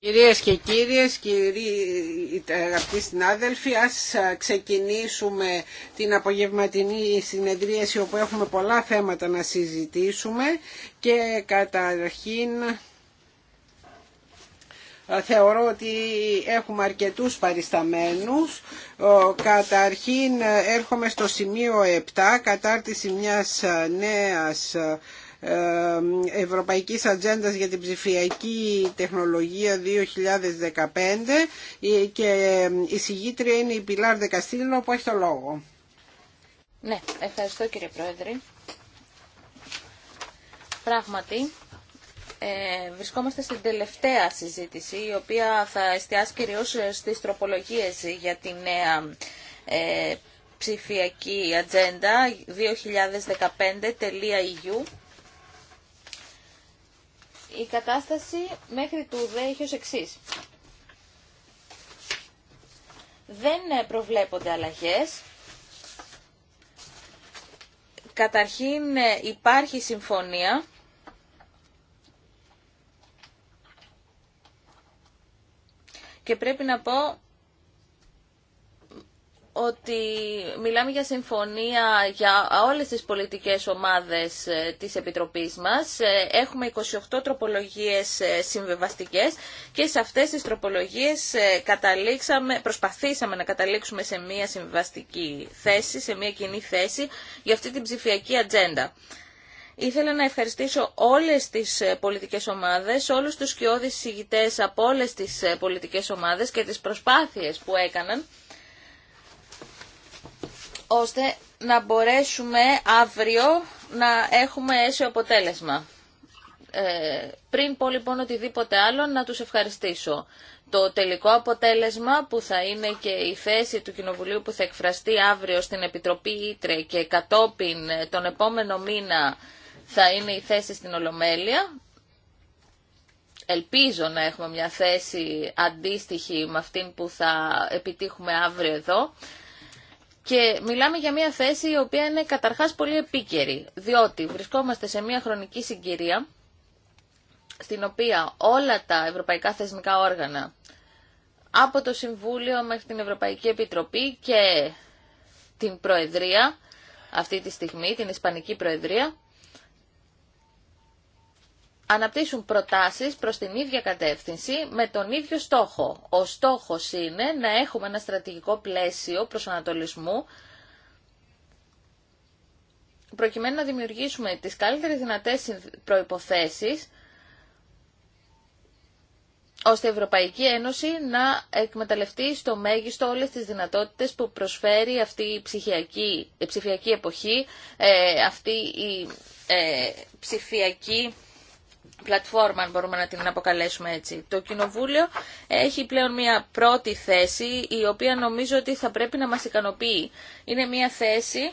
Κυρίες και κύριοι, κύριοι, ε, αγαπητοί συνάδελφοι, ας ε, ξεκινήσουμε την απογευματινή συνεδρίαση όπου έχουμε πολλά θέματα να συζητήσουμε και καταρχήν ε, θεωρώ ότι έχουμε αρκετούς παρισταμένους. Καταρχήν έρχομαι στο σημείο 7, κατάρτιση μιας νέας Ευρωπαϊκής Ατζέντας για την Ψηφιακή Τεχνολογία 2015 και η συγγήτρια είναι η Πιλάρ Δεκαστήλινο που έχει το λόγο. Ναι, ευχαριστώ κύριε Πρόεδρε. Πράγματι, ε, βρισκόμαστε στην τελευταία συζήτηση, η οποία θα εστιάσει κυρίως ε, στις τροπολογίες για τη νέα ε, ψηφιακή ατζέντα 2015.eu η κατάσταση μέχρι του έχει ως εξής. Δεν ε, προβλέπονται αλλαγές. Καταρχήν ε, υπάρχει συμφωνία και πρέπει να πω ότι μιλάμε για συμφωνία για όλες τις πολιτικές ομάδες ε, της Επιτροπής μας. Ε, έχουμε 28 τροπολογίες ε, συμβεβαστικές και σε αυτές τις τροπολογίες καταλήξαμε, προσπαθήσαμε να καταλήξουμε σε μια συμβεβαστική θέση, σε μια κοινή θέση για αυτή την ψηφιακή ατζέντα. Ήθελα να ευχαριστήσω όλες τις πολιτικές ομάδες, όλους τους σκιώδεις συγητές από όλες τις πολιτικές ομάδες και τις προσπάθειες που έκαναν ώστε να μπορέσουμε αύριο να έχουμε αίσιο αποτέλεσμα. Ε, πριν πω λοιπόν οτιδήποτε άλλο να τους ευχαριστήσω. Το τελικό αποτέλεσμα που θα είναι και η θέση του Κοινοβουλίου που θα εκφραστεί αύριο στην Επιτροπή Ήτρε και κατόπιν τον επόμενο μήνα θα είναι η θέση στην Ολομέλεια. Ελπίζω να έχουμε μια θέση αντίστοιχη με αυτήν που θα επιτύχουμε αύριο εδώ. Και μιλάμε για μια θέση η οποία είναι καταρχάς πολύ επίκαιρη, διότι βρισκόμαστε σε μια χρονική συγκυρία στην οποία όλα τα ευρωπαϊκά θεσμικά όργανα από το Συμβούλιο μέχρι την Ευρωπαϊκή Επιτροπή και την Προεδρία αυτή τη στιγμή, την Ισπανική Προεδρία, αναπτύσσουν προτάσεις προς την ίδια κατεύθυνση με τον ίδιο στόχο. Ο στόχος είναι να έχουμε ένα στρατηγικό πλαίσιο προσανατολισμού προκειμένου να δημιουργήσουμε τις καλύτερες δυνατές προϋποθέσεις ώστε η Ευρωπαϊκή Ένωση να εκμεταλλευτεί στο μέγιστο όλες τις δυνατότητες που προσφέρει αυτή η, ψυχιακή, η ψηφιακή εποχή, ε, αυτή η ε, ψηφιακή πλατφόρμα, αν μπορούμε να την αποκαλέσουμε έτσι. Το Κοινοβούλιο έχει πλέον μια πρώτη θέση, η οποία νομίζω ότι θα πρέπει να μας ικανοποιεί. Είναι μια θέση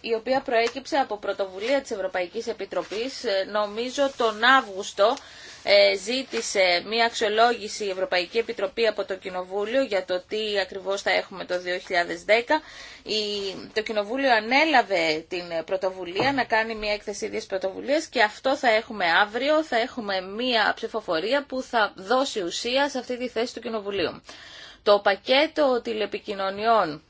η οποία προέκυψε από πρωτοβουλία της Ευρωπαϊκής Επιτροπής, ε, νομίζω τον Αύγουστο, ε, ζήτησε μία αξιολόγηση η Ευρωπαϊκή Επιτροπή από το Κοινοβούλιο για το τι ακριβώς θα έχουμε το 2010. Το Κοινοβούλιο ανέλαβε την πρωτοβουλία να κάνει μία έκθεση ίδιας πρωτοβουλίας και αυτό θα έχουμε αύριο, θα έχουμε μία ψηφοφορία που θα δώσει ουσία σε αυτή τη θέση του Κοινοβουλίου. Το πακέτο τηλεπικοινωνιών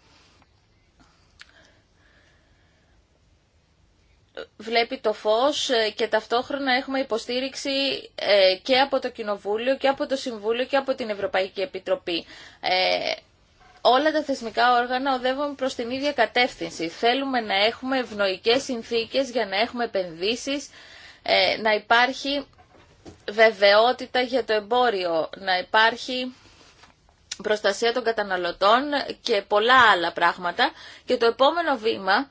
βλέπει το φως ε, και ταυτόχρονα έχουμε υποστήριξη ε, και από το Κοινοβούλιο και από το Συμβούλιο και από την Ευρωπαϊκή Επιτροπή. Ε, όλα τα θεσμικά όργανα οδεύουν προς την ίδια κατεύθυνση. Θέλουμε να έχουμε ευνοϊκές συνθήκες για να έχουμε επενδύσεις, να υπάρχει βεβαιότητα για το εμπόριο, να υπάρχει προστασία των καταναλωτών και πολλά άλλα πράγματα. Και το επόμενο βήμα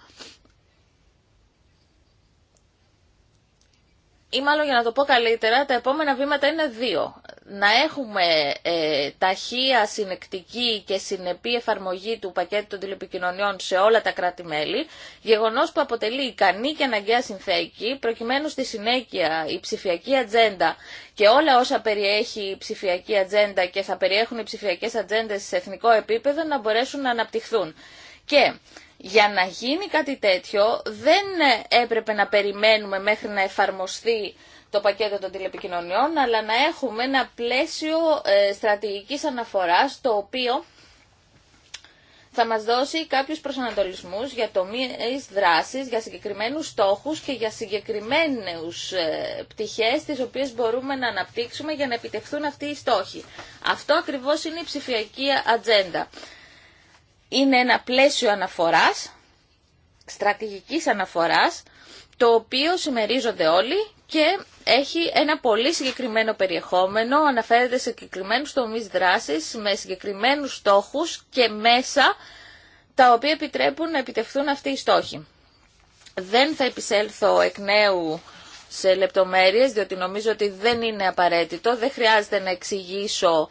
ή μάλλον για να το πω καλύτερα, τα επόμενα βήματα είναι δύο. Να έχουμε ε, ταχεία, συνεκτική και συνεπή εφαρμογή του πακέτου των τηλεπικοινωνιών σε όλα τα κράτη-μέλη, γεγονός που αποτελεί ικανή και αναγκαία συνθέκη, προκειμένου στη συνέχεια η ψηφιακή ατζέντα και όλα όσα περιέχει η ψηφιακή ατζέντα και θα περιέχουν οι ψηφιακές ατζέντες σε εθνικό επίπεδο να μπορέσουν να αναπτυχθούν. Και για να γίνει κάτι τέτοιο δεν έπρεπε να περιμένουμε μέχρι να εφαρμοστεί το πακέτο των τηλεπικοινωνιών, αλλά να έχουμε ένα πλαίσιο ε, στρατηγικής αναφοράς, το οποίο θα μας δώσει κάποιους προσανατολισμούς για τομείς δράσης, για συγκεκριμένους στόχους και για συγκεκριμένους ε, πτυχές τις οποίες μπορούμε να αναπτύξουμε για να επιτευχθούν αυτοί οι στόχοι. Αυτό ακριβώς είναι η ψηφιακή ατζέντα είναι ένα πλαίσιο αναφοράς, στρατηγικής αναφοράς, το οποίο συμμερίζονται όλοι και έχει ένα πολύ συγκεκριμένο περιεχόμενο, αναφέρεται σε συγκεκριμένους τομείς δράσης, με συγκεκριμένους στόχους και μέσα τα οποία επιτρέπουν να επιτευχθούν αυτοί οι στόχοι. Δεν θα επισέλθω εκ νέου σε λεπτομέρειες, διότι νομίζω ότι δεν είναι απαραίτητο, δεν χρειάζεται να εξηγήσω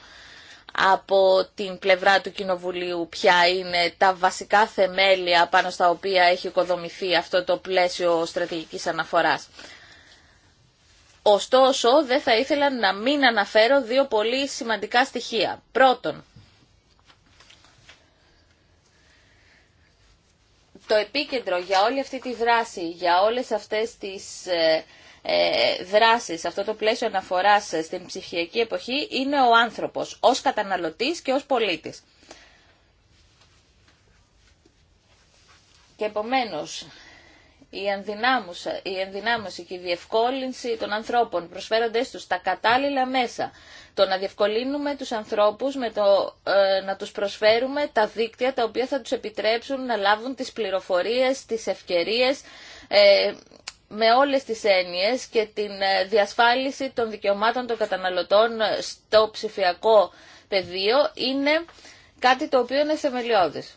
από την πλευρά του Κοινοβουλίου ποια είναι τα βασικά θεμέλια πάνω στα οποία έχει οικοδομηθεί αυτό το πλαίσιο στρατηγικής αναφοράς. Ωστόσο, δεν θα ήθελα να μην αναφέρω δύο πολύ σημαντικά στοιχεία. Πρώτον, το επίκεντρο για όλη αυτή τη δράση, για όλες αυτές τις ε, ε, δράσεις, αυτό το πλαίσιο αναφοράς στην ψυχιακή εποχή είναι ο άνθρωπος, ως καταναλωτής και ως πολίτης. Και επομένως, η, η ενδυνάμωση και η διευκόλυνση των ανθρώπων προσφέρονται τους τα κατάλληλα μέσα. Το να διευκολύνουμε τους ανθρώπους με το ε, να τους προσφέρουμε τα δίκτυα τα οποία θα τους επιτρέψουν να λάβουν τις πληροφορίες, τις ευκαιρίες, ε, με όλες τις έννοιες και την ε, διασφάλιση των δικαιωμάτων των καταναλωτών στο ψηφιακό πεδίο είναι κάτι το οποίο είναι θεμελιώδες.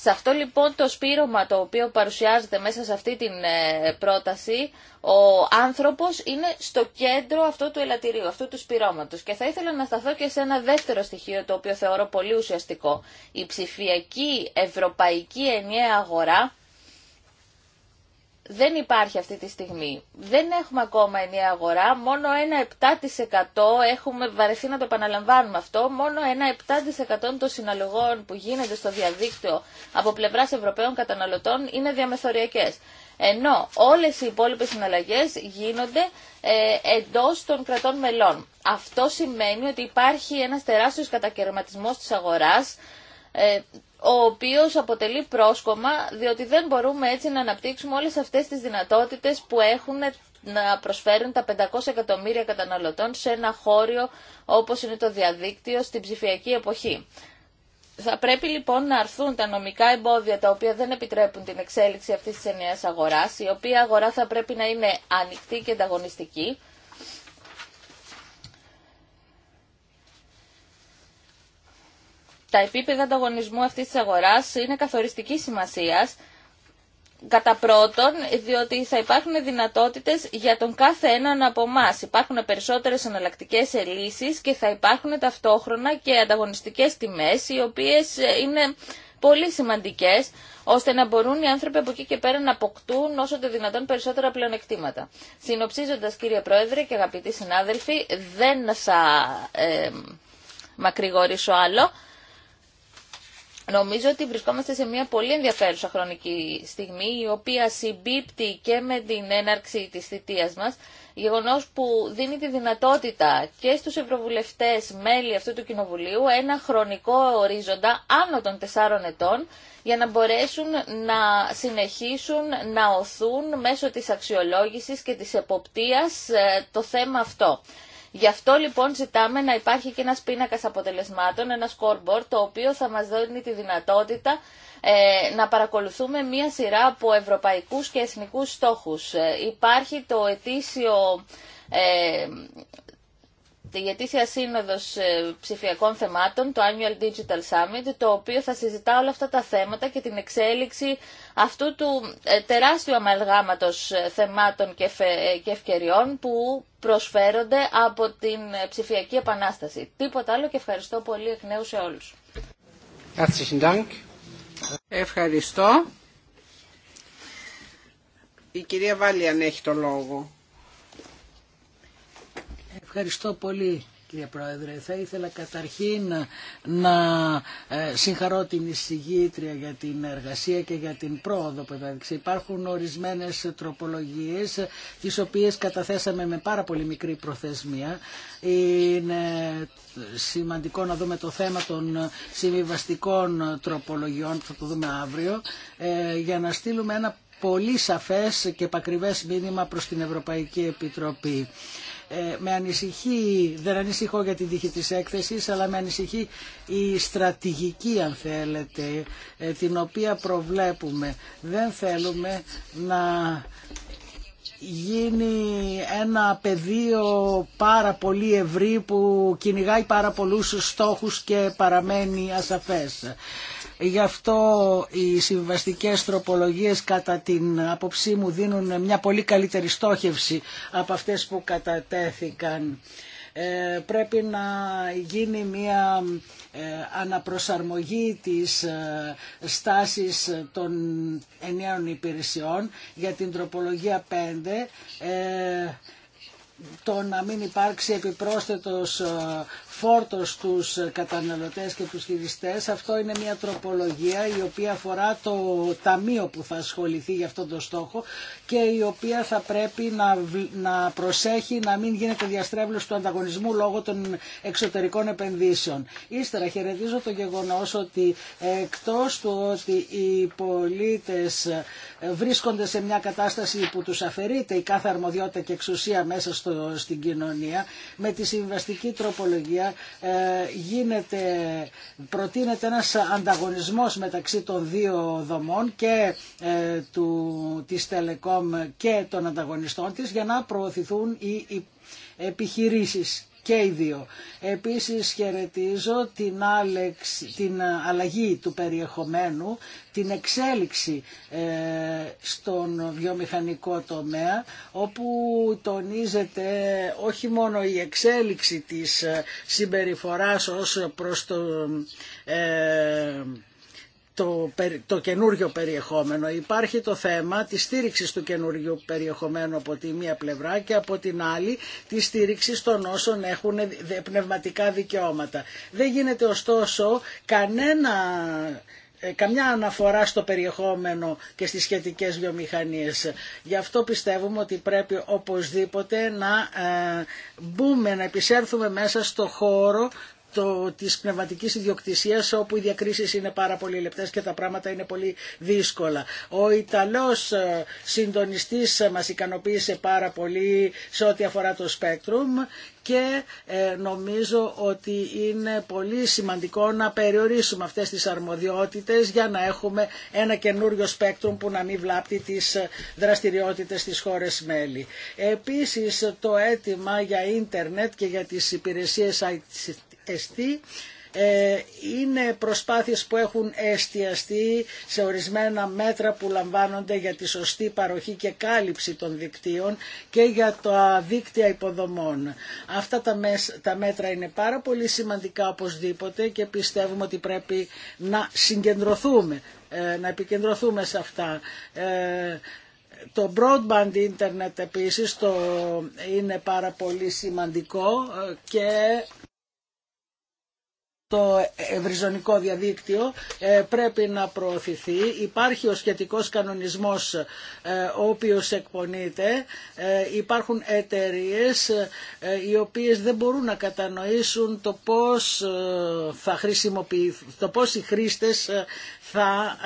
Σε αυτό λοιπόν το σπήρωμα το οποίο παρουσιάζεται μέσα σε αυτή την ε, πρόταση, ο άνθρωπος είναι στο κέντρο αυτού του ελατηρίου, αυτού του σπηρώματος. Και θα ήθελα να σταθώ και σε ένα δεύτερο στοιχείο το οποίο θεωρώ πολύ ουσιαστικό. Η ψηφιακή ευρωπαϊκή ενιαία αγορά δεν υπάρχει αυτή τη στιγμή. Δεν έχουμε ακόμα ενιαία αγορά, μόνο ένα 7% έχουμε βαρεθεί να το επαναλαμβάνουμε αυτό, μόνο ένα 7% των συναλλογών που γίνονται στο διαδίκτυο από πλευρά Ευρωπαίων καταναλωτών είναι διαμεθοριακές. Ενώ όλε οι υπόλοιπε συναλλαγέ γίνονται ε, εντός των κρατών μελών. Αυτό σημαίνει ότι υπάρχει ένας τεράστιος κατακαιρματισμός της αγοράς, ε, ο οποίος αποτελεί πρόσκομα, διότι δεν μπορούμε έτσι να αναπτύξουμε όλες αυτές τις δυνατότητες που έχουν να προσφέρουν τα 500 εκατομμύρια καταναλωτών σε ένα χώριο όπως είναι το διαδίκτυο στην ψηφιακή εποχή. Θα πρέπει λοιπόν να αρθούν τα νομικά εμπόδια τα οποία δεν επιτρέπουν την εξέλιξη αυτής της ενιαίας αγοράς, η οποία αγορά θα πρέπει να είναι ανοιχτή και ανταγωνιστική τα επίπεδα ανταγωνισμού αυτής της αγοράς είναι καθοριστική σημασίας Κατά πρώτον, διότι θα υπάρχουν δυνατότητες για τον κάθε έναν από εμά. Υπάρχουν περισσότερες εναλλακτικέ λύσεις και θα υπάρχουν ταυτόχρονα και ανταγωνιστικές τιμές, οι οποίες ε, είναι πολύ σημαντικές, ώστε να μπορούν οι άνθρωποι από εκεί και πέρα να αποκτούν όσο το δυνατόν περισσότερα πλεονεκτήματα. Συνοψίζοντας, κύριε Πρόεδρε και αγαπητοί συνάδελφοι, δεν θα ε, μακρηγορήσω άλλο. Νομίζω ότι βρισκόμαστε σε μια πολύ ενδιαφέρουσα χρονική στιγμή, η οποία συμπίπτει και με την έναρξη της θητείας μας, γεγονός που δίνει τη δυνατότητα και στους ευρωβουλευτές μέλη αυτού του Κοινοβουλίου ένα χρονικό ορίζοντα άνω των τεσσάρων ετών για να μπορέσουν να συνεχίσουν να οθούν μέσω της αξιολόγησης και της εποπτείας ε, το θέμα αυτό. Γι' αυτό λοιπόν ζητάμε να υπάρχει και ένας πίνακας αποτελεσμάτων, ένα scoreboard, το οποίο θα μας δίνει τη δυνατότητα ε, να παρακολουθούμε μία σειρά από ευρωπαϊκούς και εθνικούς στόχους. Ε, υπάρχει το ετήσιο ε, γιατί η ετήσια σύνοδος ε, ψηφιακών θεμάτων, το Annual Digital Summit, το οποίο θα συζητά όλα αυτά τα θέματα και την εξέλιξη αυτού του ε, τεράστιου αμαλγάματο ε, θεμάτων και ευκαιριών που προσφέρονται από την ψηφιακή επανάσταση. Τίποτα άλλο και ευχαριστώ πολύ εκ νέου σε όλου. Ευχαριστώ. Η κυρία Βάλιαν έχει το λόγο. Ευχαριστώ πολύ κύριε Πρόεδρε. Θα ήθελα καταρχήν να ε, συγχαρώ την εισηγήτρια για την εργασία και για την πρόοδο που έδειξε. Υπάρχουν ορισμένες τροπολογίες τις οποίες καταθέσαμε με πάρα πολύ μικρή προθεσμία. Είναι σημαντικό να δούμε το θέμα των συμβιβαστικών τροπολογιών που θα το δούμε αύριο ε, για να στείλουμε ένα πολύ σαφές και πακριβές μήνυμα προς την Ευρωπαϊκή Επιτροπή. Ε, με ανησυχεί, δεν ανησυχώ για την τύχη της έκθεσης, αλλά με ανησυχεί η στρατηγική, αν θέλετε, ε, την οποία προβλέπουμε. Δεν θέλουμε να γίνει ένα πεδίο πάρα πολύ ευρύ που κυνηγάει πάρα πολλούς στόχους και παραμένει ασαφές. Γι' αυτό οι συμβαστικές τροπολογίες κατά την άποψή μου δίνουν μια πολύ καλύτερη στόχευση από αυτές που κατατέθηκαν. Ε, πρέπει να γίνει μια ε, αναπροσαρμογή της ε, στάσης των ενιαίων υπηρεσιών για την τροπολογία 5 το να μην υπάρξει επιπρόσθετος φόρτος στου καταναλωτές και τους χειριστές. Αυτό είναι μια τροπολογία η οποία αφορά το ταμείο που θα ασχοληθεί για αυτόν τον στόχο και η οποία θα πρέπει να προσέχει να μην γίνεται διαστρέβλωση του ανταγωνισμού λόγω των εξωτερικών επενδύσεων. Ύστερα χαιρετίζω το γεγονός ότι εκτός του ότι οι πολίτες βρίσκονται σε μια κατάσταση που τους αφαιρείται η κάθε αρμοδιότητα και εξουσία μέσα στην κοινωνία με τη συμβαστική τροπολογία ε, γίνεται, προτείνεται ένας ανταγωνισμός μεταξύ των δύο δομών και ε, του, της Telecom και των ανταγωνιστών της για να προωθηθούν οι επιχειρήσεις και οι Επίσης χαιρετίζω την, την αλλαγή του περιεχομένου, την εξέλιξη ε, στον βιομηχανικό τομέα, όπου τονίζεται όχι μόνο η εξέλιξη της ε, συμπεριφοράς ως προς το ε, το, το καινούριο περιεχόμενο. Υπάρχει το θέμα της στήριξης του καινούριου περιεχομένου από τη μία πλευρά και από την άλλη τη στήριξης των όσων έχουν πνευματικά δικαιώματα. Δεν γίνεται ωστόσο κανένα ε, καμιά αναφορά στο περιεχόμενο και στις σχετικές βιομηχανίες. Γι' αυτό πιστεύουμε ότι πρέπει οπωσδήποτε να ε, μπούμε, να επισέλθουμε μέσα στο χώρο το, της πνευματικής ιδιοκτησίας όπου οι διακρίσεις είναι πάρα πολύ λεπτές και τα πράγματα είναι πολύ δύσκολα. Ο Ιταλός ε, συντονιστής ε, μας ικανοποίησε πάρα πολύ σε ό,τι αφορά το σπέκτρουμ και ε, νομίζω ότι είναι πολύ σημαντικό να περιορίσουμε αυτές τις αρμοδιότητες για να έχουμε ένα καινούριο σπέκτρουμ που να μην βλάπτει τις δραστηριότητες στις χώρες μέλη. Επίσης το αίτημα για ίντερνετ και για τις υπηρεσίες IT ε, είναι προσπάθειες που έχουν εστιαστεί σε ορισμένα μέτρα που λαμβάνονται για τη σωστή παροχή και κάλυψη των δικτύων και για τα δίκτυα υποδομών. Αυτά τα μέτρα είναι πάρα πολύ σημαντικά οπωσδήποτε και πιστεύουμε ότι πρέπει να συγκεντρωθούμε, ε, να επικεντρωθούμε σε αυτά. Ε, το broadband internet επίσης το είναι πάρα πολύ σημαντικό και το ευρυζωνικό διαδίκτυο ε, πρέπει να προωθηθεί. Υπάρχει ο σχετικός κανονισμός ε, ο οποίος εκπονείται. Ε, υπάρχουν εταιρείες οι οποίες δεν μπορούν να κατανοήσουν το πώς, θα χρησιμοποιηθούν, το πώς οι χρήστες θα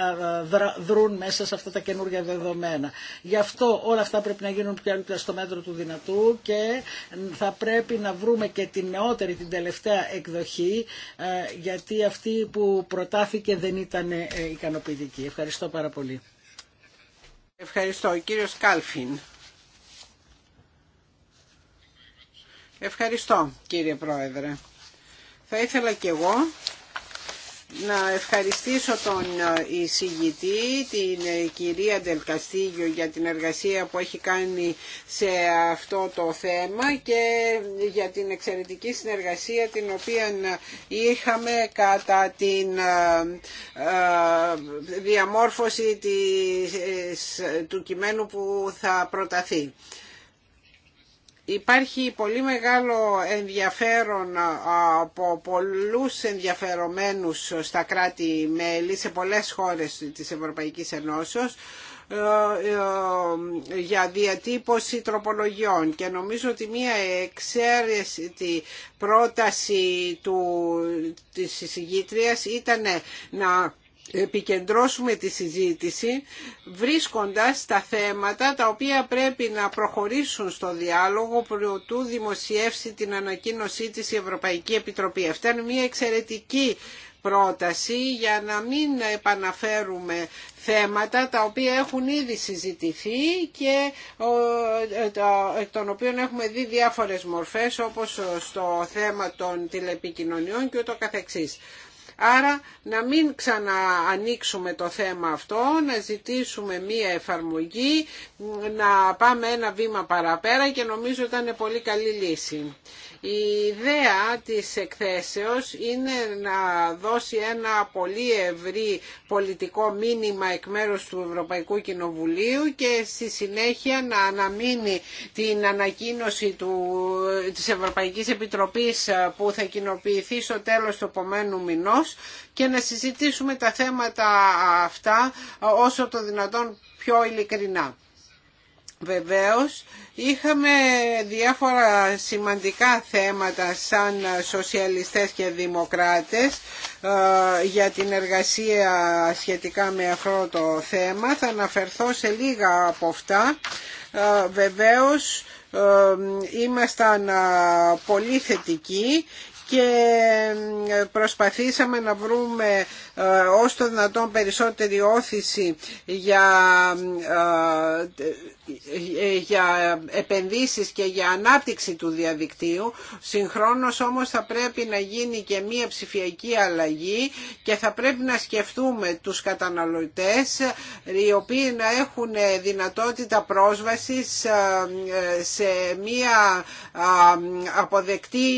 δρουν μέσα σε αυτά τα καινούργια δεδομένα. Γι' αυτό όλα αυτά πρέπει να γίνουν πιο στο μέτρο του δυνατού και θα πρέπει να βρούμε και την νεότερη, την τελευταία εκδοχή γιατί αυτή που προτάθηκε δεν ήταν ε, ικανοποιητική. Ευχαριστώ πάρα πολύ. Ευχαριστώ. Κύριος Κάλφιν. Ευχαριστώ κύριε Πρόεδρε. Θα ήθελα κι εγώ να ευχαριστήσω τον ε, εισηγητή, την ε, κυρία Δελκαστίγιο για την εργασία που έχει κάνει σε αυτό το θέμα και για την εξαιρετική συνεργασία την οποία ε, είχαμε κατά την διαμόρφωση του κειμένου που θα προταθεί. Υπάρχει πολύ μεγάλο ενδιαφέρον από πολλούς ενδιαφερομένους στα κράτη-μέλη σε πολλές χώρες της Ευρωπαϊκής Ενώσεως ε, ε, για διατύπωση τροπολογιών και νομίζω ότι μία τη πρόταση του, της συγγήτριας ήταν να επικεντρώσουμε τη συζήτηση βρίσκοντας τα θέματα τα οποία πρέπει να προχωρήσουν στο διάλογο προτού δημοσιεύσει την ανακοίνωσή της η Ευρωπαϊκή Επιτροπή. Αυτά είναι μια εξαιρετική πρόταση για να μην επαναφέρουμε θέματα τα οποία έχουν ήδη συζητηθεί και εκ των οποίων έχουμε δει διάφορες μορφές όπως στο θέμα των τηλεπικοινωνιών και ούτω καθεξής. Άρα να μην ξαναανοίξουμε το θέμα αυτό, να ζητήσουμε μία εφαρμογή, να πάμε ένα βήμα παραπέρα και νομίζω ήταν πολύ καλή λύση. Η ιδέα της εκθέσεως είναι να δώσει ένα πολύ ευρύ πολιτικό μήνυμα εκ μέρους του Ευρωπαϊκού Κοινοβουλίου και στη συνέχεια να αναμείνει την ανακοίνωση του, της Ευρωπαϊκής Επιτροπής που θα κοινοποιηθεί στο τέλος του επομένου μηνός και να συζητήσουμε τα θέματα αυτά όσο το δυνατόν πιο ειλικρινά. Βεβαίως είχαμε διάφορα σημαντικά θέματα σαν σοσιαλιστές και δημοκράτες ε, για την εργασία σχετικά με αυτό το θέμα. Θα αναφερθώ σε λίγα από αυτά. Ε, βεβαίως ε, ήμασταν πολύ θετικοί και προσπαθήσαμε να βρούμε ε, ως το δυνατόν περισσότερη όθηση για, ε, για επενδύσεις και για ανάπτυξη του διαδικτύου. Συγχρόνως όμως θα πρέπει να γίνει και μία ψηφιακή αλλαγή και θα πρέπει να σκεφτούμε τους καταναλωτές οι οποίοι να έχουν δυνατότητα πρόσβασης ε, σε μία αποδεκτή,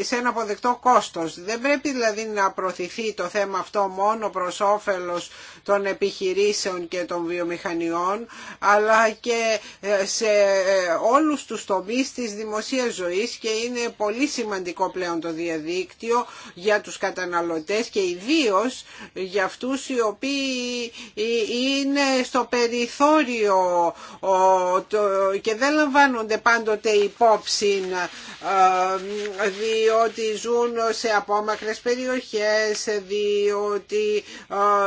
σε ένα αποδεκτό κόστος. Δεν πρέπει δηλαδή να προωθηθεί το θέμα αυτό μόνο προς όφελος των επιχειρήσεων και των βιομηχανιών αλλά και ε, σε ε, όλους τους τομείς της δημοσίας ζωής και είναι πολύ σημαντικό πλέον το διαδίκτυο για τους καταναλωτές και ιδίω για αυτούς οι οποίοι ε, είναι στο περιθώριο και δεν λαμβάνονται πάντοτε υπόψη διότι ζουν σε απόμακρες περιοχές, ότι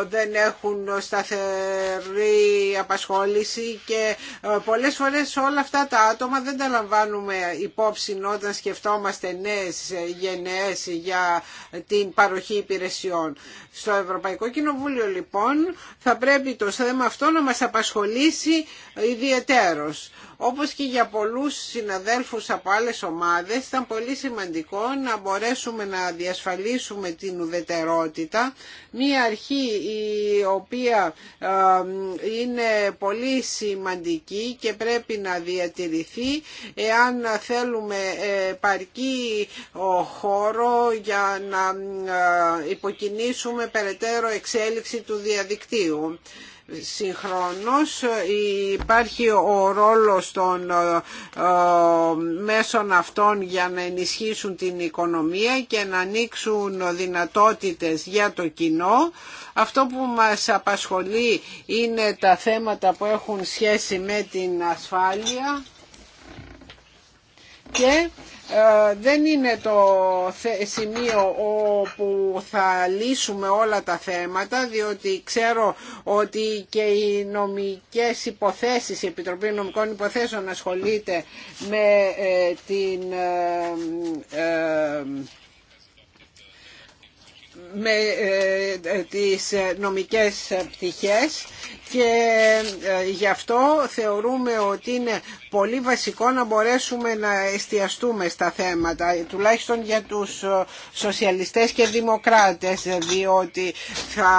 δεν έχουν σταθερή απασχόληση και πολλές φορές όλα αυτά τα άτομα δεν τα λαμβάνουμε υπόψη όταν σκεφτόμαστε νέες γενναίες για την παροχή υπηρεσιών. Στο Ευρωπαϊκό Κοινοβούλιο λοιπόν θα πρέπει το θέμα αυτό να μας απασχολήσει ιδιαιτέρως. Όπως και για πολλούς συναδέλφους από άλλες ομάδες ήταν πολύ σημαντικό να μπορέσουμε να διασφαλίσουμε την ουδετερότητα. Μία αρχή η οποία ε, είναι πολύ σημαντική και πρέπει να διατηρηθεί εάν θέλουμε παρκή χώρο για να ε, υποκινήσουμε περαιτέρω εξέλιξη του διαδικτύου. Συγχρόνως υπάρχει ο ρόλος των ε, ε, μέσων αυτών για να ενισχύσουν την οικονομία και να ανοίξουν δυνατότητες για το κοινό. Αυτό που μας απασχολεί είναι τα θέματα που έχουν σχέση με την ασφάλεια και ε, δεν είναι το σημείο όπου θα λύσουμε όλα τα θέματα διότι ξέρω ότι και οι νομικές υποθέσεις, η Επιτροπή Νομικών Υποθέσεων ασχολείται με ε, την ε, με ε, ε, τις νομικές πτυχές και ε, γι' αυτό θεωρούμε ότι είναι πολύ βασικό να μπορέσουμε να εστιαστούμε στα θέματα τουλάχιστον για τους σοσιαλιστές και δημοκράτες διότι θα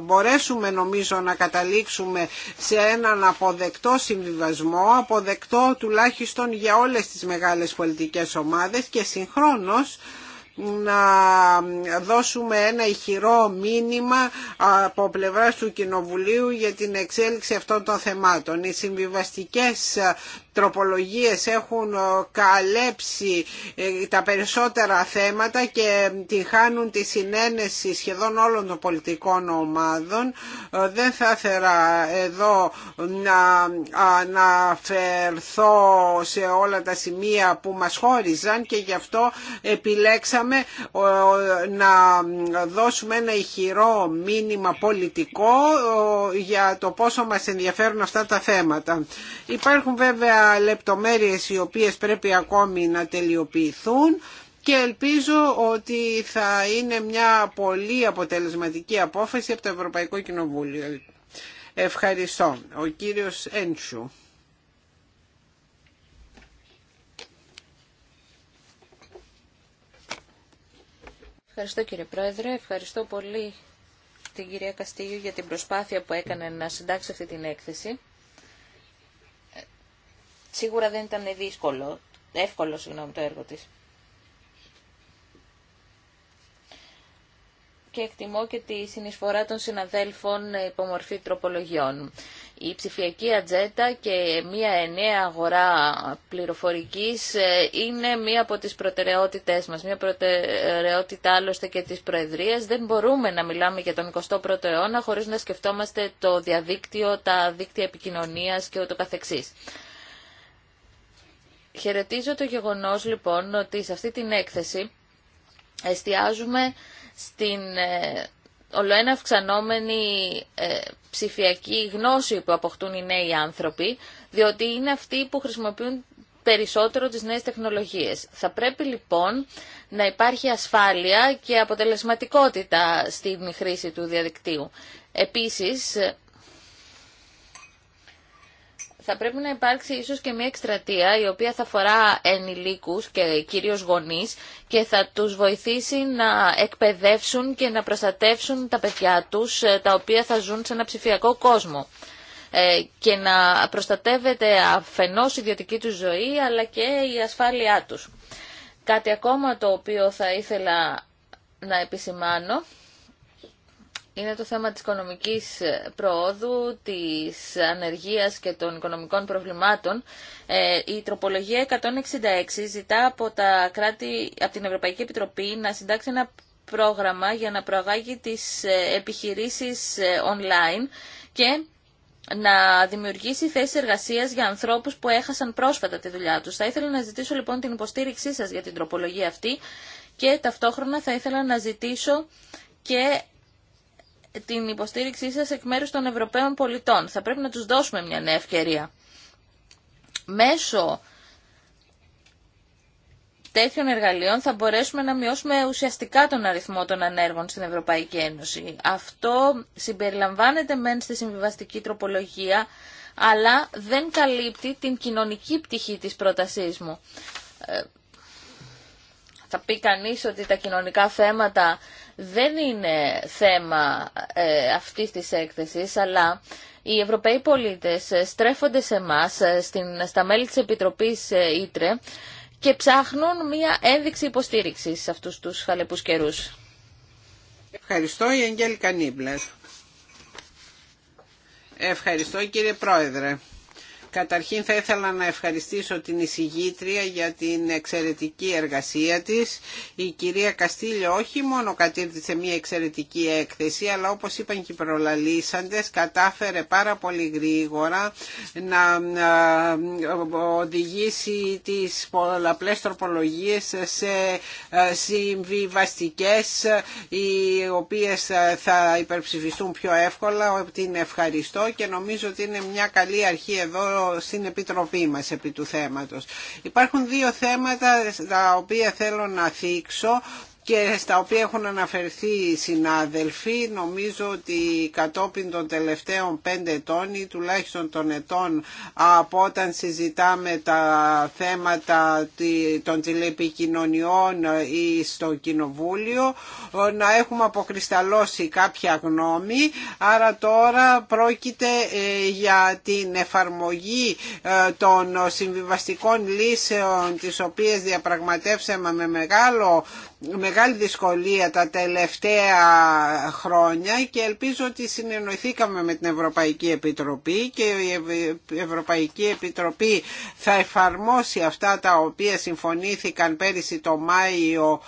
μπορέσουμε νομίζω να καταλήξουμε σε έναν αποδεκτό συμβιβασμό αποδεκτό τουλάχιστον για όλες τις μεγάλες πολιτικές ομάδες και συγχρόνως να δώσουμε ένα ηχηρό μήνυμα από πλευράς του Κοινοβουλίου για την εξέλιξη αυτών των θεμάτων. Οι συμβιβαστικές τροπολογίες έχουν ε, καλέψει ε, τα περισσότερα θέματα και ε, τη χάνουν τη συνένεση σχεδόν όλων των πολιτικών ομάδων. Δεν θα ήθελα εδώ να αναφερθώ σε όλα τα σημεία που μας χώριζαν και γι' αυτό επιλέξαμε να δώσουμε ένα ηχηρό μήνυμα πολιτικό για το πόσο μας ενδιαφέρουν αυτά τα θέματα. Υπάρχουν βέβαια λεπτομέρειες οι οποίες πρέπει ακόμη να τελειοποιηθούν και ελπίζω ότι θα είναι μια πολύ αποτελεσματική απόφαση από το Ευρωπαϊκό Κοινοβούλιο. Ευχαριστώ. Ο κύριος Έντσου. Ευχαριστώ κύριε Πρόεδρε, ευχαριστώ πολύ την κυρία Καστίγιο για την προσπάθεια που έκανε να συντάξει αυτή την έκθεση. Σίγουρα δεν ήταν δύσκολο, εύκολο συγγνώμη, το έργο της. και εκτιμώ και τη συνεισφορά των συναδέλφων υπομορφή τροπολογιών. Η ψηφιακή ατζέτα και μια ενιαία αγορά πληροφορικής ε, είναι μία από τις προτεραιότητές μας, μία προτεραιότητα άλλωστε και της Προεδρίας. Δεν μπορούμε να μιλάμε για τον 21ο αιώνα χωρίς να σκεφτόμαστε το διαδίκτυο, τα δίκτυα επικοινωνίας και ούτω καθεξής. Χαιρετίζω το γεγονός λοιπόν ότι σε αυτή την έκθεση εστιάζουμε στην ε, ολοένα αυξανόμενη ε, ψηφιακή γνώση που αποκτούν οι νέοι άνθρωποι, διότι είναι αυτοί που χρησιμοποιούν περισσότερο τις νέες τεχνολογίες. Θα πρέπει λοιπόν να υπάρχει ασφάλεια και αποτελεσματικότητα στην χρήση του διαδικτύου. Επίσης, θα πρέπει να υπάρξει ίσως και μια εκστρατεία η οποία θα φορά ενηλίκους και κυρίως γονείς και θα τους βοηθήσει να εκπαιδεύσουν και να προστατεύσουν τα παιδιά τους ε, τα οποία θα ζουν σε ένα ψηφιακό κόσμο ε, και να προστατεύεται αφενός η ιδιωτική τους ζωή αλλά και η ασφάλειά τους. Κάτι ακόμα το οποίο θα ήθελα να επισημάνω είναι το θέμα της οικονομικής ε, προόδου, της ανεργίας και των οικονομικών προβλημάτων. Ε, η τροπολογία 166 ζητά από, τα κράτη, από την Ευρωπαϊκή Επιτροπή να συντάξει ένα πρόγραμμα για να προαγάγει τις ε, επιχειρήσεις online και να δημιουργήσει θέσεις εργασίας για ανθρώπους που έχασαν πρόσφατα τη δουλειά τους. Θα ήθελα να ζητήσω λοιπόν την υποστήριξή σας για την τροπολογία αυτή και ταυτόχρονα θα ήθελα να ζητήσω και την υποστήριξή σας εκ μέρους των Ευρωπαίων πολιτών. Θα πρέπει να τους δώσουμε μια νέα ευκαιρία. Μέσω τέτοιων εργαλείων θα μπορέσουμε να μειώσουμε ουσιαστικά τον αριθμό των ανέργων στην Ευρωπαϊκή Ένωση. Αυτό συμπεριλαμβάνεται μεν στη συμβιβαστική τροπολογία, αλλά δεν καλύπτει την κοινωνική πτυχή της πρότασής μου. Ε, θα πει κανείς ότι τα κοινωνικά θέματα δεν είναι θέμα ε, αυτής της έκθεσης, αλλά οι Ευρωπαίοι πολίτες ε, στρέφονται σε εμά ε, στα μέλη της Επιτροπής ε, Ήτρε και ψάχνουν μία ένδειξη υποστήριξης σε αυτούς τους χαλεπούς καιρούς. Ευχαριστώ, η Αγγέλη Ευχαριστώ κύριε Πρόεδρε. Καταρχήν θα ήθελα να ευχαριστήσω την εισηγήτρια για την εξαιρετική εργασία της. Η κυρία Καστήλιο όχι μόνο κατήρθησε μια εξαιρετική έκθεση, αλλά όπως είπαν και οι προλαλήσαντες, κατάφερε πάρα πολύ γρήγορα να οδηγήσει τις πολλαπλές τροπολογίες σε συμβιβαστικές, οι οποίες θα υπερψηφιστούν πιο εύκολα. Την ευχαριστώ και νομίζω ότι είναι μια καλή αρχή εδώ στην Επιτροπή μας επί του θέματος. Υπάρχουν δύο θέματα τα οποία θέλω να θίξω και στα οποία έχουν αναφερθεί οι συνάδελφοι. Νομίζω ότι κατόπιν των τελευταίων πέντε ετών ή τουλάχιστον των ετών από όταν συζητάμε τα θέματα των τηλεπικοινωνιών ή στο Κοινοβούλιο να έχουμε αποκρισταλώσει κάποια γνώμη. Άρα τώρα πρόκειται ε, για την εφαρμογή ε, των συμβιβαστικών λύσεων τις οποίες διαπραγματεύσαμε με μεγάλο μεγάλη δυσκολία τα τελευταία χρόνια και ελπίζω ότι συνεννοηθήκαμε με την Ευρωπαϊκή Επιτροπή και η Ευρωπαϊκή Επιτροπή θα εφαρμόσει αυτά τα οποία συμφωνήθηκαν πέρυσι το Μάιο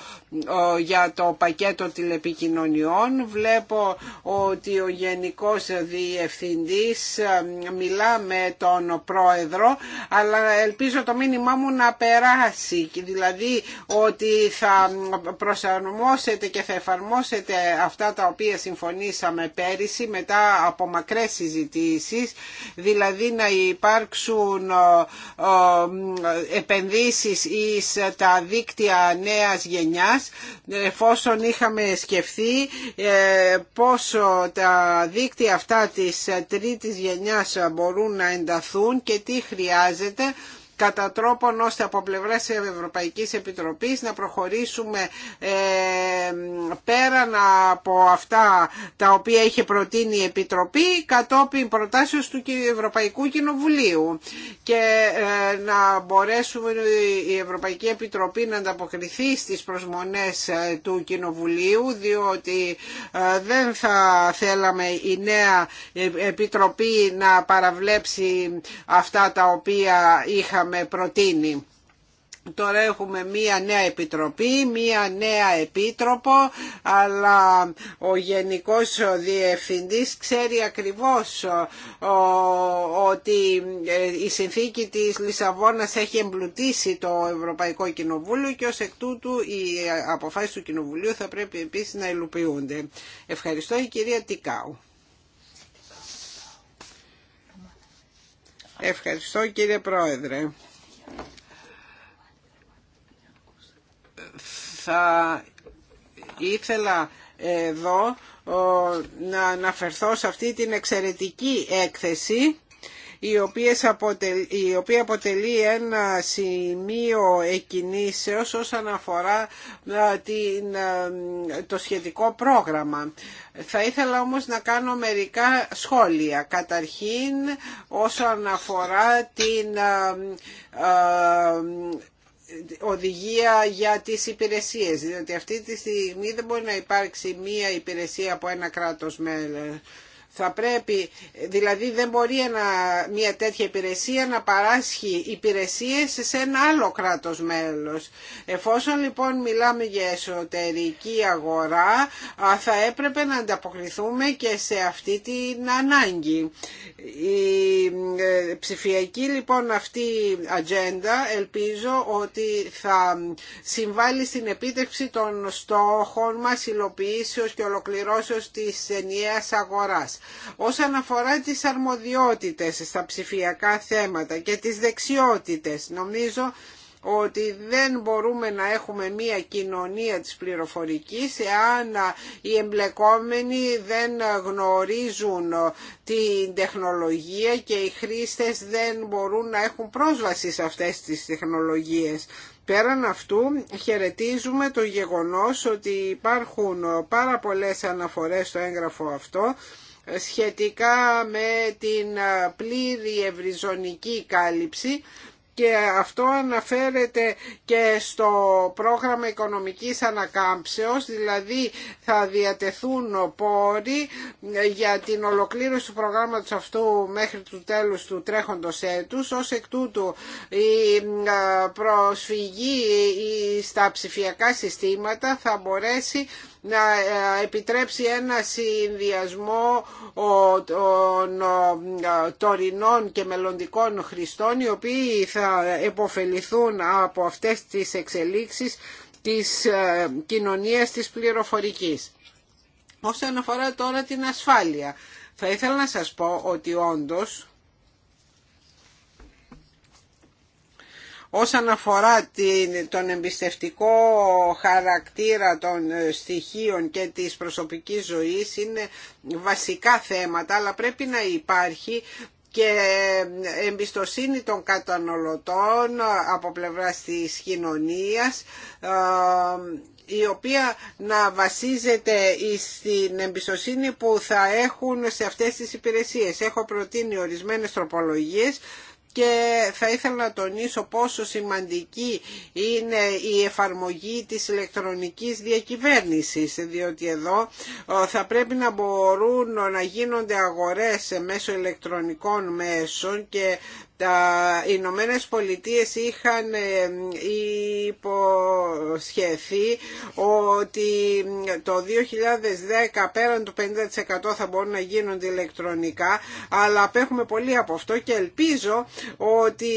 για το πακέτο τηλεπικοινωνιών. Βλέπω ότι ο Γενικός Διευθυντής ε, μιλά με τον Πρόεδρο, αλλά ελπίζω το μήνυμά μου να περάσει, δηλαδή ότι θα προσαρμόσετε και θα εφαρμόσετε αυτά τα οποία συμφωνήσαμε πέρυσι μετά από μακρές συζητήσεις, δηλαδή να υπάρξουν ε, ε, επενδύσεις εις τα δίκτυα νέας γενιάς μας εφόσον είχαμε σκεφτεί ε, πόσο τα δίκτυα αυτά της τρίτης γενιάς μπορούν να ενταθούν και τι χρειάζεται κατά τρόπον ώστε από πλευρά της Ευρωπαϊκής Επιτροπής να προχωρήσουμε ε, πέραν από αυτά τα οποία είχε προτείνει η Επιτροπή κατόπιν προτάσεως του Ευρωπαϊκού Κοινοβουλίου και ε, να μπορέσουμε η Ευρωπαϊκή Επιτροπή να ανταποκριθεί στις προσμονές ε, του Κοινοβουλίου διότι δεν θα θέλαμε η νέα Επιτροπή να παραβλέψει αυτά τα οποία είχαμε με προτείνει. Τώρα έχουμε μία νέα επιτροπή, μία νέα επίτροπο, αλλά ο Γενικός Διευθυντής ξέρει ακριβώς ότι ε, η συνθήκη της Λισαβόνας έχει εμπλουτίσει το Ευρωπαϊκό Κοινοβούλιο και ως εκ τούτου οι αποφάσεις του Κοινοβουλίου θα πρέπει επίσης να υλοποιούνται. Ευχαριστώ η κυρία Τικάου. Ευχαριστώ κύριε Πρόεδρε. Θα ήθελα εδώ ε, να αναφερθώ σε αυτή την εξαιρετική έκθεση η οποία αποτελεί ένα σημείο εκκινήσεως όσον αφορά ε, την, ε, το σχετικό πρόγραμμα. Θα ήθελα όμως να κάνω μερικά σχόλια. Καταρχήν όσον αφορά την ε, οδηγία για τις υπηρεσίες, διότι αυτή τη στιγμή δεν μπορεί να υπάρξει μία υπηρεσία από ένα κράτος μέλος θα πρέπει, δηλαδή δεν μπορεί ένα, μια τέτοια υπηρεσία να παράσχει υπηρεσίες σε ένα άλλο κράτος μέλος. Εφόσον λοιπόν μιλάμε για εσωτερική αγορά, θα έπρεπε να ανταποκριθούμε και σε αυτή την ανάγκη. Η ε, ψηφιακή λοιπόν αυτή ατζέντα ελπίζω ότι θα συμβάλλει στην επίτευξη των στόχων μας υλοποιήσεως και ολοκληρώσεως της ενιαίας αγοράς όσον αφορά τις αρμοδιότητες στα ψηφιακά θέματα και τις δεξιότητες. Νομίζω ότι δεν μπορούμε να έχουμε μία κοινωνία της πληροφορικής εάν οι εμπλεκόμενοι δεν γνωρίζουν την τεχνολογία και οι χρήστες δεν μπορούν να έχουν πρόσβαση σε αυτές τις τεχνολογίες. Πέραν αυτού χαιρετίζουμε το γεγονός ότι υπάρχουν πάρα πολλές αναφορές στο έγγραφο αυτό σχετικά με την πλήρη ευρυζωνική κάλυψη και αυτό αναφέρεται και στο πρόγραμμα οικονομικής ανακάμψεως, δηλαδή θα διατεθούν πόροι ε, για την ολοκλήρωση του προγράμματος αυτού μέχρι το τέλος του τρέχοντος έτους. Ως εκ τούτου η ε, προσφυγή ε, στα ψηφιακά συστήματα θα μπορέσει να ε, επιτρέψει ένα συνδυασμό των ε, τωρινών και μελλοντικών χρηστών οι οποίοι θα επωφεληθούν από αυτές τις εξελίξεις της ε, κοινωνίας της πληροφορικής. Όσον αφορά τώρα την ασφάλεια, θα ήθελα να σας πω ότι όντως όσον αφορά την, τον εμπιστευτικό χαρακτήρα των ε, στοιχείων και της προσωπικής ζωής είναι βασικά θέματα αλλά πρέπει να υπάρχει και ε, εμπιστοσύνη των κατανολωτών ε, από πλευράς της κοινωνίας η οποία να βασίζεται στην εμπιστοσύνη που θα έχουν σε αυτές τις υπηρεσίες. Έχω προτείνει ορισμένες τροπολογίες και θα ήθελα να τονίσω πόσο σημαντική είναι η εφαρμογή της ηλεκτρονικής διακυβέρνησης διότι εδώ ε, θα πρέπει να μπορούν να γίνονται αγορές μέσω ηλεκτρονικών μέσων και τα Ηνωμένε Πολιτείε είχαν ε, υποσχεθεί ότι ε, το 2010 πέραν του 50% θα μπορούν να γίνονται ηλεκτρονικά αλλά απέχουμε πολύ από αυτό και ελπίζω ότι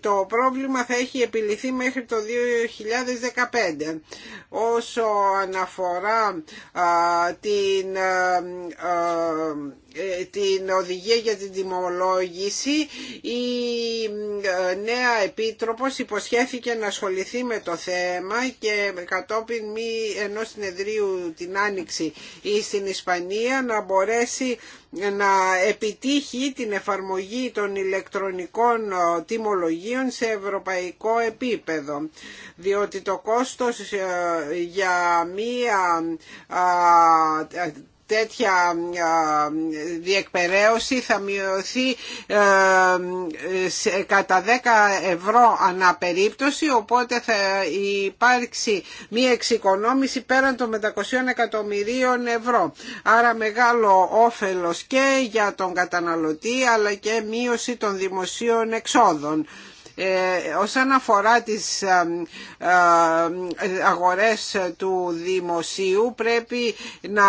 το πρόβλημα θα έχει επιληθεί μέχρι το 2015. Όσο αναφορά την ε, ε, την οδηγία για την τιμολόγηση η ε, νέα επίτροπος υποσχέθηκε να ασχοληθεί με το θέμα και κατόπιν μη ενός συνεδρίου την Άνοιξη ή στην Ισπανία να μπορέσει να επιτύχει την εφαρμογή των ηλεκτρονικών ε, τιμολογίων σε ευρωπαϊκό επίπεδο διότι το κόστος για μία τέτοια διεκπαιρέωση θα μειωθεί κατά 10 ευρώ αναπερίπτωση, οπότε θα υπάρξει μία εξοικονόμηση πέραν των 500 εκατομμυρίων ευρώ. Άρα μεγάλο όφελος και για τον καταναλωτή αλλά και μείωση των δημοσίων εξόδων. Ε, όσον αφορά τις ε, αγορές του δημοσίου πρέπει να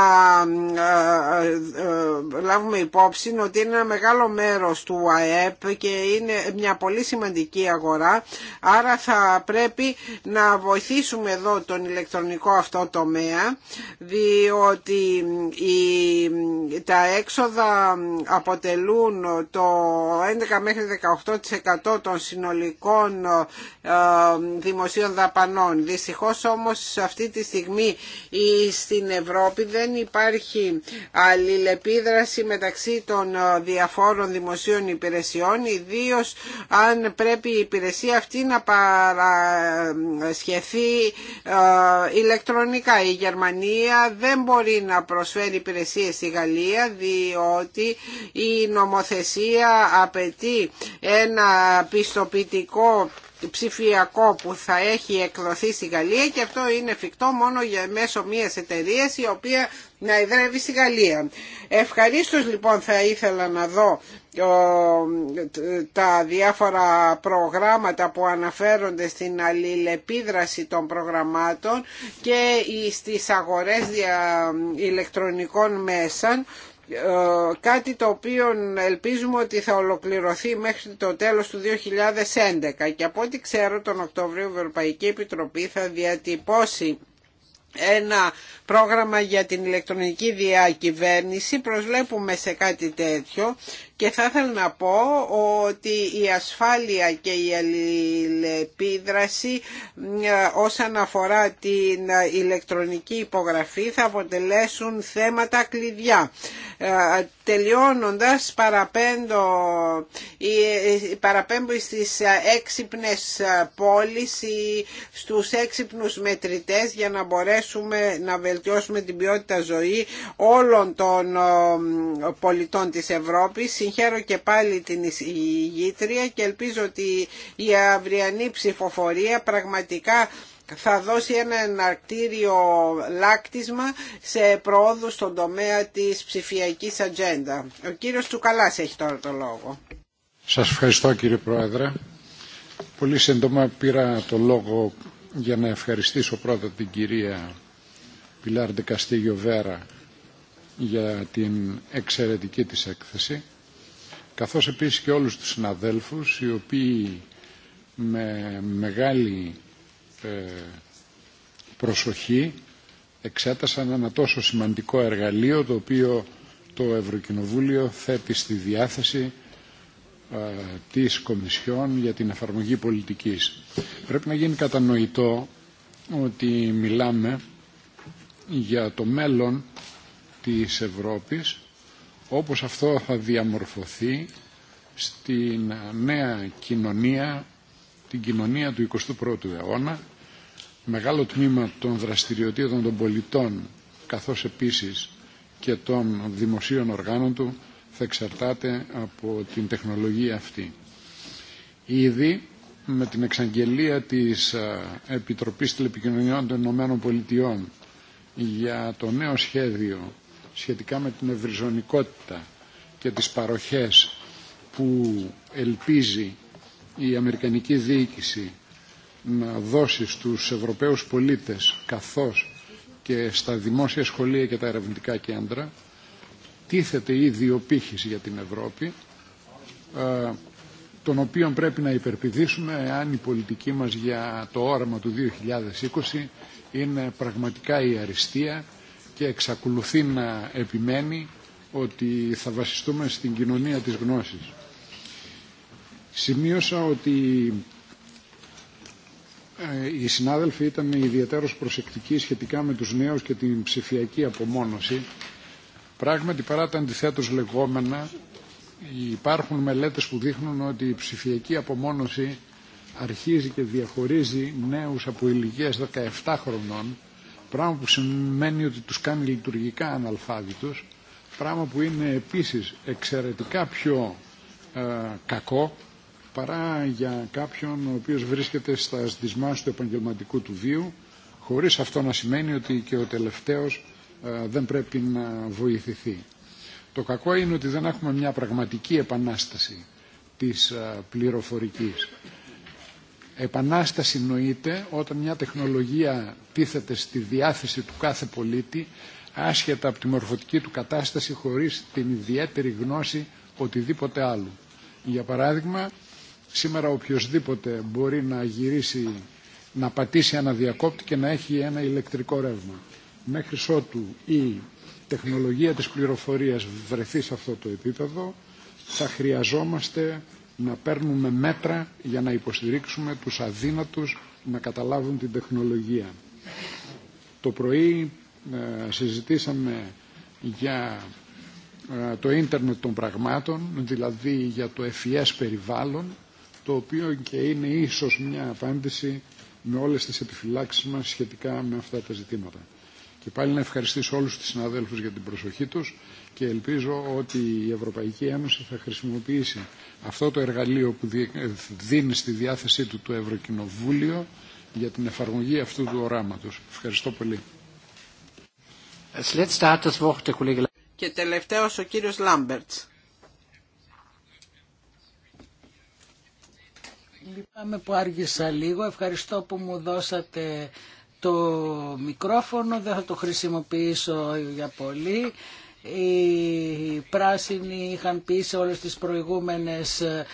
ε, λάβουμε υπόψη ότι είναι ένα μεγάλο μέρος του ΑΕΠ και είναι μια πολύ σημαντική αγορά άρα θα πρέπει να βοηθήσουμε εδώ τον ηλεκτρονικό αυτό τομέα διότι η, τα έξοδα αποτελούν το 11 μέχρι 18% των συνολικών συνολικών ε, ε, δημοσίων δαπανών. Δυστυχώς όμως αυτή τη στιγμή ε, στην Ευρώπη δεν υπάρχει αλληλεπίδραση μεταξύ των διαφόρων δημοσίων υπηρεσιών, ιδίω αν πρέπει η υπηρεσία αυτή να παρασχεθεί ηλεκτρονικά. Η Γερμανία δεν μπορεί να προσφέρει υπηρεσίες στη Γαλλία, διότι η νομοθεσία απαιτεί ένα πιστοποιητικό πολιτικό ψηφιακό που θα έχει εκδοθεί στη Γαλλία και αυτό είναι εφικτό μόνο για μέσω μιας εταιρείας η οποία να εδρεύει στη Γαλλία. Ευχαρίστως λοιπόν θα ήθελα να δω τα διάφορα προγράμματα που αναφέρονται στην αλληλεπίδραση των προγραμμάτων και στις αγορές ηλεκτρονικών μέσων ε, κάτι το οποίο ελπίζουμε ότι θα ολοκληρωθεί μέχρι το τέλος του 2011 και από ό,τι ξέρω τον Οκτώβριο η Ευρωπαϊκή Επιτροπή θα διατυπώσει ένα πρόγραμμα για την ηλεκτρονική διακυβέρνηση προσβλέπουμε σε κάτι τέτοιο και θα ήθελα να πω ότι η ασφάλεια και η αλληλεπίδραση ε, όσον αφορά την ηλεκτρονική υπογραφή θα αποτελέσουν θέματα κλειδιά. Ε, τελειώνοντας παραπέμπω, ε, παραπέμπω στις έξυπνες πόλεις ή στους έξυπνους μετρητές για να μπορέσουμε να βελτιώσουμε βελτιώσουμε την ποιότητα ζωή όλων των πολιτών της Ευρώπης. Συγχαίρω και πάλι την ηγήτρια και ελπίζω ότι η αυριανή ψηφοφορία πραγματικά θα δώσει ένα εναρκτήριο λάκτισμα σε προόδου στον τομέα της ψηφιακής ατζέντα. Ο κύριος Τσουκαλάς έχει τώρα το λόγο. Σας ευχαριστώ κύριε Πρόεδρε. Πολύ σύντομα πήρα το λόγο για να ευχαριστήσω πρώτα την κυρία Πιλάρ καστίγιο Βέρα για την εξαιρετική της έκθεση καθώς επίσης και όλους τους συναδέλφους οι οποίοι με μεγάλη ε, προσοχή εξέτασαν ένα τόσο σημαντικό εργαλείο το οποίο το Ευρωκοινοβούλιο θέτει στη διάθεση ε, της Κομισιόν για την εφαρμογή πολιτικής. Πρέπει να γίνει κατανοητό ότι μιλάμε για το μέλλον της Ευρώπης, όπως αυτό θα διαμορφωθεί στην νέα κοινωνία, την κοινωνία του 21ου αιώνα, μεγάλο τμήμα των δραστηριοτήτων των πολιτών, καθώς επίσης και των δημοσίων οργάνων του, θα εξαρτάται από την τεχνολογία αυτή. Ήδη με την εξαγγελία της ε, Επιτροπής Τηλεπικοινωνιών των Ηνωμένων Πολιτειών για το νέο σχέδιο σχετικά με την ευρυζωνικότητα και τις παροχές που ελπίζει η Αμερικανική Διοίκηση να δώσει στους Ευρωπαίους πολίτες καθώς και στα δημόσια σχολεία και τα ερευνητικά κέντρα τίθεται ήδη ο για την Ευρώπη ε, τον οποίον πρέπει να υπερπηδήσουμε εάν η πολιτική μας για το όραμα του 2020 είναι πραγματικά η αριστεία και εξακολουθεί να επιμένει ότι θα βασιστούμε στην κοινωνία της γνώσης. Σημείωσα ότι ε, οι συνάδελφοι ήταν ιδιαίτερως προσεκτικοί σχετικά με τους νέους και την ψηφιακή απομόνωση. Πράγματι, παρά τα αντιθέτως λεγόμενα, υπάρχουν μελέτες που δείχνουν ότι η ψηφιακή απομόνωση αρχίζει και διαχωρίζει νέους από ηλικίε 17 χρονών, πράγμα που σημαίνει ότι τους κάνει λειτουργικά αναλφάβητους, πράγμα που είναι επίσης εξαιρετικά πιο ε, κακό παρά για κάποιον ο οποίος βρίσκεται στα σδισμά του επαγγελματικού του βίου, χωρίς αυτό να σημαίνει ότι και ο τελευταίος ε, δεν πρέπει να βοηθηθεί. Το κακό είναι ότι δεν έχουμε μια πραγματική επανάσταση της ε, πληροφορικής. Επανάσταση νοείται όταν μια τεχνολογία τίθεται στη διάθεση του κάθε πολίτη άσχετα από τη μορφωτική του κατάσταση χωρίς την ιδιαίτερη γνώση οτιδήποτε άλλου. Για παράδειγμα, σήμερα οποιοδήποτε μπορεί να γυρίσει, να πατήσει ένα διακόπτη και να έχει ένα ηλεκτρικό ρεύμα. Μέχρι ότου η τεχνολογία της πληροφορίας βρεθεί σε αυτό το επίπεδο, θα χρειαζόμαστε να παίρνουμε μέτρα για να υποστηρίξουμε τους αδύνατους να καταλάβουν την τεχνολογία. Το πρωί ε, συζητήσαμε για ε, το ίντερνετ των πραγμάτων, δηλαδή για το FES περιβάλλον, το οποίο και είναι ίσως μια απάντηση με όλες τις επιφυλάξεις μας σχετικά με αυτά τα ζητήματα. Και πάλι να ευχαριστήσω όλους τους συναδέλφους για την προσοχή τους και ελπίζω ότι η Ευρωπαϊκή Ένωση θα χρησιμοποιήσει αυτό το εργαλείο που ε, δίνει στη διάθεσή του το Ευρωκοινοβούλιο για την εφαρμογή αυτού του οράματος. Ευχαριστώ πολύ. Και τελευταίος ο κύριος Λάμπερτς. Λυπάμαι που άργησα λίγο. Ευχαριστώ που μου δώσατε το μικρόφωνο δεν θα το χρησιμοποιήσω για πολύ. Οι πράσινοι είχαν πει σε όλες τις προηγούμενες ε,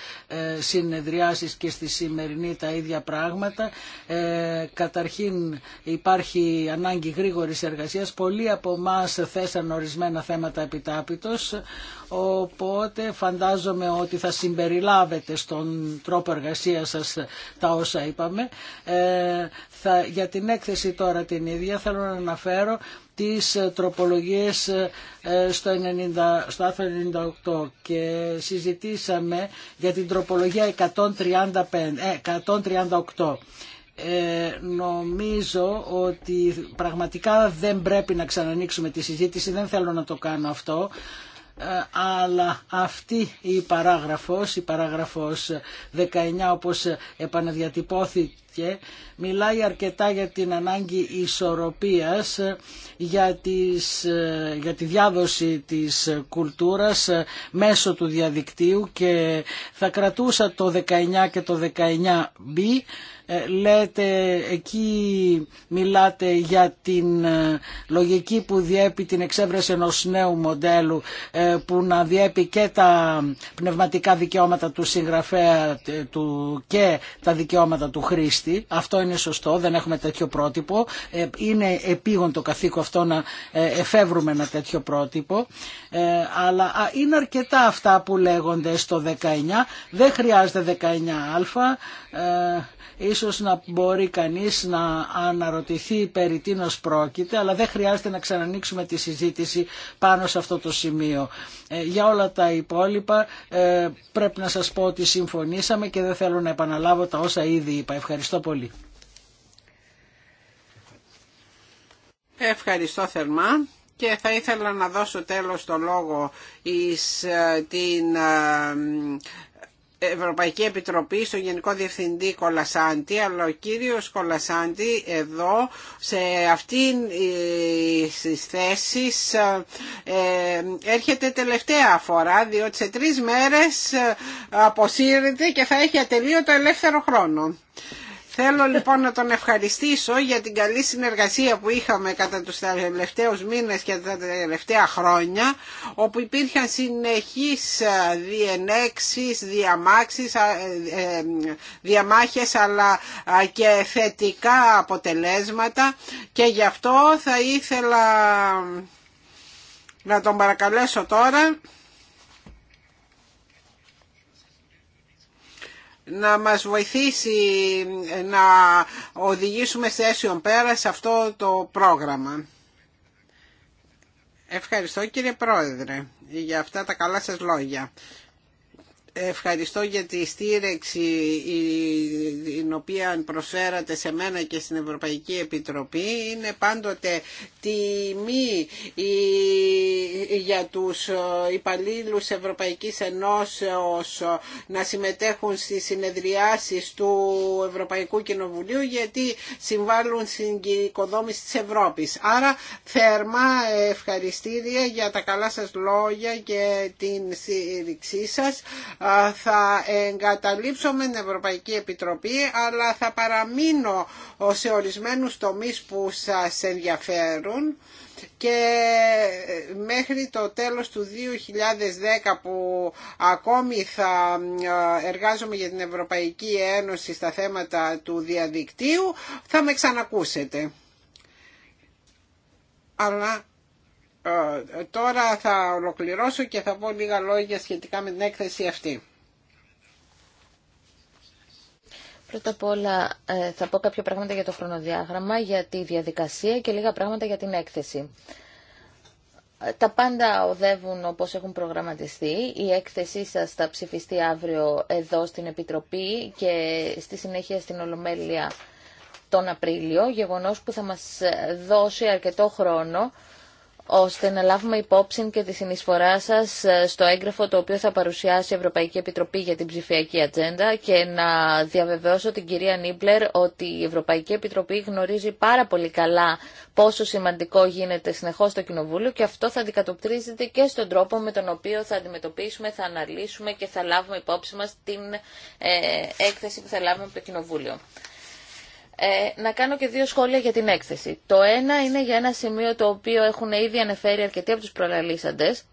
συνεδριάσεις και στη σημερινή τα ίδια πράγματα. Ε, καταρχήν υπάρχει ανάγκη γρήγορης εργασίας. Πολλοί από εμά θέσαν ορισμένα θέματα επιτάπητος, οπότε φαντάζομαι ότι θα συμπεριλάβετε στον τρόπο εργασίας σας τα όσα είπαμε. Ε, θα, για την έκθεση τώρα την ίδια θέλω να αναφέρω τις ε, τροπολογίες ε, ε, στο, 90, 98 και συζητήσαμε για την τροπολογία 135, 138. νομίζω ότι πραγματικά δεν πρέπει να ξανανοίξουμε τη συζήτηση, δεν θέλω να το κάνω αυτό αλλά αυτή η παράγραφος, η παράγραφος 19 όπως επαναδιατυπώθηκε μιλάει αρκετά για την ανάγκη ισορροπίας για, για τη διάδοση της κουλτούρας μέσω του διαδικτύου και θα κρατούσα το 19 και το 19b ε, λέτε εκεί μιλάτε για την ε, λογική που διέπει την εξέβρεση ενός νέου μοντέλου ε, που να διέπει και τα πνευματικά δικαιώματα του συγγραφέα του και τα δικαιώματα του χρήστη. Αυτό είναι σωστό, δεν έχουμε τέτοιο πρότυπο. Είναι επίγον το καθήκον αυτό να εφεύρουμε ένα τέτοιο πρότυπο. Αλλά είναι αρκετά αυτά που λέγονται στο 19. Δεν χρειάζεται 19α ίσως να μπορεί κανείς να αναρωτηθεί περί τίνος πρόκειται, αλλά δεν χρειάζεται να ξανανοίξουμε τη συζήτηση πάνω σε αυτό το σημείο. Ε, για όλα τα υπόλοιπα ε, πρέπει να σας πω ότι συμφωνήσαμε και δεν θέλω να επαναλάβω τα όσα ήδη είπα. Ευχαριστώ πολύ. Ευχαριστώ θερμά και θα ήθελα να δώσω τέλος το λόγο εις ε, την Ευρωπαϊκή Επιτροπή στο Γενικό Διευθυντή Κολασάντη, αλλά ο κύριος Κολασάντη εδώ σε αυτήν τις θέσεις ε, έρχεται τελευταία φορά, διότι σε τρεις μέρες αποσύρεται και θα έχει ατελείωτο ελεύθερο χρόνο. Θέλω λοιπόν να τον ευχαριστήσω για την καλή συνεργασία που είχαμε κατά τους τελευταίους μήνες και τα τελευταία χρόνια όπου υπήρχαν συνεχείς ε, διενέξεις, διαμάξεις, ε, ε, διαμάχες αλλά και θετικά αποτελέσματα και γι' αυτό θα ήθελα να τον παρακαλέσω τώρα να μας βοηθήσει να οδηγήσουμε σε πέρα σε αυτό το πρόγραμμα. Ευχαριστώ κύριε Πρόεδρε για αυτά τα καλά σας λόγια. Ευχαριστώ για τη στήρεξη την οποία προσφέρατε σε μένα και στην Ευρωπαϊκή Επιτροπή. Είναι πάντοτε τιμή για τους ε, υπαλλήλους Ευρωπαϊκής Ενώσεως να συμμετέχουν στις συνεδριάσεις του Ευρωπαϊκού Κοινοβουλίου γιατί συμβάλλουν στην οικοδόμηση της Ευρώπης. Άρα θερμά ευχαριστήρια για τα καλά σας λόγια και την στήριξή σας θα εγκαταλείψω με την Ευρωπαϊκή Επιτροπή αλλά θα παραμείνω σε ορισμένους τομείς που σας ενδιαφέρουν και μέχρι το τέλος του 2010 που ακόμη θα ε, εργάζομαι για την Ευρωπαϊκή Ένωση στα θέματα του διαδικτύου θα με ξανακούσετε. Αλλά ε, τώρα θα ολοκληρώσω και θα πω λίγα λόγια σχετικά με την έκθεση αυτή. Πρώτα απ' όλα ε, θα πω κάποια πράγματα για το χρονοδιάγραμμα, για τη διαδικασία και λίγα πράγματα για την έκθεση. Ε, τα πάντα οδεύουν όπως έχουν προγραμματιστεί. Η έκθεσή σας θα ψηφιστεί αύριο εδώ στην Επιτροπή και στη συνέχεια στην Ολομέλεια τον Απρίλιο, γεγονός που θα μας δώσει αρκετό χρόνο ώστε να λάβουμε υπόψη και τη συνεισφορά σα ε, στο έγγραφο το οποίο θα παρουσιάσει η Ευρωπαϊκή Επιτροπή για την ψηφιακή ατζέντα και να διαβεβαιώσω την κυρία Νίμπλερ ότι η Ευρωπαϊκή Επιτροπή γνωρίζει πάρα πολύ καλά πόσο σημαντικό γίνεται συνεχώς το Κοινοβούλιο και αυτό θα αντικατοπτρίζεται και στον τρόπο με τον οποίο θα αντιμετωπίσουμε, θα αναλύσουμε και θα λάβουμε υπόψη μα την ε, έκθεση που θα λάβουμε από το Κοινοβούλιο. Ε, να κάνω και δύο σχόλια για την έκθεση. Το ένα είναι για ένα σημείο το οποίο έχουν ήδη ανεφέρει αρκετοί από τους προλαλήσαντες,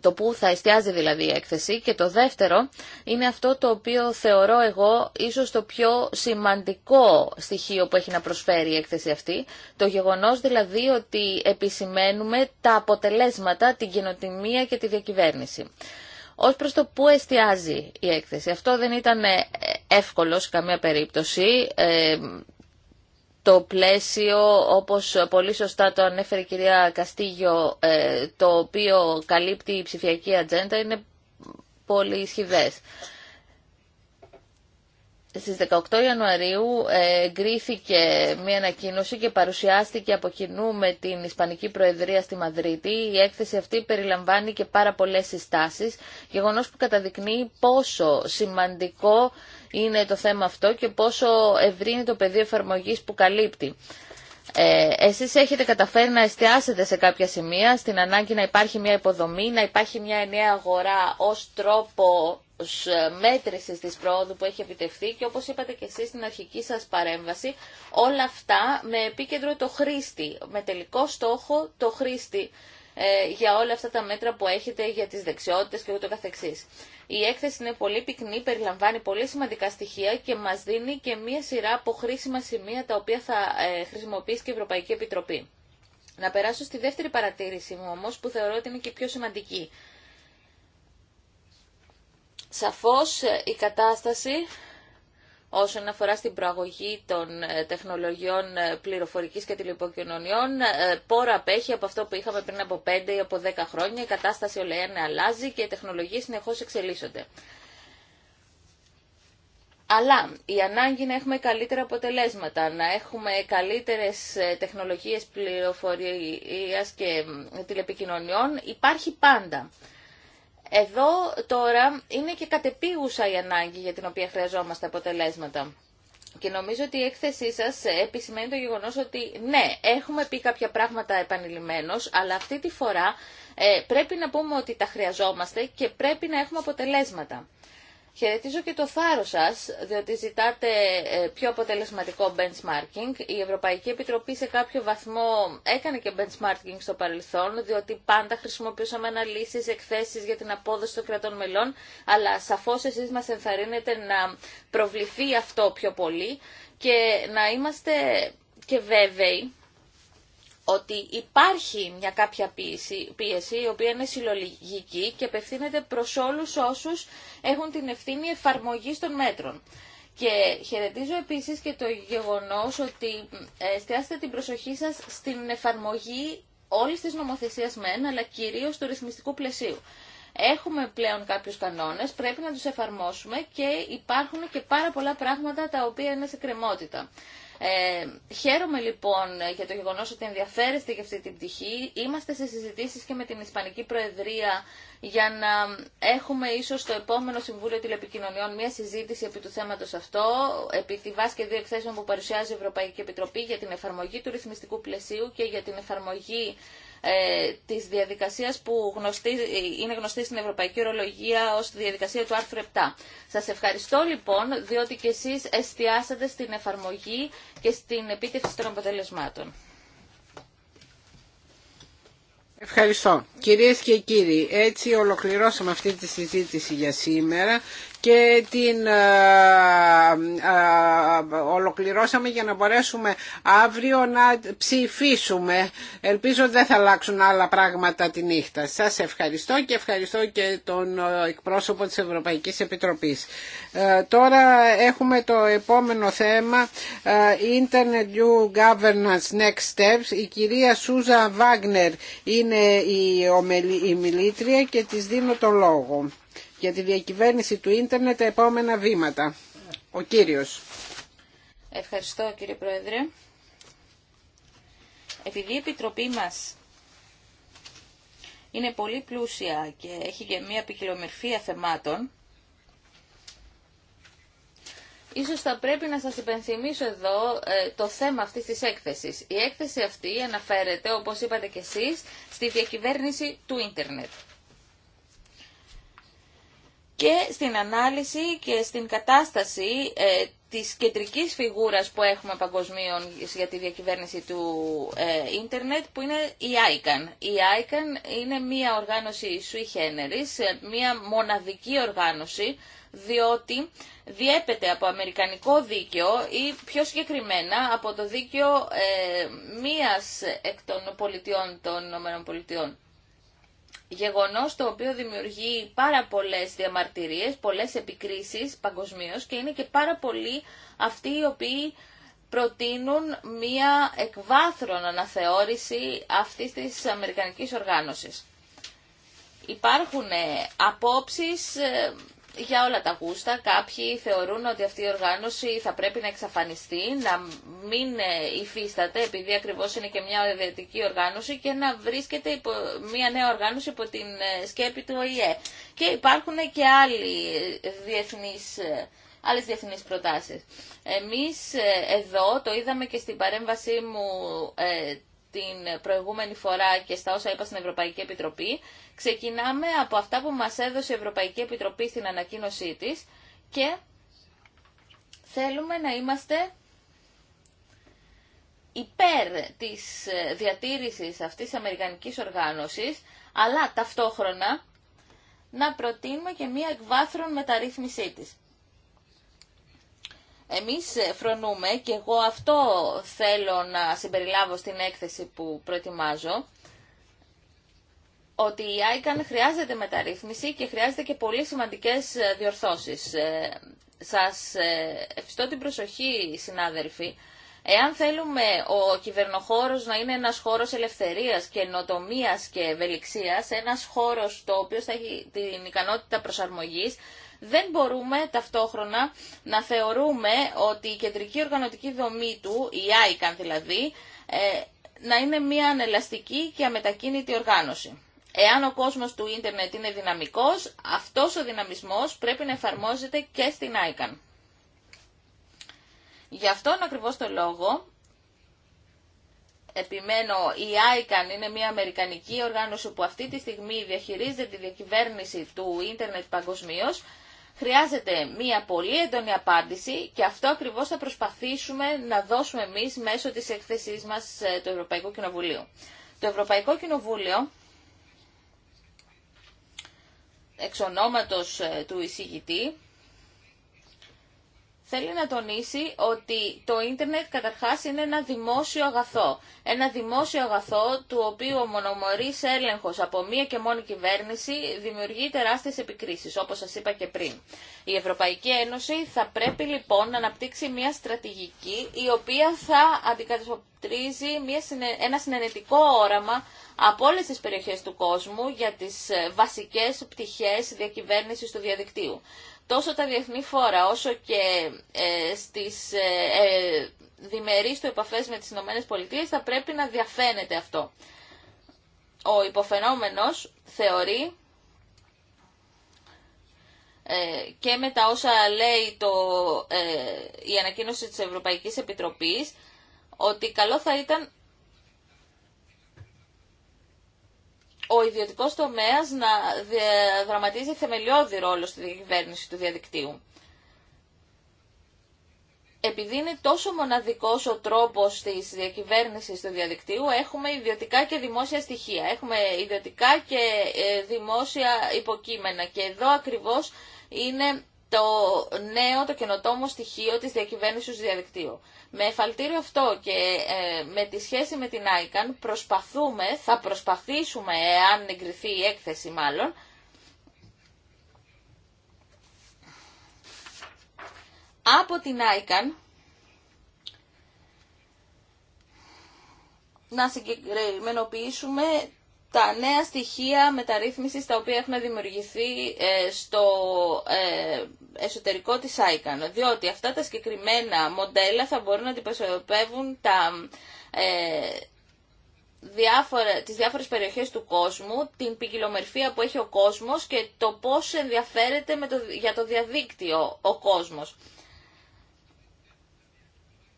το που θα εστιάζει δηλαδή η έκθεση και το δεύτερο είναι αυτό το οποίο θεωρώ εγώ ίσως το πιο σημαντικό στοιχείο που έχει να προσφέρει η έκθεση αυτή το γεγονός δηλαδή ότι επισημαίνουμε τα αποτελέσματα, την κοινοτιμία και τη διακυβέρνηση ως προς το πού εστιάζει η έκθεση. Αυτό δεν ήταν ε, εύκολο σε καμία περίπτωση. Ε, το πλαίσιο, όπως πολύ σωστά το ανέφερε η κυρία Καστίγιο, ε, το οποίο καλύπτει η ψηφιακή ατζέντα, είναι πολύ ισχυρέ στις 18 Ιανουαρίου ε, εγκρίθηκε μία ανακοίνωση και παρουσιάστηκε από κοινού με την Ισπανική Προεδρία στη Μαδρίτη. Η έκθεση αυτή περιλαμβάνει και πάρα πολλές συστάσεις, γεγονός που καταδεικνύει πόσο σημαντικό είναι το θέμα αυτό και πόσο ευρύ είναι το πεδίο εφαρμογής που καλύπτει. Ε, εσείς έχετε καταφέρει να εστιάσετε σε κάποια σημεία στην ανάγκη να υπάρχει μια υποδομή, να υπάρχει μια ενιαία αγορά ως τρόπο ε, μέτρησης της πρόοδου που έχει επιτευχθεί και όπως είπατε και εσείς στην αρχική σας παρέμβαση, όλα αυτά με επίκεντρο το χρήστη, με τελικό στόχο το χρήστη ε, για όλα αυτά τα μέτρα που έχετε για τις δεξιότητες και ούτω καθεξής. Η έκθεση είναι πολύ πυκνή, περιλαμβάνει πολύ σημαντικά στοιχεία και μας δίνει και μία σειρά από χρήσιμα σημεία τα οποία θα ε, χρησιμοποιήσει και η Ευρωπαϊκή Επιτροπή. Να περάσω στη δεύτερη παρατήρηση μου όμως που θεωρώ ότι είναι και πιο σημαντική. Σαφώς ε, η κατάσταση όσον αφορά στην προαγωγή των ε, τεχνολογιών ε, πληροφορικής και τηλεπικοινωνιών, πόρα απέχει από αυτό που είχαμε πριν από 5 ή από 10 χρόνια. Η κατάσταση όλα είναι αλλαζει και οι τεχνολογίες συνεχώς εξελίσσονται. Αλλά η ανάγκη να έχουμε καλύτερα αποτελέσματα, να έχουμε καλύτερες τεχνολογίες πληροφορίας και τηλεπικοινωνιών υπάρχει πάντα. Εδώ τώρα είναι και κατεπίγουσα η ανάγκη για την οποία χρειαζόμαστε αποτελέσματα. Και νομίζω ότι η έκθεσή σα επισημαίνει το γεγονό ότι ναι, έχουμε πει κάποια πράγματα επανειλημμένω, αλλά αυτή τη φορά ε, πρέπει να πούμε ότι τα χρειαζόμαστε και πρέπει να έχουμε αποτελέσματα. Χαιρετίζω και το θάρρος σας, διότι ζητάτε ε, πιο αποτελεσματικό benchmarking. Η Ευρωπαϊκή Επιτροπή σε κάποιο βαθμό έκανε και benchmarking στο παρελθόν, διότι πάντα χρησιμοποιούσαμε αναλύσεις, εκθέσεις για την απόδοση των κρατών μελών, αλλά σαφώς εσείς μας ενθαρρύνετε να προβληθεί αυτό πιο πολύ και να είμαστε και βέβαιοι ότι υπάρχει μια κάποια πίεση, η οποία είναι συλλογική και απευθύνεται προς όλους όσους έχουν την ευθύνη εφαρμογή των μέτρων. Και χαιρετίζω επίσης και το γεγονός ότι ε, εστιάσετε την προσοχή σας στην εφαρμογή όλης της νομοθεσίας μεν, αλλά κυρίως του ρυθμιστικού πλαισίου. Έχουμε πλέον κάποιους κανόνες, πρέπει να τους εφαρμόσουμε και υπάρχουν και πάρα πολλά πράγματα τα οποία είναι σε κρεμότητα. Ε, χαίρομαι λοιπόν για το γεγονός ότι ενδιαφέρεστε για αυτή την πτυχή. Είμαστε σε συζητήσεις και με την Ισπανική Προεδρία για να έχουμε ίσως στο επόμενο Συμβούλιο Τηλεπικοινωνιών μια συζήτηση επί του θέματος αυτό, επί τη βάση και δύο εκθέσεων που παρουσιάζει η Ευρωπαϊκή Επιτροπή για την εφαρμογή του ρυθμιστικού πλαισίου και για την εφαρμογή ε, της διαδικασίας που γνωστή, ε, είναι γνωστή στην Ευρωπαϊκή Ορολογία ως τη διαδικασία του άρθρου 7. Σας ευχαριστώ λοιπόν, διότι και εσείς εστιάσατε στην εφαρμογή και στην επίτευξη των αποτελεσμάτων. Ευχαριστώ. Κυρίες και κύριοι, έτσι ολοκληρώσαμε αυτή τη συζήτηση για σήμερα και την ε, ε, ολοκληρώσαμε για να μπορέσουμε αύριο να ψηφίσουμε. Ελπίζω δεν θα αλλάξουν άλλα πράγματα τη νύχτα. Σας ευχαριστώ και ευχαριστώ και τον ε, εκπρόσωπο της Ευρωπαϊκής Επιτροπής. Τώρα έχουμε το επόμενο θέμα Internet New Governance Next Steps. Η κυρία Σούζα Βάγνερ είναι η μιλήτρια και της δίνω το λόγο για τη διακυβέρνηση του ίντερνετ τα επόμενα βήματα. Ο κύριος. Ευχαριστώ κύριε Πρόεδρε. Επειδή η Επιτροπή μας είναι πολύ πλούσια και έχει και μία ποικιλομερφία θεμάτων, Ίσως θα πρέπει να σας υπενθυμίσω εδώ ε, το θέμα αυτής της έκθεσης. Η έκθεση αυτή αναφέρεται, όπως είπατε και εσείς, στη διακυβέρνηση του ίντερνετ και στην ανάλυση και στην κατάσταση ε, της κεντρικής φιγούρας που έχουμε παγκοσμίων για τη διακυβέρνηση του ε, ίντερνετ που είναι η ICAN. Η ICAN είναι μια οργάνωση sui generis, ε, μια μοναδική οργάνωση διότι διέπεται από αμερικανικό δίκαιο ή πιο συγκεκριμένα από το δίκαιο ε, μίας εκ των πολιτιών των ΗΠΑ γεγονός το οποίο δημιουργεί πάρα πολλές διαμαρτυρίες, πολλές επικρίσεις παγκοσμίω και είναι και πάρα πολλοί αυτοί οι οποίοι προτείνουν μία εκβάθρον αναθεώρηση αυτής της Αμερικανικής οργάνωσης. Υπάρχουν απόψεις ε, για όλα τα γούστα. Κάποιοι θεωρούν ότι αυτή η οργάνωση θα πρέπει να εξαφανιστεί, να μην ε, υφίσταται, επειδή ακριβώς είναι και μια ιδιωτική οργάνωση και να βρίσκεται μια νέα οργάνωση υπό την ε, σκέπη του ΟΗΕ. Και υπάρχουν και άλλοι ε, διεθνείς άλλες διεθνείς προτάσεις. Εμείς εδώ, το είδαμε και στην παρέμβασή μου την προηγούμενη φορά και στα όσα είπα στην Ευρωπαϊκή Επιτροπή, ξεκινάμε από αυτά που μας έδωσε η Ευρωπαϊκή Επιτροπή στην ανακοίνωσή της και θέλουμε να είμαστε υπέρ της διατήρησης αυτής της αμερικανικής οργάνωσης, αλλά ταυτόχρονα να προτείνουμε και μία εκβάθρον μεταρρύθμισή της. Εμείς ε, φρονούμε και εγώ αυτό θέλω να συμπεριλάβω στην έκθεση που προετοιμάζω ότι η ICAN χρειάζεται μεταρρύθμιση και χρειάζεται και πολύ σημαντικές ε, διορθώσεις. Ε, σας ευχαριστώ την προσοχή, συνάδελφοι. Εάν θέλουμε ο κυβερνοχώρος να είναι ένας χώρος ελευθερίας, νοτομίας και ευελιξίας, ένας χώρος το οποίο θα έχει την ικανότητα προσαρμογής, δεν μπορούμε ταυτόχρονα να θεωρούμε ότι η κεντρική οργανωτική δομή του, η ICAN δηλαδή, ε, να είναι μια ανελαστική και αμετακίνητη οργάνωση. Εάν ο κόσμος του ίντερνετ είναι δυναμικός, αυτός ο δυναμισμός πρέπει να εφαρμόζεται και στην ICAN. Γι' αυτόν ακριβώς το λόγο, επιμένω, η ICAN είναι μια αμερικανική οργάνωση που αυτή τη στιγμή διαχειρίζεται τη διακυβέρνηση του ίντερνετ παγκοσμίω χρειάζεται μία πολύ έντονη απάντηση και αυτό ακριβώς θα προσπαθήσουμε να δώσουμε εμείς μέσω της έκθεσής μας ε, του Ευρωπαϊκού Κοινοβουλίου. Το Ευρωπαϊκό Κοινοβούλιο, εξ ε, του εισηγητή, θέλει να τονίσει ότι το ίντερνετ καταρχάς είναι ένα δημόσιο αγαθό. Ένα δημόσιο αγαθό του οποίου ο μονομορής έλεγχος από μία και μόνη κυβέρνηση δημιουργεί τεράστιες επικρίσεις, όπως σας είπα και πριν. Η Ευρωπαϊκή Ένωση θα πρέπει λοιπόν να αναπτύξει μία στρατηγική η οποία θα αντικατοπτρίζει ένα συνενετικό όραμα από όλε τις περιοχές του κόσμου για τις ε, βασικές πτυχές διακυβέρνησης του διαδικτύου. Τόσο τα διεθνή φόρα όσο και ε, στις ε, ε, διμερείς του επαφές με τις Ηνωμένες Πολιτείες θα πρέπει να διαφαίνεται αυτό. Ο υποφαινόμενος θεωρεί ε, και με τα όσα λέει το, ε, η ανακοίνωση της Ευρωπαϊκής Επιτροπής ότι καλό θα ήταν ο ιδιωτικός τομέας να δραματίζει θεμελιώδη ρόλο στη διακυβέρνηση του διαδικτύου. Επειδή είναι τόσο μοναδικός ο τρόπος της διακυβέρνησης του διαδικτύου, έχουμε ιδιωτικά και δημόσια στοιχεία, έχουμε ιδιωτικά και ε, δημόσια υποκείμενα. Και εδώ ακριβώς είναι το νέο, το καινοτόμο στοιχείο της διακυβέρνησης του διαδικτύου. Με εφαλτήριο αυτό και ε, με τη σχέση με την ICAN προσπαθούμε, θα προσπαθήσουμε, αν εγκριθεί η έκθεση μάλλον, από την ICAN να συγκεκριμενοποιήσουμε τα νέα στοιχεία μεταρρύθμισης τα οποία έχουν δημιουργηθεί ε, στο ε, εσωτερικό της ICAN, διότι αυτά τα συγκεκριμένα μοντέλα θα μπορούν να αντιπροσωπεύουν τα, ε, διάφορα, τις διάφορες περιοχές του κόσμου, την ποικιλομερφία που έχει ο κόσμος και το πώς ενδιαφέρεται με το, για το διαδίκτυο ο κόσμος.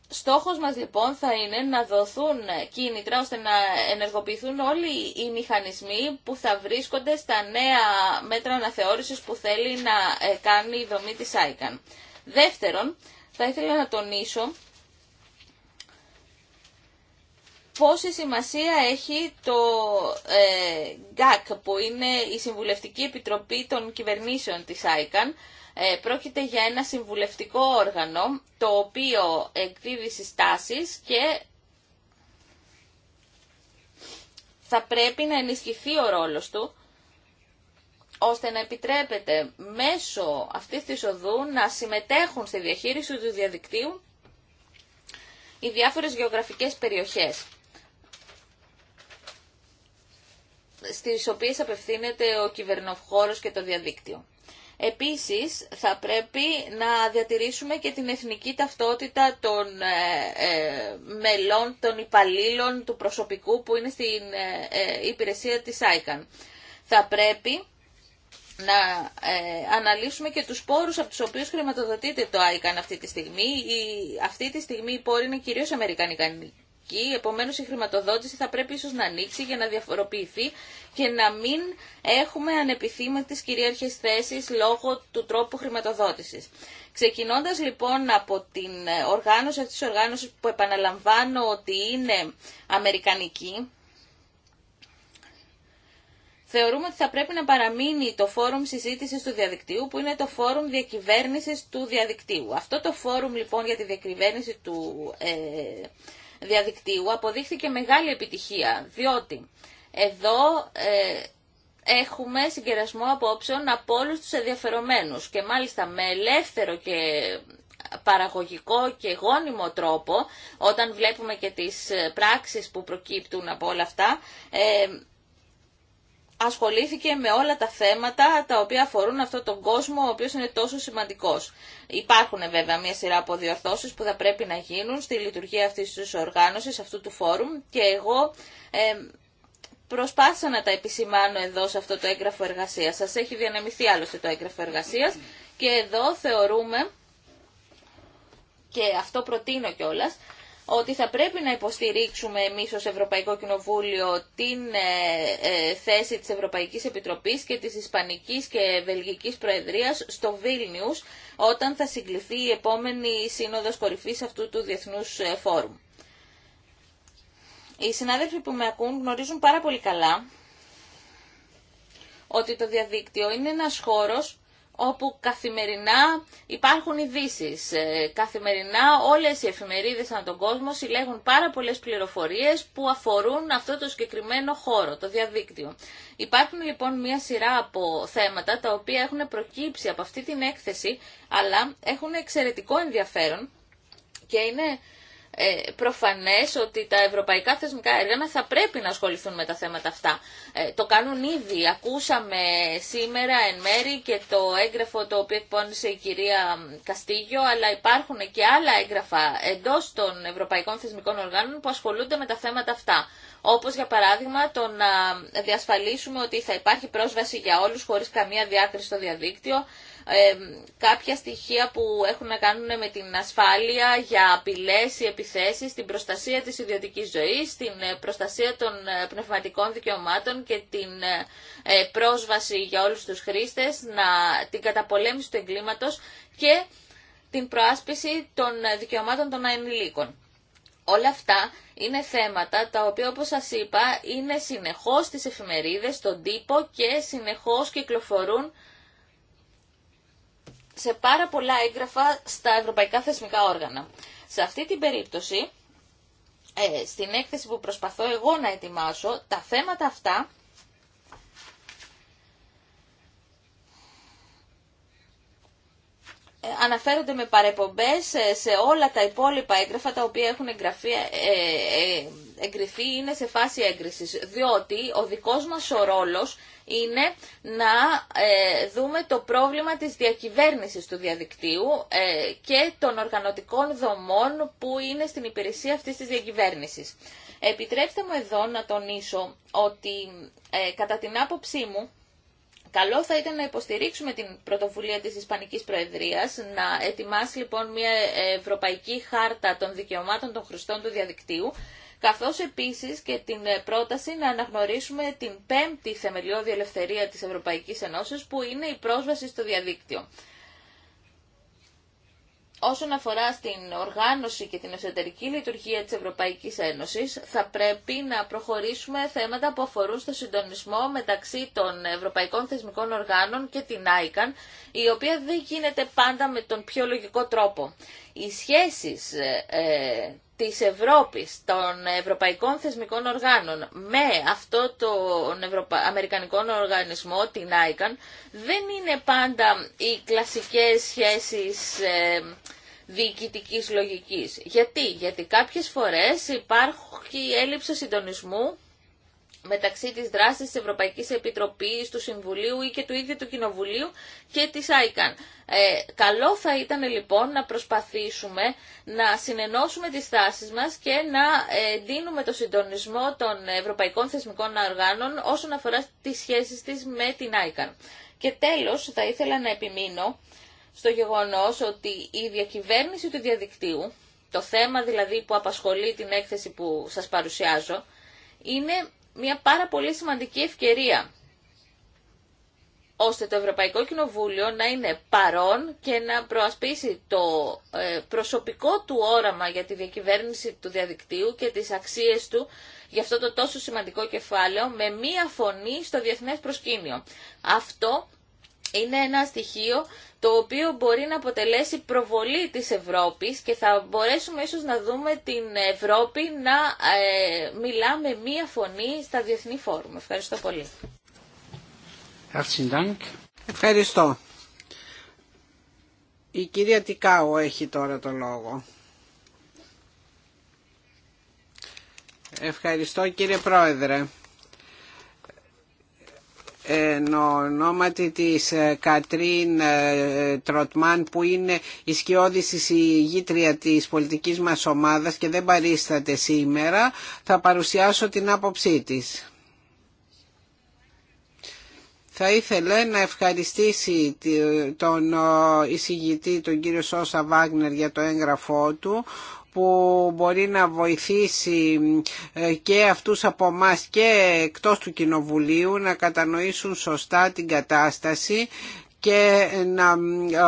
Στόχος μας λοιπόν θα είναι να δοθούν κίνητρα ώστε να ενεργοποιηθούν όλοι οι μηχανισμοί που θα βρίσκονται στα νέα μέτρα αναθεώρησης που θέλει να ε, κάνει η δομή της ICAN. Δεύτερον, θα ήθελα να τονίσω πόση σημασία έχει το ε, GAC που είναι η Συμβουλευτική Επιτροπή των Κυβερνήσεων της ICAN ε, πρόκειται για ένα συμβουλευτικό όργανο το οποίο εκδίδει συστάσεις και θα πρέπει να ενισχυθεί ο ρόλος του ώστε να επιτρέπεται μέσω αυτής της οδού να συμμετέχουν στη διαχείριση του διαδικτύου οι διάφορες γεωγραφικές περιοχές στις οποίες απευθύνεται ο κυβερνοχώρος και το διαδίκτυο. Επίσης, θα πρέπει να διατηρήσουμε και την εθνική ταυτότητα των ε, ε, μελών, των υπαλλήλων, του προσωπικού που είναι στην ε, υπηρεσία της ICAN. Θα πρέπει να αναλύσουμε και τους πόρους από τους οποίους χρηματοδοτείται το ICAN αυτή τη στιγμή. Η, αυτή τη στιγμή οι πόροι είναι κυρίως αμερικανικοί Επομένω, επομένως η χρηματοδότηση θα πρέπει ίσω να ανοίξει για να διαφοροποιηθεί και να μην έχουμε ανεπιθύμητες κυρίαρχες θέσεις λόγω του τρόπου χρηματοδότησης. Ξεκινώντας λοιπόν από την οργάνωση αυτής τη οργάνωση που επαναλαμβάνω ότι είναι αμερικανική, θεωρούμε ότι θα πρέπει να παραμείνει το φόρουμ συζήτησης του διαδικτύου, που είναι το φόρουμ διακυβέρνησης του διαδικτύου. Αυτό το φόρουμ λοιπόν για τη διακυβέρνηση του ε, διαδικτύου αποδείχθηκε μεγάλη επιτυχία, διότι εδώ ε, έχουμε συγκερασμό απόψεων από όλους τους ενδιαφερομένους και μάλιστα με ελεύθερο και παραγωγικό και γόνιμο τρόπο, όταν βλέπουμε και τις ε, πράξεις που προκύπτουν από όλα αυτά, ε, ασχολήθηκε με όλα τα θέματα τα οποία αφορούν αυτόν τον κόσμο ο οποίος είναι τόσο σημαντικός. Υπάρχουν βέβαια μια σειρά από διορθώσεις που θα πρέπει να γίνουν στη λειτουργία αυτής της οργάνωσης, αυτού του φόρουμ και εγώ ε, προσπάθησα να τα επισημάνω εδώ σε αυτό το έγγραφο εργασίας. Σας έχει διανεμηθεί άλλωστε το έγγραφο εργασίας και εδώ θεωρούμε και αυτό προτείνω κιόλας ότι θα πρέπει να υποστηρίξουμε εμείς ως Ευρωπαϊκό Κοινοβούλιο την ε, ε, θέση της Ευρωπαϊκής Επιτροπής και της Ισπανικής και Βελγικής Προεδρίας στο Βίλνιους όταν θα συγκληθεί η επόμενη σύνοδος κορυφής αυτού του Διεθνούς ε, Φόρουμ. Οι συνάδελφοι που με ακούν γνωρίζουν πάρα πολύ καλά ότι το διαδίκτυο είναι ένας χώρος όπου καθημερινά υπάρχουν ειδήσει. Ε, καθημερινά όλες οι εφημερίδες ανά τον κόσμο συλλέγουν πάρα πολλές πληροφορίες που αφορούν αυτό το συγκεκριμένο χώρο, το διαδίκτυο. Υπάρχουν λοιπόν μια σειρά από θέματα τα οποία έχουν προκύψει από αυτή την έκθεση αλλά έχουν εξαιρετικό ενδιαφέρον και είναι ε, προφανές ότι τα ευρωπαϊκά θεσμικά έργανα θα πρέπει να ασχοληθούν με τα θέματα αυτά. Ε, το κάνουν ήδη. Ακούσαμε σήμερα εν μέρη και το έγγραφο το οποίο εκπώνησε η κυρία Καστίγιο, αλλά υπάρχουν και άλλα έγγραφα εντός των ευρωπαϊκών θεσμικών οργάνων που ασχολούνται με τα θέματα αυτά. Όπως για παράδειγμα το να διασφαλίσουμε ότι θα υπάρχει πρόσβαση για όλους χωρίς καμία διάκριση στο διαδίκτυο, κάποια στοιχεία που έχουν να κάνουν με την ασφάλεια για απειλές ή επιθέσεις, την προστασία της ιδιωτικής ζωής, την ε, προστασία των ε, πνευματικών δικαιωμάτων και την ε, πρόσβαση για όλους τους χρήστες, να, την καταπολέμηση του εγκλήματος και την προάσπιση των δικαιωμάτων των ανηλίκων. Όλα αυτά είναι θέματα τα οποία όπως σας είπα είναι συνεχώς στις εφημερίδες, στον τύπο και συνεχώς κυκλοφορούν σε πάρα πολλά έγγραφα στα ευρωπαϊκά θεσμικά όργανα. Σε αυτή την περίπτωση, ε, στην έκθεση που προσπαθώ εγώ να ετοιμάσω, τα θέματα αυτά ε, αναφέρονται με παρεπομπές ε, σε όλα τα υπόλοιπα έγγραφα τα οποία έχουν εγγραφεί, εγκριθεί είναι σε φάση έγκρισης, διότι ο δικός μας ο ρόλος είναι να ε, δούμε το πρόβλημα της διακυβέρνησης του διαδικτύου ε, και των οργανωτικών δομών που είναι στην υπηρεσία αυτής της διακυβέρνησης. Επιτρέψτε μου εδώ να τονίσω ότι ε, κατά την άποψή μου Καλό θα ήταν να υποστηρίξουμε την πρωτοβουλία της Ισπανικής Προεδρίας, να ετοιμάσει λοιπόν μια ευρωπαϊκή χάρτα των δικαιωμάτων των χρηστών του διαδικτύου καθώς επίσης και την ε, πρόταση να αναγνωρίσουμε την πέμπτη θεμελιώδη ελευθερία της Ευρωπαϊκής Ενώσεως που είναι η πρόσβαση στο διαδίκτυο. Όσον αφορά στην οργάνωση και την εσωτερική λειτουργία της Ευρωπαϊκής Ένωσης, θα πρέπει να προχωρήσουμε θέματα που αφορούν στο συντονισμό μεταξύ των Ευρωπαϊκών Θεσμικών Οργάνων και την ICAN, η οποία δεν γίνεται πάντα με τον πιο λογικό τρόπο. Οι σχέσεις ε, ε, της Ευρώπης, των ευρωπαϊκών θεσμικών οργάνων με αυτό τον αμερικανικό οργανισμό, την ICAN, δεν είναι πάντα οι κλασικές σχέσεις ε, διοικητικής λογικής. Γιατί? Γιατί κάποιες φορές υπάρχει έλλειψη συντονισμού μεταξύ της δράσης της Ευρωπαϊκής Επιτροπής, του Συμβουλίου ή και του ίδιου του Κοινοβουλίου και της ICAN. Ε, καλό θα ήταν λοιπόν να προσπαθήσουμε να συνενώσουμε τις τάσεις μας και να δίνουμε ε, το συντονισμό των ευρωπαϊκών θεσμικών οργάνων όσον αφορά τις σχέσεις της με την ICAN. Και τέλος θα ήθελα να επιμείνω στο γεγονός ότι η διακυβέρνηση του διαδικτύου, το θέμα δηλαδή που απασχολεί την έκθεση που σας παρουσιάζω, είναι μια πάρα πολύ σημαντική ευκαιρία ώστε το Ευρωπαϊκό Κοινοβούλιο να είναι παρόν και να προασπίσει το ε, προσωπικό του όραμα για τη διακυβέρνηση του διαδικτύου και τις αξίες του για αυτό το τόσο σημαντικό κεφάλαιο με μία φωνή στο διεθνές προσκήνιο. Αυτό είναι ένα στοιχείο το οποίο μπορεί να αποτελέσει προβολή της Ευρώπης και θα μπορέσουμε ίσως να δούμε την Ευρώπη να ε, μιλά με μία φωνή στα διεθνή φόρουμ. Ευχαριστώ πολύ. Ευχαριστώ. Η κυρία Τικάου έχει τώρα το λόγο. Ευχαριστώ κύριε Πρόεδρε εν ονόματι της ε, Κατρίν ε, Τροτμάν που είναι η σκιώδης εισηγήτρια της πολιτικής μας ομάδας και δεν παρίσταται σήμερα θα παρουσιάσω την άποψή της. Θα ήθελα να ευχαριστήσει τον ε, εισηγητή, τον κύριο Σώσα Βάγνερ για το έγγραφό του που μπορεί να βοηθήσει ε, και αυτούς από εμά και εκτός του Κοινοβουλίου να κατανοήσουν σωστά την κατάσταση και να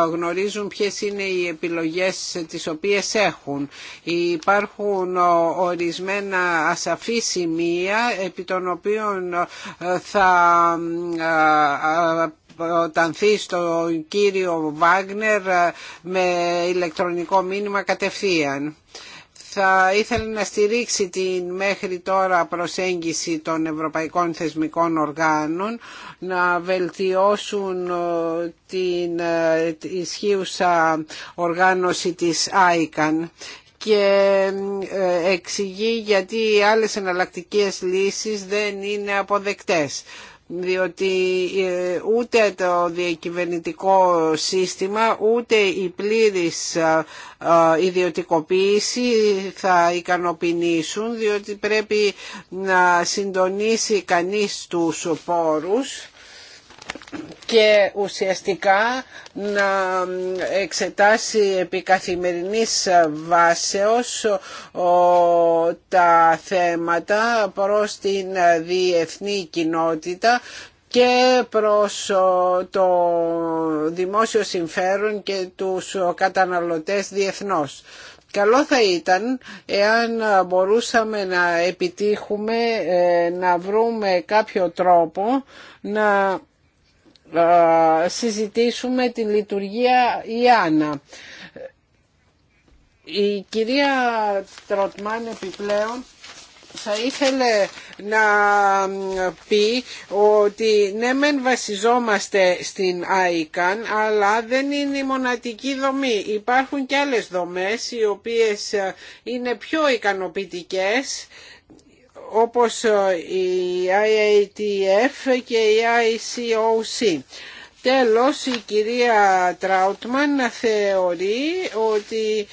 ε, γνωρίζουν ποιες είναι οι επιλογές τις οποίες έχουν. Υπάρχουν ε, ορισμένα ασαφή σημεία επί των οποίων θα προτανθεί στο κύριο Βάγνερ ε, με ηλεκτρονικό μήνυμα κατευθείαν θα ήθελε να στηρίξει την μέχρι τώρα προσέγγιση των ευρωπαϊκών θεσμικών οργάνων να βελτιώσουν ε, ε, την ισχύουσα οργάνωση της ICAN και εξηγεί γιατί οι άλλες εναλλακτικές λύσεις δεν είναι αποδεκτές διότι ε, ούτε το διακυβερνητικό σύστημα ούτε η πλήρης ε, ε, ιδιωτικοποίηση θα ικανοποιήσουν διότι πρέπει να συντονίσει κανείς τους πόρους και ουσιαστικά να εξετάσει επί καθημερινής βάσεως τα θέματα προς την διεθνή κοινότητα και προς το δημόσιο συμφέρον και τους καταναλωτές διεθνώς. Καλό θα ήταν εάν μπορούσαμε να επιτύχουμε ε, να βρούμε κάποιο τρόπο να συζητήσουμε την λειτουργία ΙΑΝΑ. Η κυρία Τροτμάν επιπλέον θα ήθελε να πει ότι ναι μεν βασιζόμαστε στην ΆΙΚΑΝ αλλά δεν είναι η μονατική δομή. Υπάρχουν και άλλες δομές οι οποίες ε, είναι πιο ικανοποιητικές όπως ε, η IATF και η ICOC. Τέλος, η κυρία Τράουτμαν θεωρεί ότι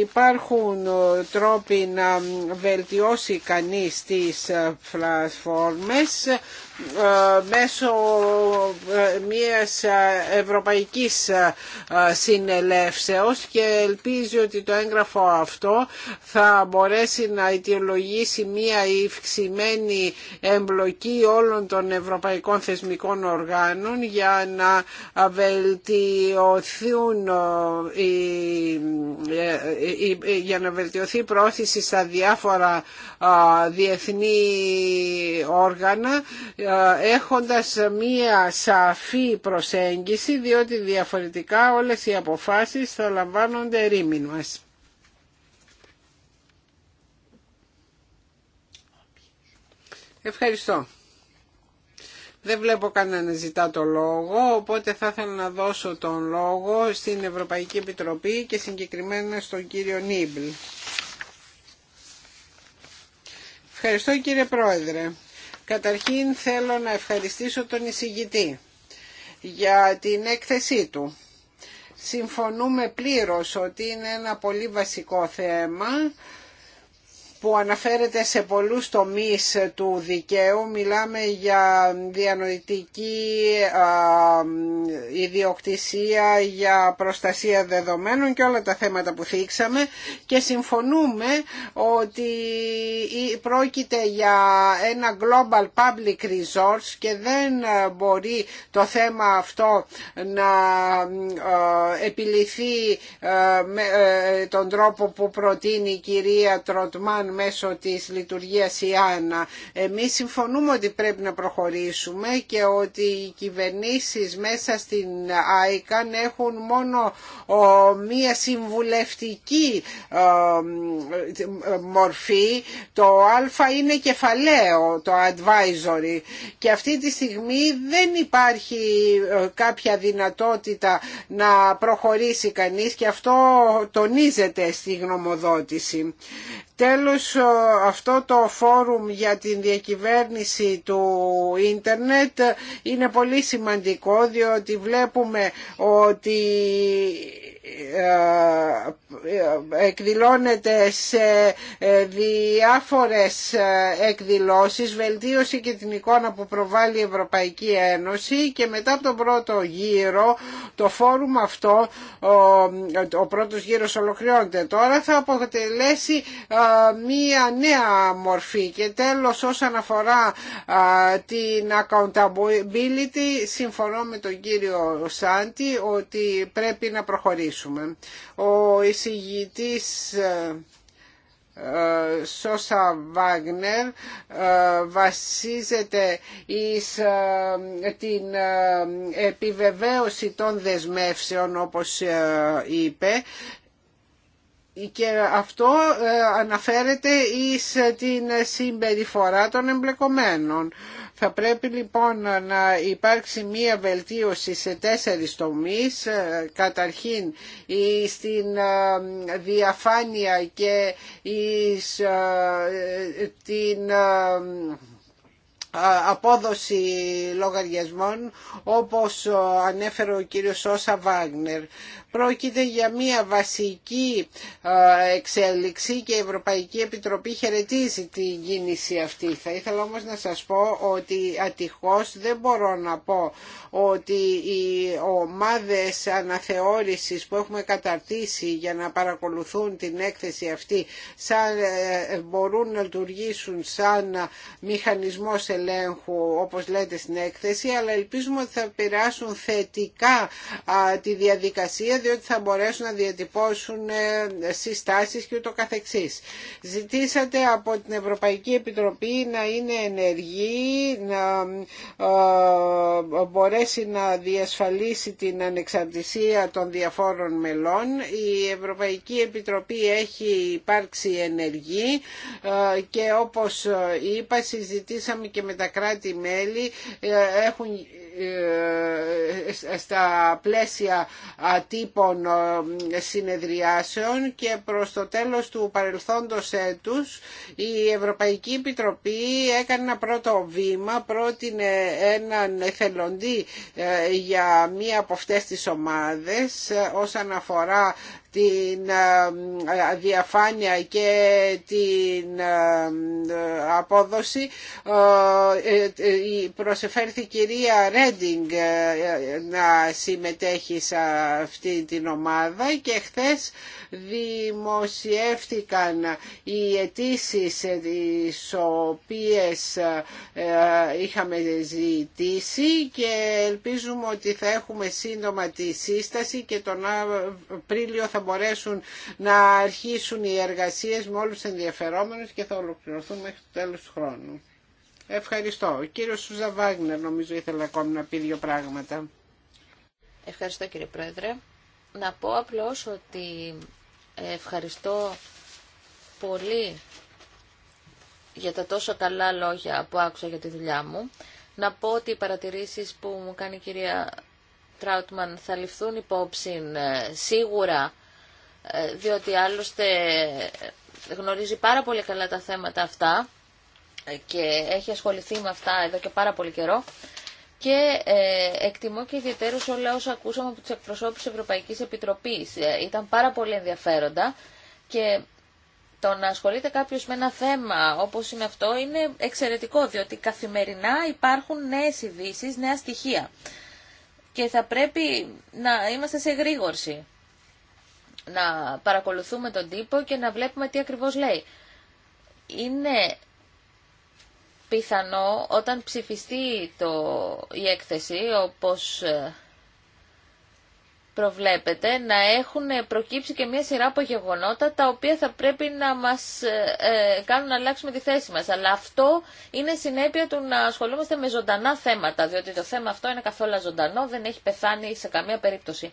υπάρχουν ε, τρόποι να βελτιώσει κανείς τις ε, πλατφόρμες ε, μέσω ε, μιας ε, ευρωπαϊκής συνελεύσεως και ελπίζει ότι το έγγραφο αυτό θα μπορέσει να αιτιολογήσει μια υξημένη εμπλοκή όλων των ευρωπαϊκών θεσμικών οργάνων για να βελτιωθούν για να βελτιωθεί η πρόθεση στα διάφορα διεθνή όργανα ε, έχοντας μία σαφή προσέγγιση διότι διαφορετικά όλες οι αποφάσεις θα λαμβάνονται ρήμην μας. Ευχαριστώ. Δεν βλέπω κανένα να ζητά το λόγο, οπότε θα ήθελα να δώσω τον λόγο στην Ευρωπαϊκή Επιτροπή και συγκεκριμένα στον κύριο Νίμπλ. Ευχαριστώ κύριε Πρόεδρε. Καταρχήν θέλω να ευχαριστήσω τον εισηγητή για την έκθεσή του. Συμφωνούμε πλήρως ότι είναι ένα πολύ βασικό θέμα που αναφέρεται σε πολλούς τομείς του δικαίου. Μιλάμε για διανοητική ιδιοκτησία, για προστασία δεδομένων και όλα τα θέματα που θίξαμε και συμφωνούμε ότι πρόκειται για ένα global public resource και δεν μπορεί το θέμα αυτό να επιληθεί με ε, τον τρόπο που προτείνει η κυρία Τροτμάν μέσω της λειτουργίας ΙΑΝΑ. Εμείς συμφωνούμε ότι πρέπει να προχωρήσουμε και ότι οι κυβερνήσεις μέσα στην ΆΙΚΑΝ έχουν μόνο μία συμβουλευτική μορφή. Το Α είναι κεφαλαίο, το advisory. Και αυτή τη στιγμή δεν υπάρχει κάποια δυνατότητα να προχωρήσει κανείς και αυτό τονίζεται στη γνωμοδότηση. Τέλος αυτό το φόρουμ για την διακυβέρνηση του ίντερνετ είναι πολύ σημαντικό διότι βλέπουμε ότι ε, ε, εκδηλώνεται σε ε, διάφορες εκδηλώσεις βελτίωση και την εικόνα που προβάλλει η Ευρωπαϊκή Ένωση και μετά από τον πρώτο γύρο το φόρουμ αυτό ο πρώτος γύρος ολοκληρώνεται τώρα θα αποτελέσει μία νέα μορφή και τέλος όσον αφορά την accountability συμφωνώ με τον κύριο Σάντι ότι πρέπει να προχωρήσει. Ο εισηγητής ε, ε, Σόσα Βάγνερ ε, βασίζεται εις την επιβεβαίωση των δεσμεύσεων όπως είπε και αυτό αναφέρεται εις την συμπεριφορά των εμπλεκομένων. Θα πρέπει λοιπόν να υπάρξει μία βελτίωση σε τέσσερις τομείς. Ε, καταρχήν στην ε, διαφάνεια και ε, την απόδοση λογαριασμών όπως ανέφερε ο κύριος Σόσα Βάγνερ. Πρόκειται για μια βασική εξέλιξη και η Ευρωπαϊκή Επιτροπή χαιρετίζει τη γίνηση αυτή. Θα ήθελα όμως να σας πω ότι ατυχώς δεν μπορώ να πω ότι οι ομάδες αναθεώρησης που έχουμε καταρτήσει για να παρακολουθούν την έκθεση αυτή σαν, ε, μπορούν να λειτουργήσουν σαν μηχανισμός ελέγχου όπως λέτε στην έκθεση αλλά ελπίζουμε ότι θα περάσουν θετικά τη διαδικασία διότι θα μπορέσουν να διατυπώσουν ε, συστάσεις και ούτω καθεξής. Ζητήσατε από την Ευρωπαϊκή Επιτροπή να είναι ενεργή, να ε, μπορέσει να διασφαλίσει την ανεξαρτησία των διαφόρων μελών. Η Ευρωπαϊκή Επιτροπή έχει υπάρξει ενεργή ε, και όπως είπα συζητήσαμε και με τα κράτη-μέλη έχουν ε, ε, στα πλαίσια τύπων ε, συνεδριάσεων και προς το τέλος του παρελθόντος έτους η Ευρωπαϊκή Επιτροπή έκανε ένα πρώτο βήμα, πρότεινε έναν εθελοντή για μία από αυτές τις ομάδες όσον αφορά την ε, ε, διαφάνεια και την ε, απόδοση προσεφέρθη η κυρία Ρέντινγκ να συμμετέχει σε αυτή την ομάδα και χθες δημοσιεύτηκαν οι αιτήσει τις οποίες είχαμε ζητήσει και ελπίζουμε ότι θα έχουμε σύντομα τη σύσταση και τον Απρίλιο θα θα μπορέσουν να αρχίσουν οι εργασίες με όλους τους ενδιαφερόμενους και θα ολοκληρωθούν μέχρι το τέλος του χρόνου. Ευχαριστώ. Ο κύριος Σούζα Βάγνερ νομίζω ήθελε ακόμη να πει δύο πράγματα. Ευχαριστώ κύριε Πρόεδρε. Να πω απλώς ότι ευχαριστώ πολύ για τα τόσο καλά λόγια που άκουσα για τη δουλειά μου. Να πω ότι οι παρατηρήσεις που μου κάνει η κυρία Τράουτμαν θα ληφθούν υπόψη ε, σίγουρα ε, διότι άλλωστε γνωρίζει πάρα πολύ καλά τα θέματα αυτά ε, και έχει ασχοληθεί με αυτά εδώ και πάρα πολύ καιρό και ε, εκτιμώ και ιδιαίτερως όλα όσα ακούσαμε από τις εκπροσώπους της Ευρωπαϊκής Επιτροπής. ήταν πάρα πολύ ενδιαφέροντα και το να ασχολείται κάποιος με ένα θέμα όπως είναι αυτό είναι εξαιρετικό διότι καθημερινά υπάρχουν νέες ειδήσει, νέα στοιχεία και θα πρέπει να είμαστε σε γρήγορση να παρακολουθούμε τον τύπο και να βλέπουμε τι ακριβώς λέει. Είναι πιθανό όταν ψηφιστεί το, η έκθεση, όπως ε, προβλέπετε, να έχουν προκύψει και μια σειρά από γεγονότα τα οποία θα πρέπει να μας ε, ε, κάνουν να αλλάξουμε τη θέση μας. Αλλά αυτό είναι συνέπεια του να ασχολούμαστε με ζωντανά θέματα, διότι το θέμα αυτό είναι καθόλου ζωντανό, δεν έχει πεθάνει σε καμία περίπτωση.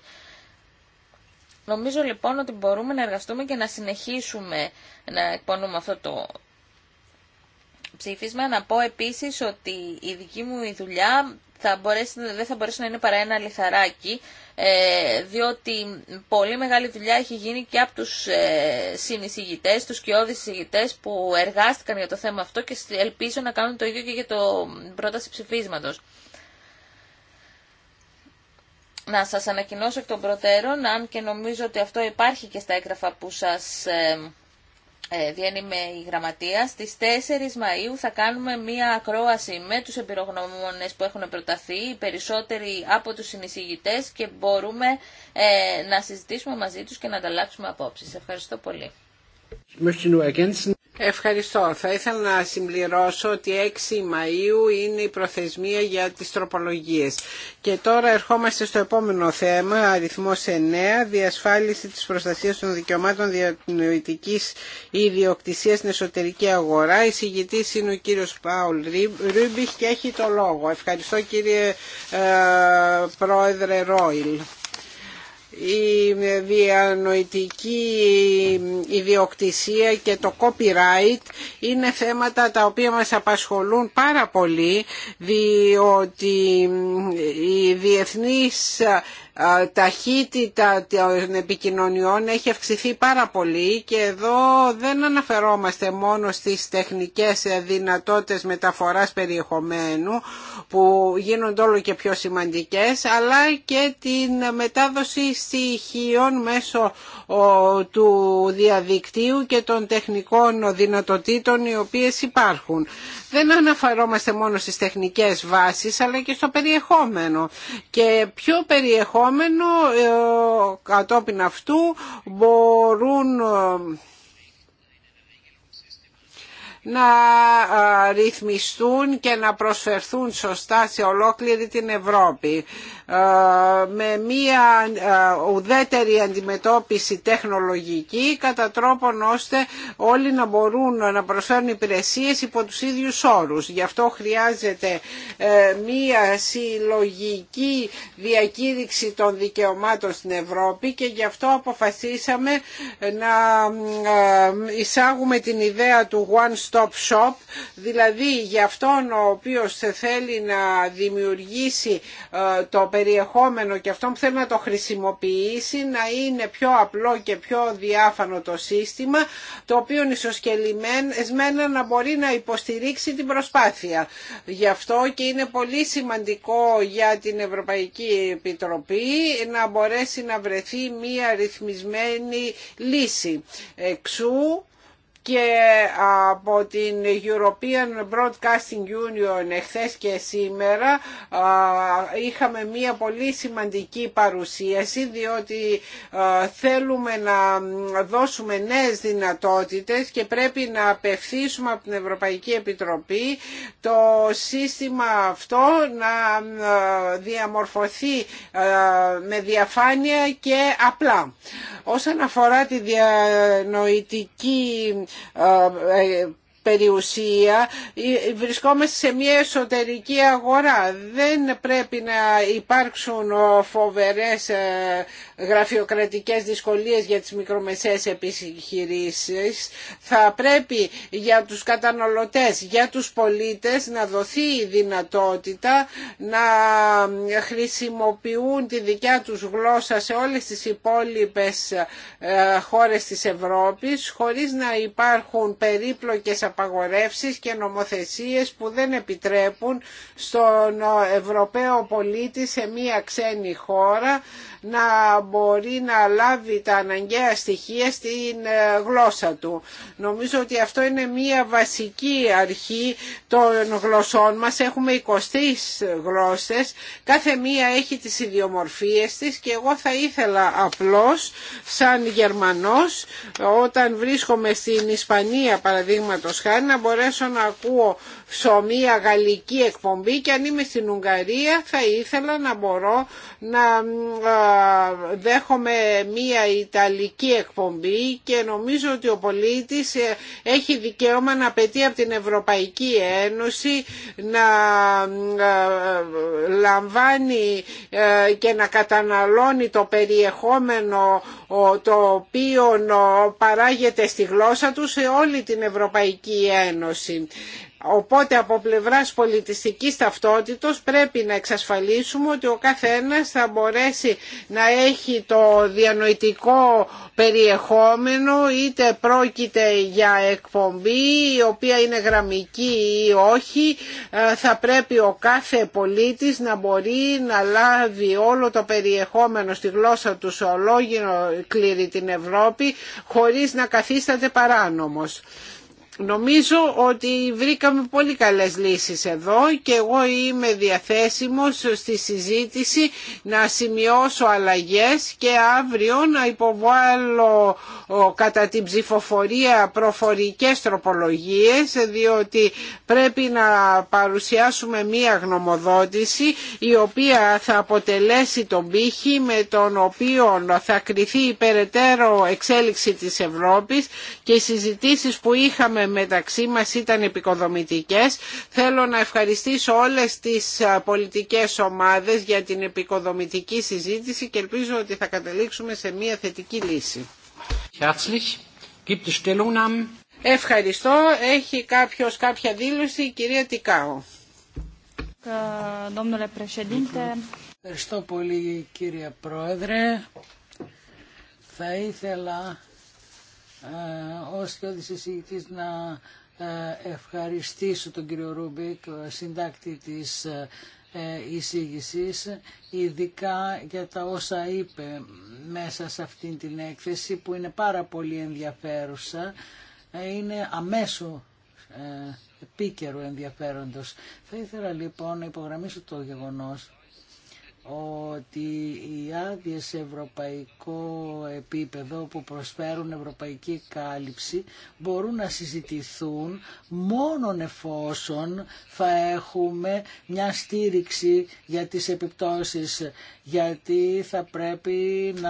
Νομίζω λοιπόν ότι μπορούμε να εργαστούμε και να συνεχίσουμε να εκπονούμε αυτό το ψήφισμα. Να πω επίσης ότι η δική μου η δουλειά δεν θα μπορέσει να είναι παρά ένα λιθαράκι, ε, διότι πολύ μεγάλη δουλειά έχει γίνει και από τους ε, συνεισηγητές, τους κοιόδης συγητές που εργάστηκαν για το θέμα αυτό και ελπίζω να κάνουν το ίδιο και για το πρόταση ψηφίσματος να σας ανακοινώσω εκ των προτέρων, αν και νομίζω ότι αυτό υπάρχει και στα έγγραφα που σας ε, ε βγαίνει με η γραμματεία, στις 4 Μαΐου θα κάνουμε μία ακρόαση με τους εμπειρογνώμονες που έχουν προταθεί, οι περισσότεροι από τους συνεισηγητές και μπορούμε ε, να συζητήσουμε μαζί τους και να ανταλλάξουμε απόψεις. Ευχαριστώ πολύ. Ευχαριστώ. Θα ήθελα να συμπληρώσω ότι 6 Μαΐου είναι η προθεσμία για τις τροπολογίες. Και τώρα ερχόμαστε στο επόμενο θέμα, αριθμός 9, διασφάλιση της προστασίας των δικαιωμάτων διανοητικής ιδιοκτησίας στην εσωτερική αγορά. Η συγητής είναι ο κύριος Πάουλ Ρούμπιχ και έχει το λόγο. Ευχαριστώ κύριε ε, Πρόεδρε Ρόιλ η διανοητική ιδιοκτησία και το copyright είναι θέματα τα οποία μας απασχολούν πάρα πολύ διότι οι διεθνείς ταχύτητα των επικοινωνιών έχει αυξηθεί πάρα πολύ και εδώ δεν αναφερόμαστε μόνο στις τεχνικές δυνατότητες μεταφοράς περιεχομένου που γίνονται όλο και πιο σημαντικές αλλά και την μετάδοση στοιχείων μέσω του διαδικτύου και των τεχνικών δυνατοτήτων οι οποίες υπάρχουν. Δεν αναφερόμαστε μόνο στις τεχνικές βάσεις αλλά και στο περιεχόμενο και ποιο περιεχόμενο ε, κατόπιν αυτού μπορούν ε, να ε, ρυθμιστούν και να προσφερθούν σωστά σε ολόκληρη την Ευρώπη. Ε, με μία ε, ουδέτερη αντιμετώπιση τεχνολογική κατά τρόπον ώστε όλοι να μπορούν να προσφέρουν υπηρεσίες υπό τους ίδιους όρους. Γι' αυτό χρειάζεται ε, μία συλλογική διακήρυξη των δικαιωμάτων στην Ευρώπη και γι' αυτό αποφασίσαμε να εισάγουμε την ιδέα του One Stop Shop, δηλαδή για αυτόν ο οποίος θέλει να δημιουργήσει το περιεχόμενο και αυτό που θέλει να το χρησιμοποιήσει να είναι πιο απλό και πιο διάφανο το σύστημα το οποίο ισοσκελημένα να μπορεί να υποστηρίξει την προσπάθεια. Γι' αυτό και είναι πολύ σημαντικό για την Ευρωπαϊκή Επιτροπή να μπορέσει να βρεθεί μία ρυθμισμένη λύση. Εξού και από την European Broadcasting Union εχθές και σήμερα είχαμε μία πολύ σημαντική παρουσίαση διότι θέλουμε να δώσουμε νέες δυνατότητες και πρέπει να απευθύσουμε από την Ευρωπαϊκή Επιτροπή το σύστημα αυτό να διαμορφωθεί με διαφάνεια και απλά. Όσον αφορά τη διανοητική περιουσία ε, βρισκόμαστε σε μια εσωτερική αγορά. Δεν πρέπει να υπάρξουν φοβερές ε, γραφειοκρατικές δυσκολίες για τις μικρομεσαίες επιχειρήσεις. Θα πρέπει για τους καταναλωτές, για τους πολίτες να δοθεί η δυνατότητα να χρησιμοποιούν τη δικιά τους γλώσσα σε όλες τις υπόλοιπες ε, χώρες της Ευρώπης χωρίς να υπάρχουν περίπλοκες απαγορεύσεις και νομοθεσίες που δεν επιτρέπουν στον Ευρωπαίο πολίτη σε μία ξένη χώρα να μπορεί να λάβει τα αναγκαία στοιχεία στην ε, γλώσσα του. Νομίζω ότι αυτό είναι μία βασική αρχή των γλωσσών μας. Έχουμε 23 γλώσσες, κάθε μία έχει τις ιδιομορφίες της και εγώ θα ήθελα απλώς σαν Γερμανός όταν βρίσκομαι στην Ισπανία παραδείγματο χάρη να μπορέσω να ακούω μια γαλλική εκπομπή και αν είμαι στην Ουγγαρία θα ήθελα να μπορώ να δέχομαι μία Ιταλική εκπομπή και νομίζω ότι ο πολίτης ε, έχει δικαίωμα να απαιτεί από την Ευρωπαϊκή Ένωση να ε, ε, λαμβάνει και να καταναλώνει το περιεχόμενο το οποίο παράγεται στη γλώσσα του σε όλη την Ευρωπαϊκή Ένωση. Οπότε από πλευράς πολιτιστικής ταυτότητος πρέπει να εξασφαλίσουμε ότι ο καθένας θα μπορέσει να έχει το διανοητικό περιεχόμενο είτε πρόκειται για εκπομπή η οποία είναι γραμμική ή όχι ε, θα πρέπει ο κάθε πολίτης να μπορεί να λάβει όλο το περιεχόμενο στη γλώσσα του σε ολόγινο κλήρη την Ευρώπη χωρίς να καθίσταται παράνομος. Νομίζω ότι βρήκαμε πολύ καλές λύσεις εδώ και εγώ είμαι διαθέσιμος στη συζήτηση να σημειώσω αλλαγές και αύριο να υποβάλω κατά την ψηφοφορία προφορικές τροπολογίες διότι πρέπει να παρουσιάσουμε μία γνωμοδότηση η οποία θα αποτελέσει τον πύχη με τον οποίο θα κριθεί η περαιτέρω εξέλιξη της Ευρώπης και οι συζητήσεις που είχαμε μεταξύ μας ήταν επικοδομητικές. Θέλω να ευχαριστήσω όλες τις πολιτικές ομάδες για την επικοδομητική συζήτηση και ελπίζω ότι θα καταλήξουμε σε μια θετική λύση. Ευχαριστώ. Έχει κάποιος κάποια δήλωση, η κυρία Τικάου. Ε, Ευχαριστώ πολύ κύριε Πρόεδρε. Θα ήθελα ε, ο ως να ε, ευχαριστήσω τον κύριο Ρούμπικ, συντάκτη της ε, εισήγησης, ειδικά για τα όσα είπε μέσα σε αυτήν την έκθεση που είναι πάρα πολύ ενδιαφέρουσα, είναι αμέσω επίκαιρο ενδιαφέροντος. Θα ήθελα λοιπόν να υπογραμμίσω το γεγονός ότι οι άδειε σε ευρωπαϊκό επίπεδο που προσφέρουν ευρωπαϊκή κάλυψη μπορούν να συζητηθούν μόνον εφόσον θα έχουμε μια στήριξη για τις επιπτώσεις γιατί θα πρέπει να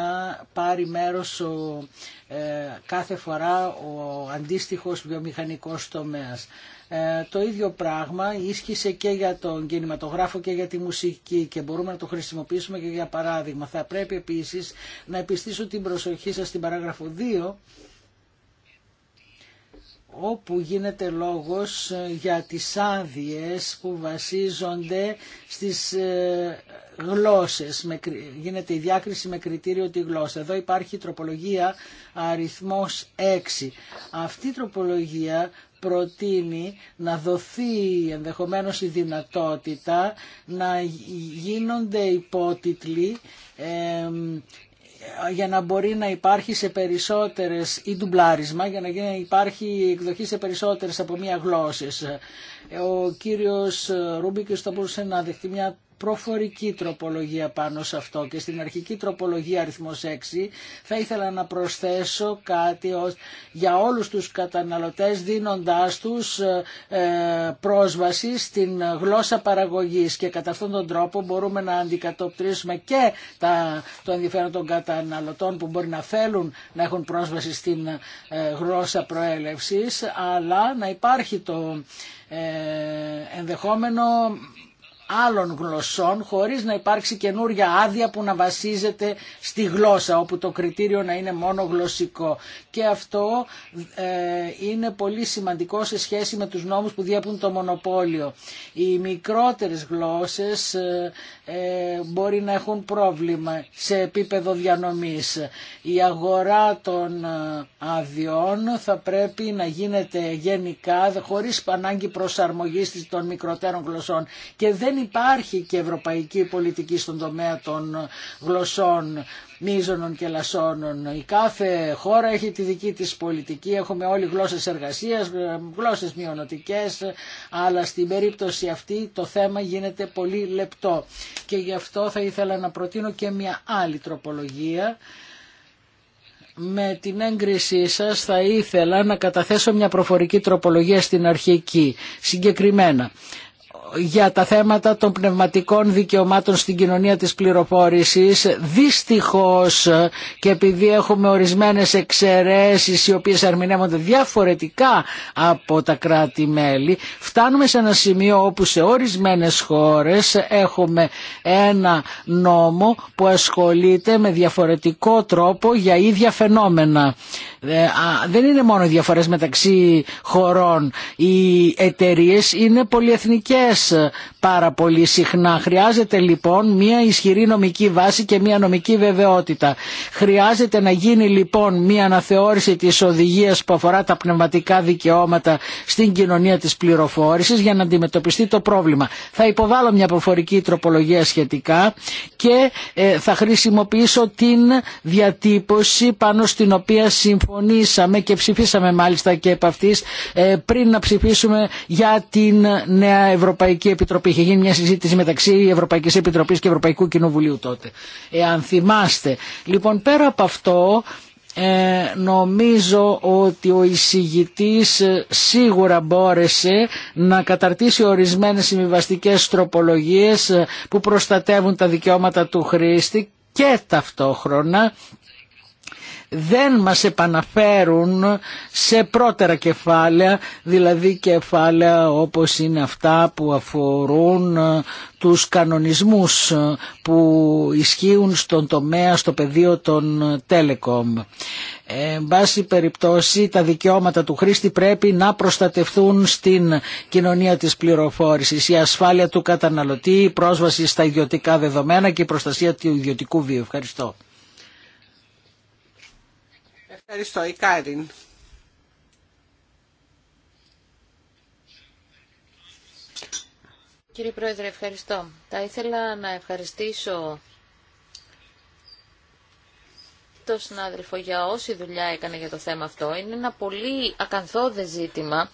πάρει μέρος ο, ε, κάθε φορά ο αντίστοιχος βιομηχανικός τομέας. Ε, το ίδιο πράγμα ίσχυσε και για τον κινηματογράφο και για τη μουσική και μπορούμε να το χρησιμοποιήσουμε και για παράδειγμα. Θα πρέπει επίσης να επιστήσω την προσοχή σας στην παράγραφο 2 όπου γίνεται λόγος ε, για τις άδειες που βασίζονται στις ε, γλώσσες. Γίνεται η διάκριση με κριτήριο τη γλώσσα. Εδώ υπάρχει τροπολογία αριθμός 6. Αυτή η τροπολογία προτείνει να δοθεί ενδεχομένως η δυνατότητα να γίνονται υπότιτλοι για να μπορεί να υπάρχει σε περισσότερες ή ντουμπλάρισμα για να υπάρχει εκδοχή σε περισσότερες από μία γλώσσες. Ο κύριος Ρούμπικος θα μπορούσε να δεχτεί μια προφορική τροπολογία πάνω σε αυτό και στην αρχική τροπολογία αριθμός 6 θα ήθελα να προσθέσω κάτι ως, για όλους τους καταναλωτές δίνοντάς τους ε, ε, πρόσβαση στην γλώσσα παραγωγής και κατά αυτόν τον τρόπο μπορούμε να αντικατοπτρίσουμε και τα, το ενδιαφέρον των καταναλωτών που μπορεί να θέλουν να έχουν πρόσβαση στην ε, γλώσσα προέλευσης αλλά να υπάρχει το ε, ενδεχόμενο άλλων γλωσσών χωρίς να υπάρξει καινούρια άδεια που να βασίζεται στη γλώσσα όπου το κριτήριο να είναι μόνο γλωσσικό και αυτό ε, είναι πολύ σημαντικό σε σχέση με τους νόμους που διέπουν το μονοπόλιο. Οι μικρότερες γλώσσες ε, ε, μπορεί να έχουν πρόβλημα σε επίπεδο διανομής. Η αγορά των αδειών θα πρέπει να γίνεται γενικά χωρίς ανάγκη προσαρμογής των μικροτέρων γλωσσών και δεν υπάρχει και ευρωπαϊκή πολιτική στον τομέα των γλωσσών μίζωνων και λασών. Η κάθε χώρα έχει τη δική της πολιτική. Έχουμε όλοι γλώσσες εργασίας, γλώσσες μειονοτικές, αλλά στην περίπτωση αυτή το θέμα γίνεται πολύ λεπτό. Και γι' αυτό θα ήθελα να προτείνω και μια άλλη τροπολογία. Με την έγκρισή σας θα ήθελα να καταθέσω μια προφορική τροπολογία στην αρχική. Συγκεκριμένα, για τα θέματα των πνευματικών δικαιωμάτων στην κοινωνία της πληροφόρησης δυστυχώς και επειδή έχουμε ορισμένες εξαιρέσεις οι οποίες αρμηνεύονται διαφορετικά από τα κράτη-μέλη φτάνουμε σε ένα σημείο όπου σε ορισμένες χώρες έχουμε ένα νόμο που ασχολείται με διαφορετικό τρόπο για ίδια φαινόμενα. Ε, δεν είναι μόνο διαφορές μεταξύ χωρών. Οι εταιρείε είναι πολυεθνικές ε, πάρα πολύ συχνά. Χρειάζεται λοιπόν μια ισχυρή νομική βάση και μια νομική βεβαιότητα. Χρειάζεται να γίνει λοιπόν μια αναθεώρηση της οδηγίας που αφορά τα πνευματικά δικαιώματα στην κοινωνία της πληροφόρησης για να αντιμετωπιστεί το πρόβλημα. Θα υποβάλω μια προφορική τροπολογία σχετικά και ε, θα χρησιμοποιήσω την διατύπωση πάνω στην οποία συμφωνήσαμε και ψηφίσαμε μάλιστα και επ' αυτής ε, πριν να ψηφίσουμε για την νέα Ευρωπαϊκή Ευρωπαϊκή Επιτροπή. Είχε γίνει μια συζήτηση μεταξύ Ευρωπαϊκής Επιτροπής και Ευρωπαϊκού Κοινοβουλίου τότε, εάν θυμάστε. Λοιπόν, πέρα από αυτό, ε, νομίζω ότι ο εισηγητής ε, σίγουρα μπόρεσε να καταρτήσει ορισμένες συμβιβαστικέ τροπολογίες ε, που προστατεύουν τα δικαιώματα του χρήστη και ταυτόχρονα δεν μας επαναφέρουν σε πρώτερα κεφάλαια, δηλαδή κεφάλαια όπως είναι αυτά που αφορούν ε, τους κανονισμούς ε, που ισχύουν στον τομέα, στο πεδίο των ε, Telecom. Εν πάση περιπτώσει τα δικαιώματα του χρήστη πρέπει να προστατευθούν στην κοινωνία της πληροφόρησης. Η ασφάλεια του καταναλωτή, η πρόσβαση στα ιδιωτικά δεδομένα και η προστασία του ιδιωτικού βίου. Ευχαριστώ. Ευχαριστώ, η Κάριν. Κύριε Πρόεδρε, ευχαριστώ. Θα ήθελα να ευχαριστήσω τον συνάδελφο για όση δουλειά έκανε για το θέμα αυτό. Είναι ένα πολύ ακαθόδε ζήτημα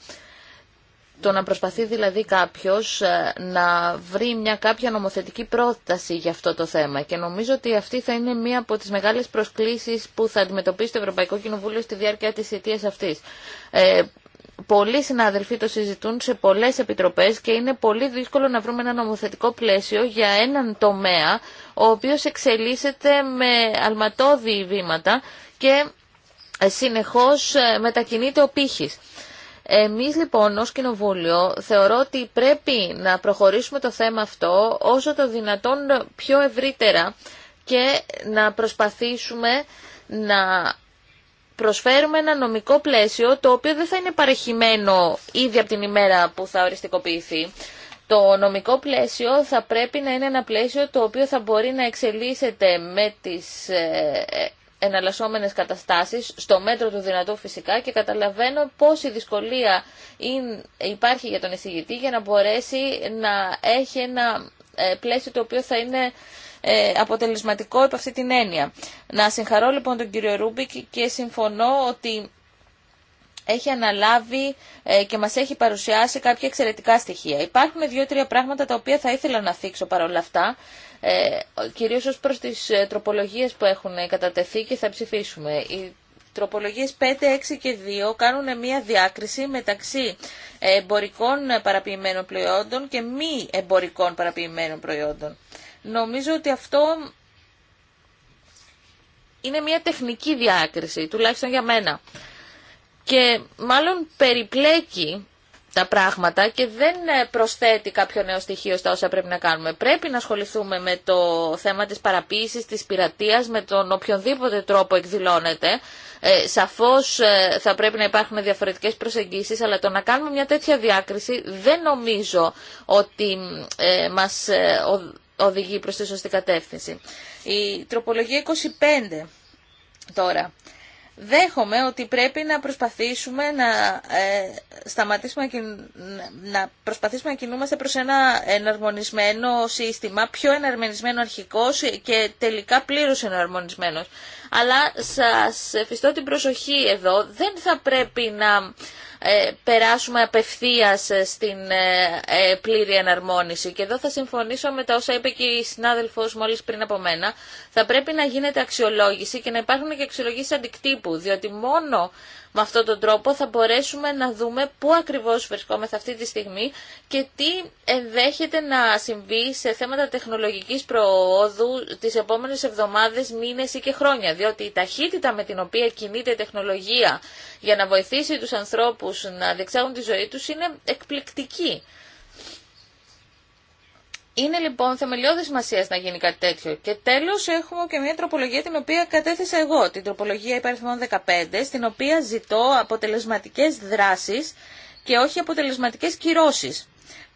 το να προσπαθεί δηλαδή κάποιος ε, να βρει μια κάποια νομοθετική πρόταση για αυτό το θέμα και νομίζω ότι αυτή θα είναι μία από τις μεγάλες προσκλήσεις που θα αντιμετωπίσει το Ευρωπαϊκό Κοινοβούλιο στη διάρκεια της αιτίας αυτής. Ε, πολλοί συναδελφοί το συζητούν σε πολλές επιτροπές και είναι πολύ δύσκολο να βρούμε ένα νομοθετικό πλαίσιο για έναν τομέα ο οποίος εξελίσσεται με αλματώδη βήματα και ε, συνεχώς ε, μετακινείται ο πύχης. Εμείς λοιπόν ως Κοινοβούλιο θεωρώ ότι πρέπει να προχωρήσουμε το θέμα αυτό όσο το δυνατόν πιο ευρύτερα και να προσπαθήσουμε να προσφέρουμε ένα νομικό πλαίσιο το οποίο δεν θα είναι παρεχημένο ήδη από την ημέρα που θα οριστικοποιηθεί. Το νομικό πλαίσιο θα πρέπει να είναι ένα πλαίσιο το οποίο θα μπορεί να εξελίσσεται με τις ε, εναλλασσόμενες καταστάσεις, στο μέτρο του δυνατού φυσικά και καταλαβαίνω πόση δυσκολία υπάρχει για τον εισηγητή για να μπορέσει να έχει ένα ε, πλαίσιο το οποίο θα είναι ε, αποτελεσματικό από αυτή την έννοια. Να συγχαρώ λοιπόν τον κύριο Ρούμπικ και συμφωνώ ότι έχει αναλάβει ε, και μας έχει παρουσιάσει κάποια εξαιρετικά στοιχεία. Υπάρχουν δύο-τρία πράγματα τα οποία θα ήθελα να θίξω παρόλα αυτά ε, κυρίως ως προς τις ε, τροπολογίες που έχουν ε, κατατεθεί και θα ψηφίσουμε. Οι τροπολογίες 5, 6 και 2 κάνουν μία διάκριση μεταξύ εμπορικών παραποιημένων προϊόντων και μη εμπορικών παραποιημένων προϊόντων. Νομίζω ότι αυτό είναι μία τεχνική διάκριση, τουλάχιστον για μένα. Και μάλλον περιπλέκει τα πράγματα και δεν ε, προσθέτει κάποιο νέο στοιχείο στα όσα πρέπει να κάνουμε. Πρέπει να ασχοληθούμε με το θέμα της παραποίησης, της πειρατείας, με τον οποιονδήποτε τρόπο εκδηλώνεται. Ε, σαφώς ε, θα πρέπει να υπάρχουν διαφορετικές προσεγγίσεις, αλλά το να κάνουμε μια τέτοια διάκριση δεν νομίζω ότι ε, μας ε, οδηγεί προς τη σωστή κατεύθυνση. Η τροπολογία 25 τώρα. Δέχομαι ότι πρέπει να προσπαθήσουμε να, ε, σταματήσουμε, να προσπαθήσουμε να κινούμαστε προς ένα εναρμονισμένο σύστημα, πιο εναρμονισμένο αρχικός και τελικά πλήρως εναρμονισμένος. Αλλά σας εφιστώ την προσοχή εδώ, δεν θα πρέπει να ε, περάσουμε απευθείας στην ε, πλήρη εναρμόνιση. Και εδώ θα συμφωνήσω με τα όσα είπε και η συνάδελφός μόλις πριν από μένα, θα πρέπει να γίνεται αξιολόγηση και να υπάρχουν και αξιολογήσει αντικτύπου, διότι μόνο με αυτόν τον τρόπο θα μπορέσουμε να δούμε πού ακριβώς βρισκόμαστε αυτή τη στιγμή και τι ενδέχεται να συμβεί σε θέματα τεχνολογικής προόδου τις επόμενες εβδομάδες, μήνες ή και χρόνια. Διότι η ταχύτητα με την οποία κινείται η τεχνολογία για να βοηθήσει τους ανθρώπους να διεξάγουν τη ζωή τους είναι εκπληκτική. Είναι λοιπόν θεμελιώδη σημασία να γίνει κάτι τέτοιο. Και τέλο έχουμε και μια τροπολογία την οποία κατέθεσα εγώ, την τροπολογία υπαριθμών 15, στην οποία ζητώ αποτελεσματικέ δράσει και όχι αποτελεσματικέ κυρώσει.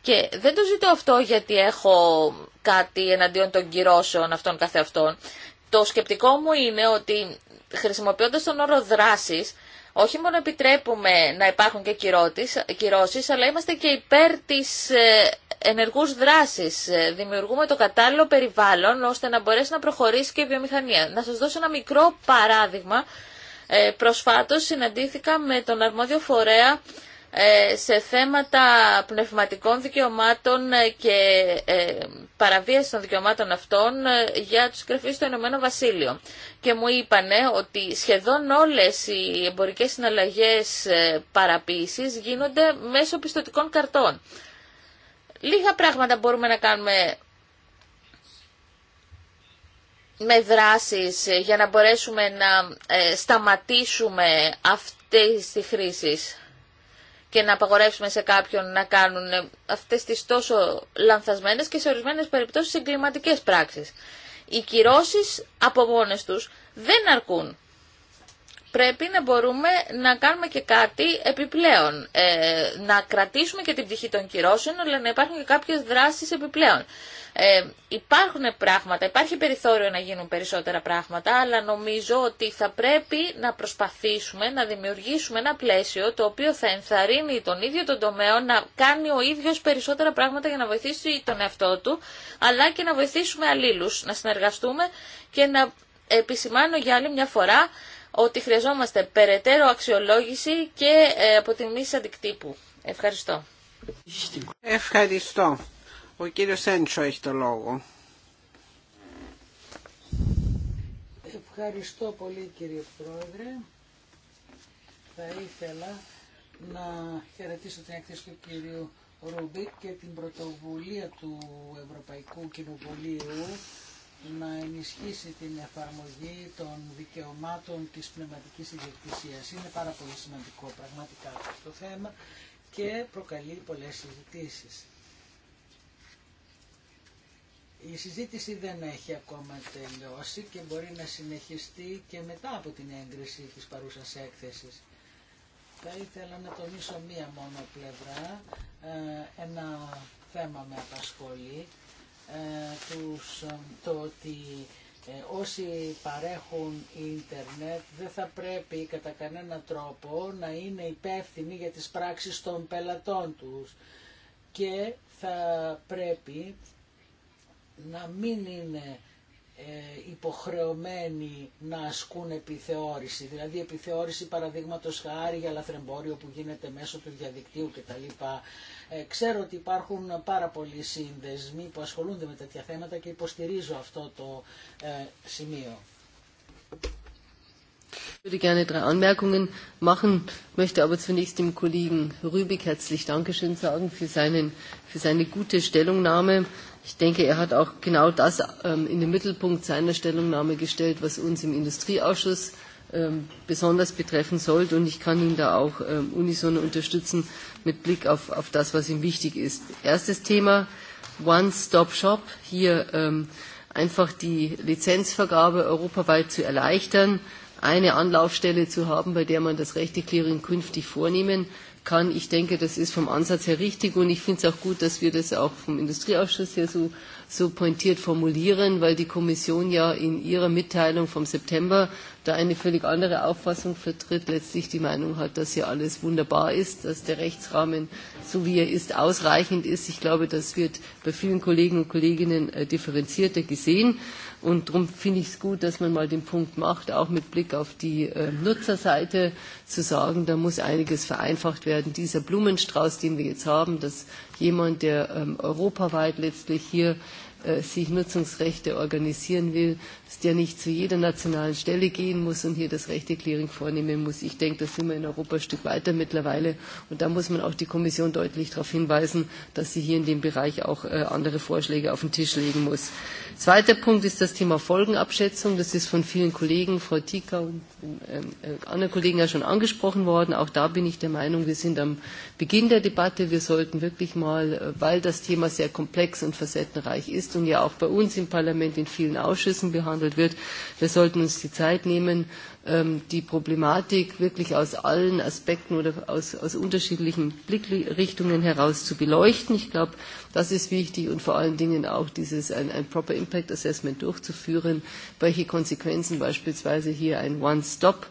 Και δεν το ζητώ αυτό γιατί έχω κάτι εναντίον των κυρώσεων αυτών καθεαυτών. Το σκεπτικό μου είναι ότι χρησιμοποιώντας τον όρο δράση, όχι μόνο επιτρέπουμε να υπάρχουν και κυρώσεις, αλλά είμαστε και υπέρ της ε, ενεργούς δράσεις. Ε, δημιουργούμε το κατάλληλο περιβάλλον ώστε να μπορέσει να προχωρήσει και η βιομηχανία. Να σας δώσω ένα μικρό παράδειγμα. Ε, προσφάτως συναντήθηκα με τον αρμόδιο φορέα ε, σε θέματα πνευματικών δικαιωμάτων ε, και παραβίαση των δικαιωμάτων αυτών για τους κρυφείς στο Ηνωμένο Βασίλειο. Και μου είπανε ότι σχεδόν όλες οι εμπορικές συναλλαγές παραποίησης γίνονται μέσω πιστοτικών καρτών λίγα πράγματα μπορούμε να κάνουμε με δράσεις για να μπορέσουμε να ε, σταματήσουμε αυτές τις χρήσεις και να απαγορεύσουμε σε κάποιον να κάνουν αυτές τις τόσο λανθασμένες και σε ορισμένες περιπτώσεις εγκληματικές πράξεις. Οι κυρώσεις από μόνες τους δεν αρκούν πρέπει να μπορούμε να κάνουμε και κάτι επιπλέον. Ε, να κρατήσουμε και την πτυχή των κυρώσεων, αλλά να υπάρχουν και κάποιες δράσεις επιπλέον. Ε, υπάρχουν πράγματα, υπάρχει περιθώριο να γίνουν περισσότερα πράγματα, αλλά νομίζω ότι θα πρέπει να προσπαθήσουμε να δημιουργήσουμε ένα πλαίσιο το οποίο θα ενθαρρύνει τον ίδιο τον τομέα να κάνει ο ίδιος περισσότερα πράγματα για να βοηθήσει τον εαυτό του, αλλά και να βοηθήσουμε αλλήλους, να συνεργαστούμε και να επισημάνω για άλλη μια φορά ότι χρειαζόμαστε περαιτέρω αξιολόγηση και ε, αποτιμήσεις αντικτύπου. Ευχαριστώ. Ευχαριστώ. Ο κύριος Έντσο έχει το λόγο. Ευχαριστώ πολύ κύριε Πρόεδρε. Θα ήθελα να χαιρετήσω την έκθεση του κύριου Ρουμπίκ και την πρωτοβουλία του Ευρωπαϊκού Κοινοβουλίου να ενισχύσει την εφαρμογή των δικαιωμάτων της πνευματικής ιδιοκτησίας. Είναι πάρα πολύ σημαντικό πραγματικά αυτό το θέμα και προκαλεί πολλές συζητήσει. Η συζήτηση δεν έχει ακόμα τελειώσει και μπορεί να συνεχιστεί και μετά από την έγκριση της παρούσας έκθεσης. Θα ήθελα να τονίσω μία μόνο πλευρά, ε, ένα θέμα με απασχολεί, ε, τους, ε, το ότι ε, όσοι παρέχουν ίντερνετ δεν θα πρέπει κατά κανένα τρόπο να είναι υπεύθυνοι για τις πράξεις των πελατών τους και θα πρέπει να μην είναι ε, υποχρεωμένοι να ασκούν επιθεώρηση. Δηλαδή επιθεώρηση παραδείγματο χάρη για λαθρεμπόριο που γίνεται μέσω του διαδικτύου κτλ. Ε, ξέρω ότι υπάρχουν πάρα πολλοί σύνδεσμοι που ασχολούνται με τέτοια θέματα και υποστηρίζω αυτό το ε, σημείο. Ich würde gerne drei Anmerkungen machen, möchte aber zunächst dem Kollegen Rübig herzlich Dankeschön sagen für, seinen, für seine gute Stellungnahme. Ich denke, er hat auch genau das in den Mittelpunkt seiner Stellungnahme gestellt, was uns im Industrieausschuss besonders betreffen sollte. Und ich kann ihn da auch unisono unterstützen mit Blick auf das, was ihm wichtig ist. Erstes Thema, One-Stop-Shop. Hier einfach die Lizenzvergabe europaweit zu erleichtern, eine Anlaufstelle zu haben, bei der man das rechte Clearing künftig vornehmen kann. Ich denke, das ist vom Ansatz her richtig und ich finde es auch gut, dass wir das auch vom Industrieausschuss her so, so pointiert formulieren, weil die Kommission ja in ihrer Mitteilung vom September da eine völlig andere Auffassung vertritt, letztlich die Meinung hat, dass hier alles wunderbar ist, dass der Rechtsrahmen, so wie er ist, ausreichend ist. Ich glaube, das wird bei vielen Kollegen und Kolleginnen differenzierter gesehen. Und darum finde ich es gut, dass man mal den Punkt macht, auch mit Blick auf die Nutzerseite zu sagen, da muss einiges vereinfacht werden. Dieser Blumenstrauß, den wir jetzt haben, dass jemand, der europaweit letztlich hier sich Nutzungsrechte organisieren will, dass der nicht zu jeder nationalen Stelle gehen muss und hier das rechte Clearing vornehmen muss. Ich denke, da sind wir in Europa ein Stück weiter mittlerweile. Und da muss man auch die Kommission deutlich darauf hinweisen, dass sie hier in dem Bereich auch andere Vorschläge auf den Tisch legen muss. Zweiter Punkt ist das Thema Folgenabschätzung. Das ist von vielen Kollegen, Frau Tika und anderen Kollegen ja schon angesprochen worden. Auch da bin ich der Meinung, wir sind am Beginn der Debatte. Wir sollten wirklich mal, weil das Thema sehr komplex und facettenreich ist und ja auch bei uns im Parlament in vielen Ausschüssen behandelt Wir sollten uns die Zeit nehmen, die Problematik wirklich aus allen Aspekten oder aus unterschiedlichen Blickrichtungen heraus zu beleuchten. Ich glaube, das ist wichtig und vor allen Dingen auch dieses ein Proper Impact Assessment durchzuführen, welche Konsequenzen beispielsweise hier ein One-Stop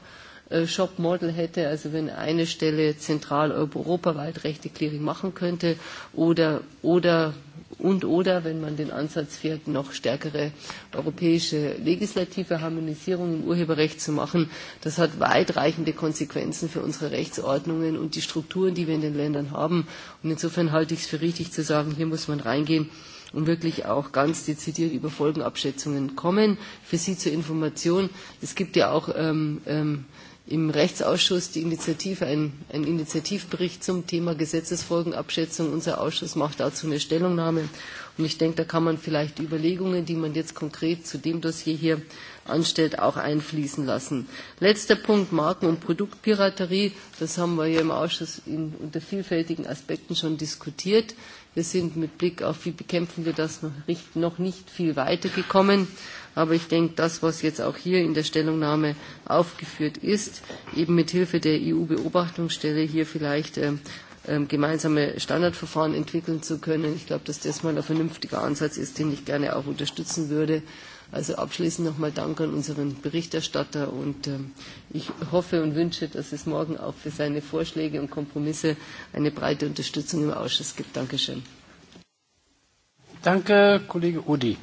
Shop Model hätte, also wenn eine Stelle zentral europaweit Rechte Clearing machen könnte oder und oder, wenn man den Ansatz fährt, noch stärkere europäische legislative Harmonisierung im Urheberrecht zu machen. Das hat weitreichende Konsequenzen für unsere Rechtsordnungen und die Strukturen, die wir in den Ländern haben. Und insofern halte ich es für richtig zu sagen, hier muss man reingehen und wirklich auch ganz dezidiert über Folgenabschätzungen kommen. Für Sie zur Information, es gibt ja auch im Rechtsausschuss die Initiative, ein Initiativbericht zum Thema Gesetzesfolgenabschätzung. Unser Ausschuss macht dazu eine Stellungnahme. Und ich denke, da kann man vielleicht Überlegungen, die man jetzt konkret zu dem Dossier hier anstellt, auch einfließen lassen. Letzter Punkt, Marken- und Produktpiraterie. Das haben wir ja im Ausschuss unter vielfältigen Aspekten schon diskutiert. Wir sind mit Blick auf, wie bekämpfen wir das, noch nicht viel weitergekommen. gekommen. Aber ich denke, das, was jetzt auch hier in der Stellungnahme aufgeführt ist, eben mit Hilfe der EU-Beobachtungsstelle hier vielleicht gemeinsame Standardverfahren entwickeln zu können. Ich glaube, dass das mal ein vernünftiger Ansatz ist, den ich gerne auch unterstützen würde. Also abschließend nochmal Dank an unseren Berichterstatter und ich hoffe und wünsche, dass es morgen auch für seine Vorschläge und Kompromisse eine breite Unterstützung im Ausschuss gibt. Dankeschön. Danke, Kollege Udi.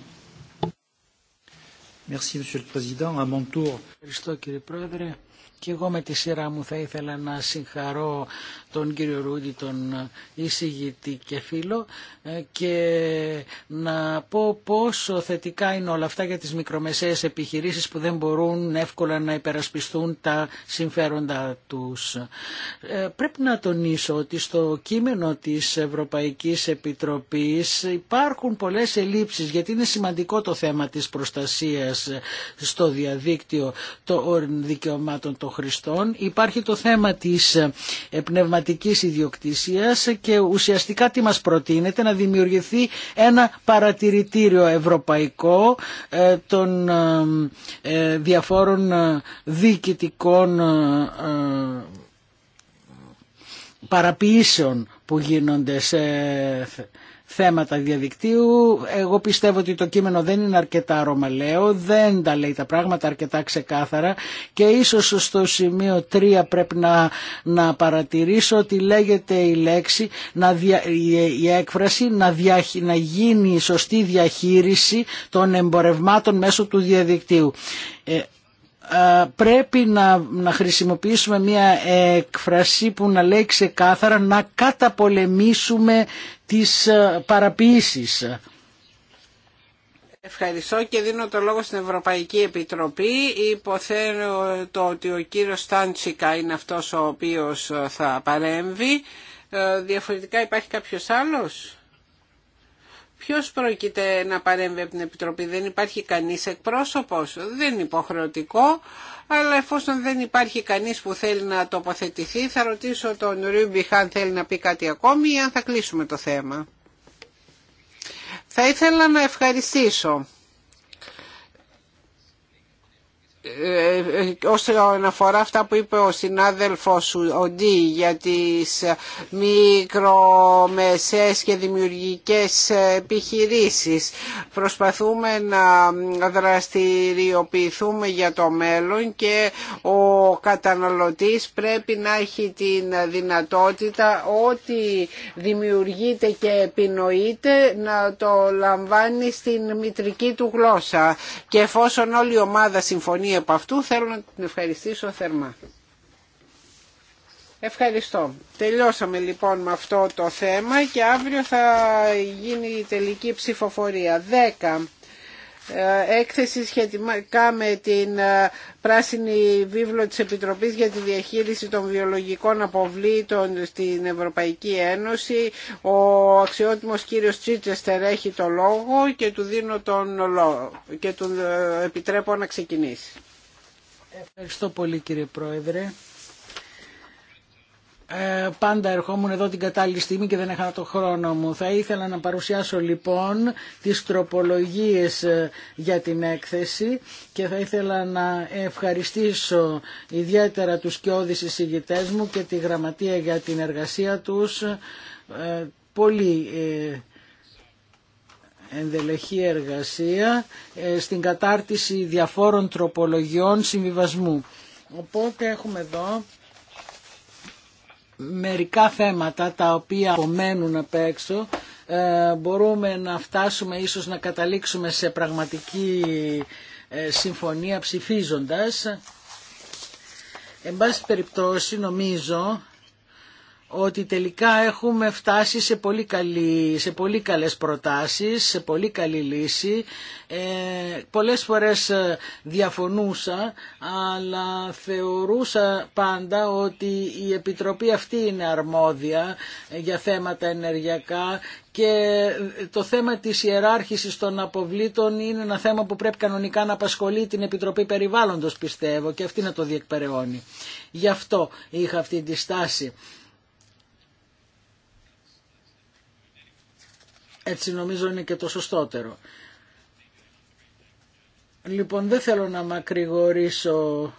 Merci, Monsieur le Président. À mon tour. Ευχαριστώ κύριε Πρόεδρε. Και εγώ με τη σειρά μου θα ήθελα να συγχαρώ τον κύριο Ρούντι, τον εισηγητή και φίλο ε, και να πω πόσο θετικά είναι όλα αυτά για τις μικρομεσαίες επιχειρήσεις που δεν μπορούν εύκολα να υπερασπιστούν τα συμφέροντα τους. Ε, πρέπει να τονίσω ότι στο κείμενο της Ευρωπαϊκής Επιτροπής υπάρχουν πολλές ελλείψεις γιατί είναι σημαντικό το θέμα της προστασίας στο διαδίκτυο των δικαιωμάτων των Χριστόν. Υπάρχει το θέμα της ε, πνευματικής ιδιοκτησίας και ουσιαστικά τι μας προτείνεται να δημιουργηθεί ένα παρατηρητήριο ευρωπαϊκό ε, των ε, διαφόρων διοικητικών παραποιήσεων που γίνονται σε θέματα διαδικτύου. Εγώ πιστεύω ότι το κείμενο δεν είναι αρκετά ρωμαλαίο, δεν τα λέει τα πράγματα αρκετά ξεκάθαρα και ίσως στο σημείο 3 πρέπει να, να παρατηρήσω ότι λέγεται η λέξη, να η, έκφραση να, δια, να γίνει η σωστή διαχείριση των εμπορευμάτων μέσω του διαδικτύου. Ε, ε, πρέπει να, να χρησιμοποιήσουμε μια εκφρασή που να λέει ξεκάθαρα να καταπολεμήσουμε τις ε, παραποιήσεις. Ευχαριστώ και δίνω το λόγο στην Ευρωπαϊκή Επιτροπή. Υποθέτω το ότι ο κύριος Στάντσικα είναι αυτός ο οποίος θα παρέμβει. Ε, διαφορετικά υπάρχει κάποιος άλλος. Ποιος πρόκειται να παρέμβει από την Επιτροπή, δεν υπάρχει κανείς εκπρόσωπος, δεν είναι υποχρεωτικό, αλλά εφόσον δεν υπάρχει κανείς που θέλει να τοποθετηθεί, θα ρωτήσω τον Ρούμπιχ αν θέλει να πει κάτι ακόμη ή αν θα κλείσουμε το θέμα. Θα ήθελα να ευχαριστήσω Ε, ε, όσον αφορά αυτά που είπε ο συνάδελφος ο Ντί για τις ε, μικρομεσαίες και δημιουργικές επιχειρήσεις προσπαθούμε να δραστηριοποιηθούμε για το μέλλον και ο καταναλωτής πρέπει να έχει την δυνατότητα ό,τι δημιουργείται και επινοείται να το λαμβάνει στην μητρική του γλώσσα και εφόσον όλη η ομάδα συμφωνεί από αυτού θέλω να την ευχαριστήσω θερμά. Ευχαριστώ. Τελειώσαμε λοιπόν με αυτό το θέμα και αύριο θα γίνει η τελική ψηφοφορία. 10. Ε, έκθεση σχετικά με την ε, πράσινη βίβλο της Επιτροπής για τη διαχείριση των βιολογικών αποβλήτων στην Ευρωπαϊκή Ένωση. Ο αξιότιμος κύριος Τσίτσεστερ έχει το λόγο και του δίνω τον λόγο και του ε, επιτρέπω να ξεκινήσει. Ευχαριστώ πολύ κύριε Πρόεδρε. Ε, πάντα ερχόμουν εδώ την κατάλληλη στιγμή και δεν έχανα το χρόνο μου. Θα ήθελα να παρουσιάσω λοιπόν τις τροπολογίες ε, για την έκθεση και θα ήθελα να ευχαριστήσω ιδιαίτερα τους κοιόδης εισηγητές μου και τη γραμματεία για την εργασία τους. Ε, πολύ ενδελεχή εργασία στην κατάρτιση διαφόρων τροπολογιών συμβιβασμού. Οπότε έχουμε εδώ μερικά θέματα τα οποία απομένουν απ' έξω ε, μπορούμε να φτάσουμε ίσως να καταλήξουμε σε πραγματική ε, συμφωνία ψηφίζοντας. Εν πάση περιπτώσει νομίζω ότι τελικά έχουμε φτάσει σε πολύ, καλή, σε πολύ καλές προτάσεις, σε πολύ καλή λύση. Ε, πολλές φορές ε, διαφωνούσα, αλλά θεωρούσα πάντα ότι η Επιτροπή αυτή είναι αρμόδια ε, για θέματα ενεργειακά και ε, το θέμα της ιεράρχησης των αποβλήτων είναι ένα θέμα που πρέπει κανονικά να απασχολεί την Επιτροπή Περιβάλλοντος πιστεύω και αυτή να το διεκπεραιώνει. Γι' αυτό είχα αυτή τη στάση. Έτσι νομίζω είναι και το σωστότερο. Λοιπόν, δεν θέλω να μακρηγορήσω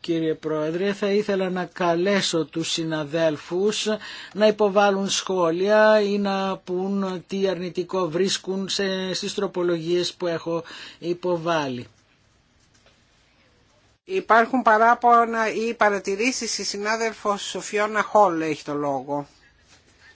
κύριε Πρόεδρε, θα ήθελα να καλέσω τους συναδέλφους να υποβάλουν σχόλια ή να πούν τι αρνητικό βρίσκουν σε, στις που έχω υποβάλει. Υπάρχουν παράπονα ή παρατηρήσεις, η συνάδελφος Σοφιώνα Χόλ έχει το λόγο.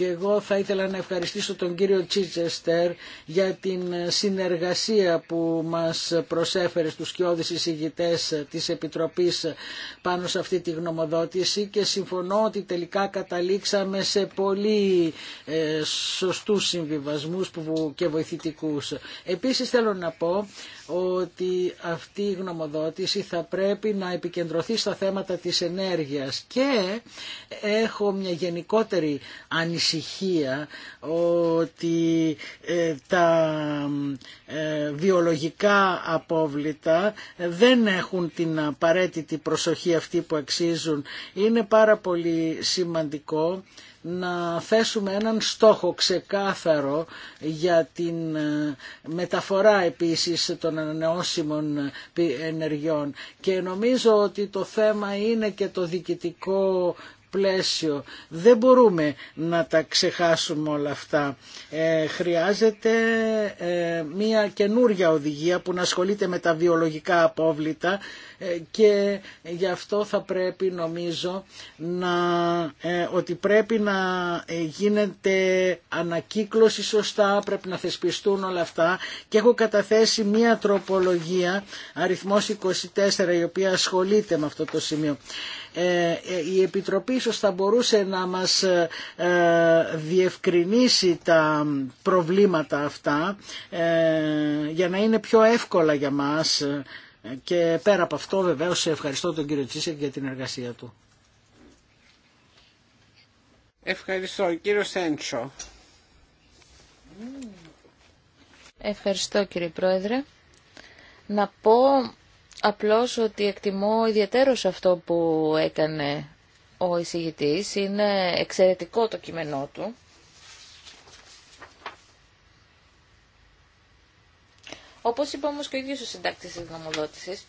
και εγώ θα ήθελα να ευχαριστήσω τον κύριο Τσίτσεστερ για την συνεργασία που μας προσέφερε στους κοιόδης εισηγητές της Επιτροπής πάνω σε αυτή τη γνωμοδότηση και συμφωνώ ότι τελικά καταλήξαμε σε πολύ ε, σωστούς συμβιβασμούς και βοηθητικούς. Επίσης θέλω να πω ότι αυτή η γνωμοδότηση θα πρέπει να επικεντρωθεί στα θέματα της ενέργειας και έχω μια γενικότερη ανησυχία ότι ε, τα ε, βιολογικά απόβλητα δεν έχουν την απαραίτητη προσοχή αυτή που αξίζουν. Είναι πάρα πολύ σημαντικό να θέσουμε έναν στόχο ξεκάθαρο για την ε, μεταφορά επίσης των ανανεώσιμων ενεργειών. Και νομίζω ότι το θέμα είναι και το διοικητικό πλαίσιο. Δεν μπορούμε να τα ξεχάσουμε όλα αυτά. Ε, χρειάζεται ε, μια καινούρια οδηγία που να ασχολείται με τα βιολογικά απόβλητα ε, και γι' αυτό θα πρέπει νομίζω να, ε, ότι πρέπει να γίνεται ανακύκλωση σωστά, πρέπει να θεσπιστούν όλα αυτά και έχω καταθέσει μια τροπολογία αριθμός 24 η οποία ασχολείται με αυτό το σημείο. Ε, η Επιτροπή ίσως θα μπορούσε να μας ε, διευκρινίσει τα προβλήματα αυτά ε, για να είναι πιο εύκολα για μας και πέρα από αυτό βεβαίως ευχαριστώ τον κύριο Τσίσεκ για την εργασία του. Ευχαριστώ κύριο Σέντσο. Ευχαριστώ κύριε Πρόεδρε. Να πω απλώς ότι εκτιμώ ιδιαίτερο αυτό που έκανε ο εισηγητής. Είναι εξαιρετικό το κείμενό του. Όπως είπε όμως και ο ίδιος ο συντάκτης της νομοδότησης,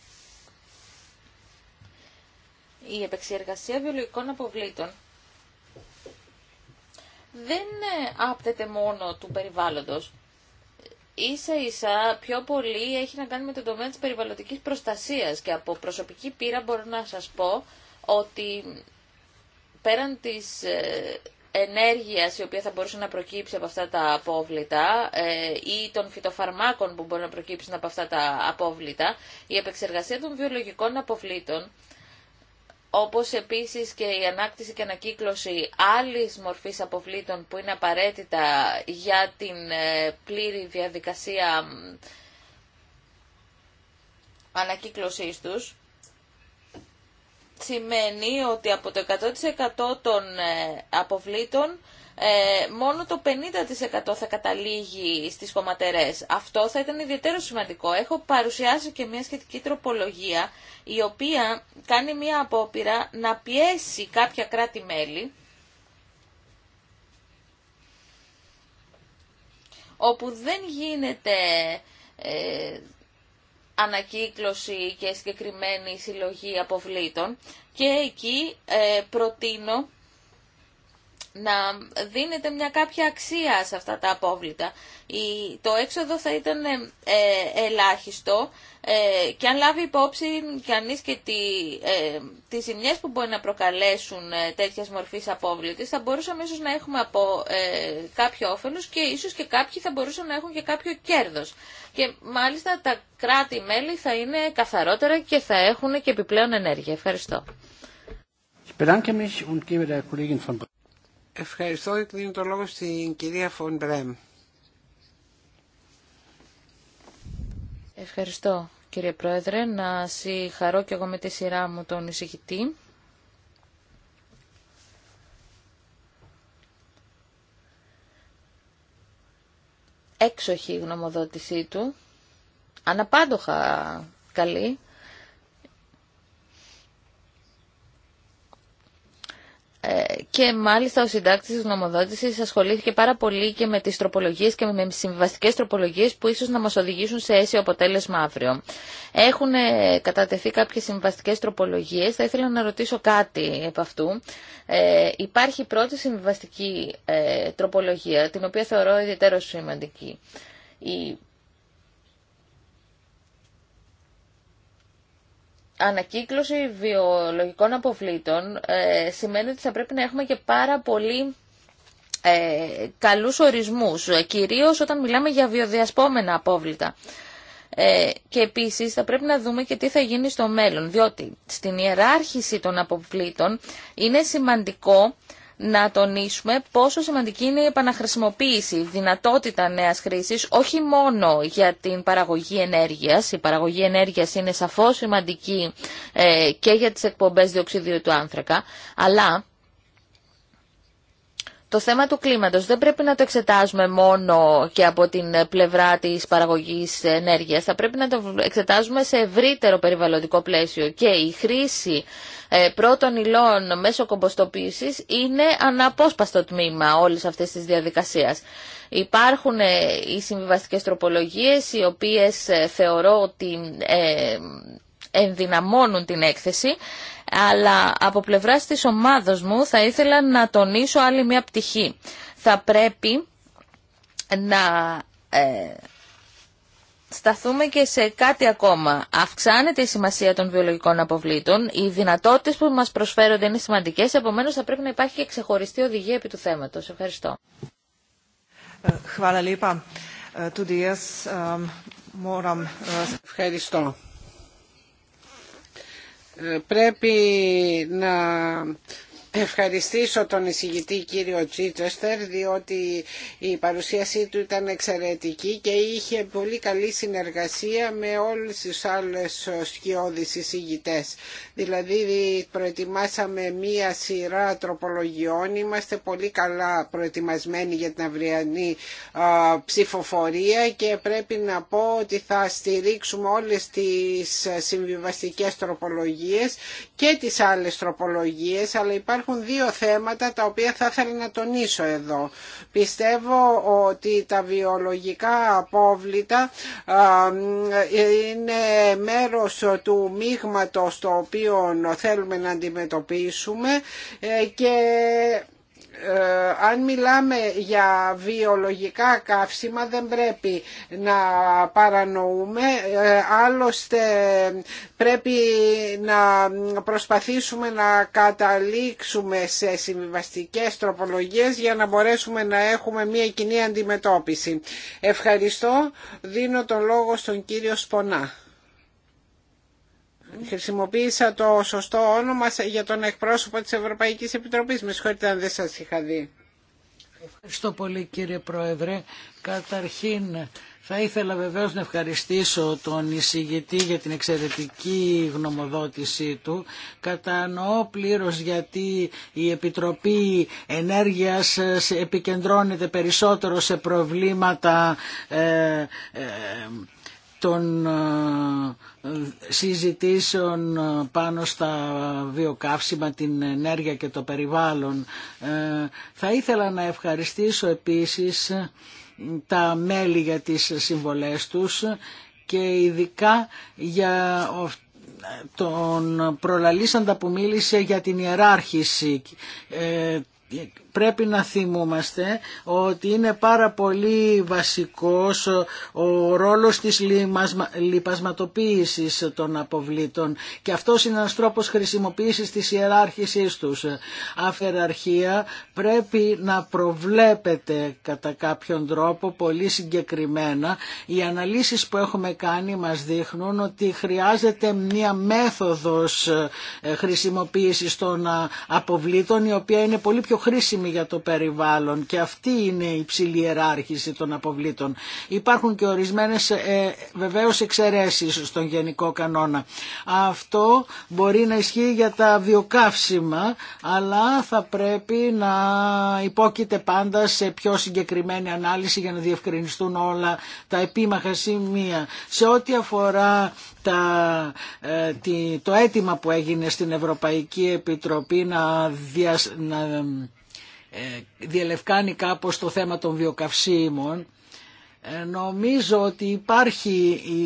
η επεξεργασία βιολογικών αποβλήτων δεν άπτεται μόνο του περιβάλλοντος, ίσα ίσα πιο πολύ έχει να κάνει με τον τομέα της περιβαλλοντικής προστασίας και από προσωπική πείρα μπορώ να σας πω ότι πέραν της ε, ενέργειας η οποία θα μπορούσε να προκύψει από αυτά τα απόβλητα ε, ή των φυτοφαρμάκων που μπορεί να προκύψουν από αυτά τα απόβλητα, η επεξεργασία των βιολογικών αποβλήτων όπως επίσης και η ανάκτηση και ανακύκλωση άλλης μορφής αποβλήτων που είναι απαραίτητα για την ε, πλήρη διαδικασία ανακύκλωσής τους, σημαίνει ότι από το 100% των ε, αποβλήτων ε, μόνο το 50% θα καταλήγει στις κομματερές. Αυτό θα ήταν ιδιαίτερο σημαντικό. Έχω παρουσιάσει και μια σχετική τροπολογία η οποία κάνει μια απόπειρα να πιέσει κάποια κράτη-μέλη όπου δεν γίνεται ε, ανακύκλωση και συγκεκριμένη συλλογή αποβλήτων και εκεί ε, προτείνω να δίνεται μια κάποια αξία σε αυτά τα απόβλητα. Η, το έξοδο θα ήταν ε, ε, ελάχιστο ε, και αν λάβει υπόψη κανείς και τι, ε, τις ζημιές που μπορεί να προκαλέσουν ε, τέτοιας μορφής απόβλητης θα μπορούσαμε ίσως να έχουμε από, κάποιο όφελος και ίσως και κάποιοι θα μπορούσαν να έχουν και κάποιο κέρδος. Και μάλιστα τα κράτη-μέλη θα είναι καθαρότερα και θα έχουν και επιπλέον ενέργεια. Ευχαριστώ. Ευχαριστώ και δίνω το λόγο στην κυρία Φον Μπρέμ. Ευχαριστώ κύριε Πρόεδρε. Να συγχαρώ και εγώ με τη σειρά μου τον εισηγητή. Έξοχη η γνωμοδότησή του. Αναπάντοχα καλή. Ε, και μάλιστα ο συντάκτης της νομοδότησης ασχολήθηκε πάρα πολύ και με τις τροπολογίες και με συμβαστικές τροπολογίες που ίσως να μας οδηγήσουν σε αίσιο αποτέλεσμα αύριο. Έχουν ε, κατατεθεί κάποιες συμβαστικές τροπολογίες. Θα ήθελα να ρωτήσω κάτι από αυτού. Ε, υπάρχει η πρώτη συμβαστική ε, τροπολογία, την οποία θεωρώ ιδιαίτερα σημαντική. Η ανακύκλωση βιολογικών αποβλήτων ε, σημαίνει ότι θα πρέπει να έχουμε και πάρα πολύ ε, καλούς ορισμούς, κυρίως όταν μιλάμε για βιοδιασπόμενα απόβλητα. Ε, και επίσης θα πρέπει να δούμε και τι θα γίνει στο μέλλον, διότι στην ιεράρχηση των αποβλήτων είναι σημαντικό να τονίσουμε πόσο σημαντική είναι η επαναχρησιμοποίηση, η δυνατότητα νέας χρήσης, όχι μόνο για την παραγωγή ενέργειας. Η παραγωγή ενέργειας είναι σαφώς σημαντική ε, και για τις εκπομπές διοξιδίου του άνθρακα, αλλά το θέμα του κλίματος δεν πρέπει να το εξετάζουμε μόνο και από την πλευρά της παραγωγής ενέργειας. Θα πρέπει να το εξετάζουμε σε ευρύτερο περιβαλλοντικό πλαίσιο και η χρήση ε, πρώτων υλών μέσω κομποστοποίησης είναι αναπόσπαστο τμήμα όλης αυτής της διαδικασίας. Υπάρχουν ε, οι συμβιβαστικές τροπολογίες οι οποίες ε, θεωρώ ότι ενδυναμώνουν την έκθεση αλλά από πλευράς της ομάδος μου θα ήθελα να τονίσω άλλη μια πτυχή. Θα πρέπει να ε, σταθούμε και σε κάτι ακόμα. Αυξάνεται η σημασία των βιολογικών αποβλήτων, οι δυνατότητες που μας προσφέρονται είναι σημαντικές, επομένως θα πρέπει να υπάρχει και ξεχωριστή οδηγία επί του θέματος. Ευχαριστώ. Ε, ε, Ευχαριστώ πρέπει να ευχαριστήσω τον εισηγητή κύριο Τσίτσεστερ διότι η παρουσίασή του ήταν εξαιρετική και είχε πολύ καλή συνεργασία με όλες τις άλλες σκιώδεις εισηγητές. Δηλαδή προετοιμάσαμε μία σειρά τροπολογιών, είμαστε πολύ καλά προετοιμασμένοι για την αυριανή ψηφοφορία και πρέπει να πω ότι θα στηρίξουμε όλες τις συμβιβαστικές τροπολογίες και τις άλλες τροπολογίες, αλλά υπάρχουν υπάρχουν δύο θέματα τα οποία θα ήθελα να τονίσω εδώ. Πιστεύω ότι τα βιολογικά απόβλητα είναι μέρος του μείγματος το οποίο θέλουμε να αντιμετωπίσουμε ε, και ε, αν μιλάμε για βιολογικά καύσιμα δεν πρέπει να παρανοούμε, ε, άλλωστε πρέπει να προσπαθήσουμε να καταλήξουμε σε συμβιβαστικές τροπολογίες για να μπορέσουμε να έχουμε μια κοινή αντιμετώπιση. Ευχαριστώ. Δίνω τον λόγο στον κύριο Σπονά. Χρησιμοποίησα το σωστό όνομα για τον εκπρόσωπο της Ευρωπαϊκής Επιτροπής. Με συγχωρείτε αν δεν σας είχα δει. Ευχαριστώ πολύ κύριε Πρόεδρε. Καταρχήν θα ήθελα βεβαίως να ευχαριστήσω τον εισηγητή για την εξαιρετική γνωμοδότησή του. Κατανοώ πλήρως γιατί η Επιτροπή Ενέργειας επικεντρώνεται περισσότερο σε προβλήματα ε, ε των ε, συζητήσεων ε, πάνω στα βιοκαύσιμα, την ενέργεια και το περιβάλλον. Ε, θα ήθελα να ευχαριστήσω επίσης τα μέλη για τις συμβολές τους και ειδικά για τον προλαλήσαντα που μίλησε για την ιεράρχηση πρέπει να θυμούμαστε ότι είναι πάρα πολύ βασικός ο ρόλος της λιπασματοποίησης των αποβλήτων και αυτός είναι ένας τρόπος χρησιμοποίησης της ιεράρχησής τους. Αφεραρχία πρέπει να προβλέπεται κατά κάποιον τρόπο πολύ συγκεκριμένα. Οι αναλύσεις που έχουμε κάνει μας δείχνουν ότι χρειάζεται μια μέθοδος ε, χρησιμοποίησης των ε, αποβλήτων η οποία είναι πολύ πιο χρήσιμη για το περιβάλλον και αυτή είναι η υψηλή ιεράρχηση των αποβλήτων. Υπάρχουν και ορισμένες ε, βεβαίως εξαιρέσεις στον γενικό κανόνα. Αυτό μπορεί να ισχύει για τα βιοκαύσιμα αλλά θα πρέπει να υπόκειται πάντα σε πιο συγκεκριμένη ανάλυση για να διευκρινιστούν όλα τα επίμαχα σημεία. Σε ό,τι αφορά τα, ε, το αίτημα που έγινε στην Ευρωπαϊκή Επιτροπή να, να ε, διελευκάνει κάπως το θέμα των βιοκαυσίμων. Ε, νομίζω ότι υπάρχει η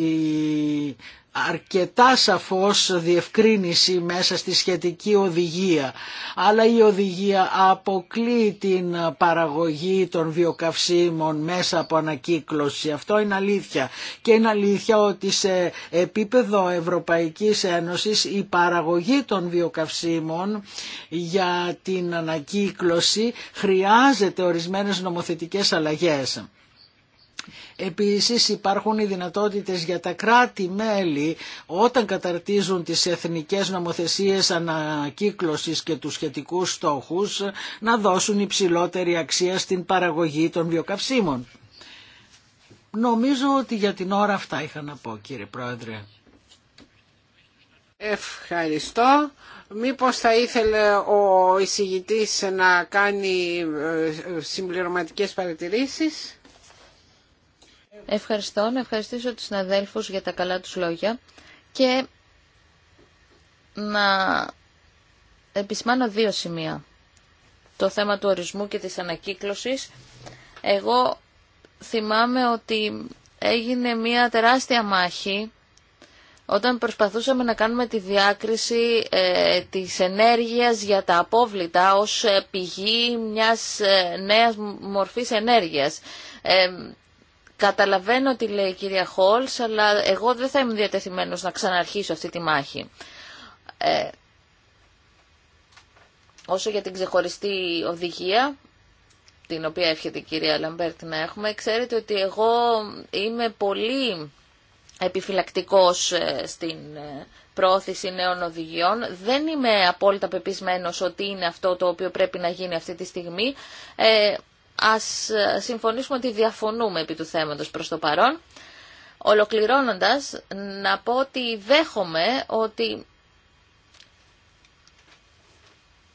αρκετά σαφώς διευκρίνηση μέσα στη σχετική οδηγία. Αλλά η οδηγία αποκλεί την παραγωγή των βιοκαυσίμων μέσα από ανακύκλωση. Αυτό είναι αλήθεια. Και είναι αλήθεια ότι σε επίπεδο Ευρωπαϊκής Ένωσης η παραγωγή των βιοκαυσίμων για την ανακύκλωση χρειάζεται ορισμένες νομοθετικές αλλαγές. Επίσης υπάρχουν οι δυνατότητες για τα κράτη-μέλη όταν καταρτίζουν τις εθνικές νομοθεσίες ανακύκλωσης και τους σχετικούς στόχους να δώσουν υψηλότερη αξία στην παραγωγή των βιοκαυσίμων. Νομίζω ότι για την ώρα αυτά είχα να πω κύριε Πρόεδρε. Ευχαριστώ. Μήπως θα ήθελε ο εισηγητής να κάνει ε, συμπληρωματικές παρατηρήσεις. Ευχαριστώ. Να ευχαριστήσω τους συναδέλφους για τα καλά τους λόγια και να επισημάνω δύο σημεία. Το θέμα του ορισμού και της ανακύκλωσης. Εγώ θυμάμαι ότι έγινε μια τεράστια μάχη όταν προσπαθούσαμε να κάνουμε τη διάκριση ε, της ενέργειας για τα απόβλητα ως πηγή μιας ε, νέας μορφής ενέργειας. Ε, Καταλαβαίνω τι λέει η κυρία Χόλς, αλλά εγώ δεν θα είμαι διατεθειμένος να ξαναρχίσω αυτή τη μάχη. Ε, όσο για την ξεχωριστή οδηγία, την οποία εύχεται η κυρία Λαμπέρτη να έχουμε, ξέρετε ότι εγώ είμαι πολύ επιφυλακτικός ε, στην ε, πρόθεση νέων οδηγιών. Δεν είμαι απόλυτα πεπισμένος ότι είναι αυτό το οποίο πρέπει να γίνει αυτή τη στιγμή. Ε, ας ε, συμφωνήσουμε ότι διαφωνούμε επί του θέματος προς το παρόν. Ολοκληρώνοντας, να πω ότι δέχομαι ότι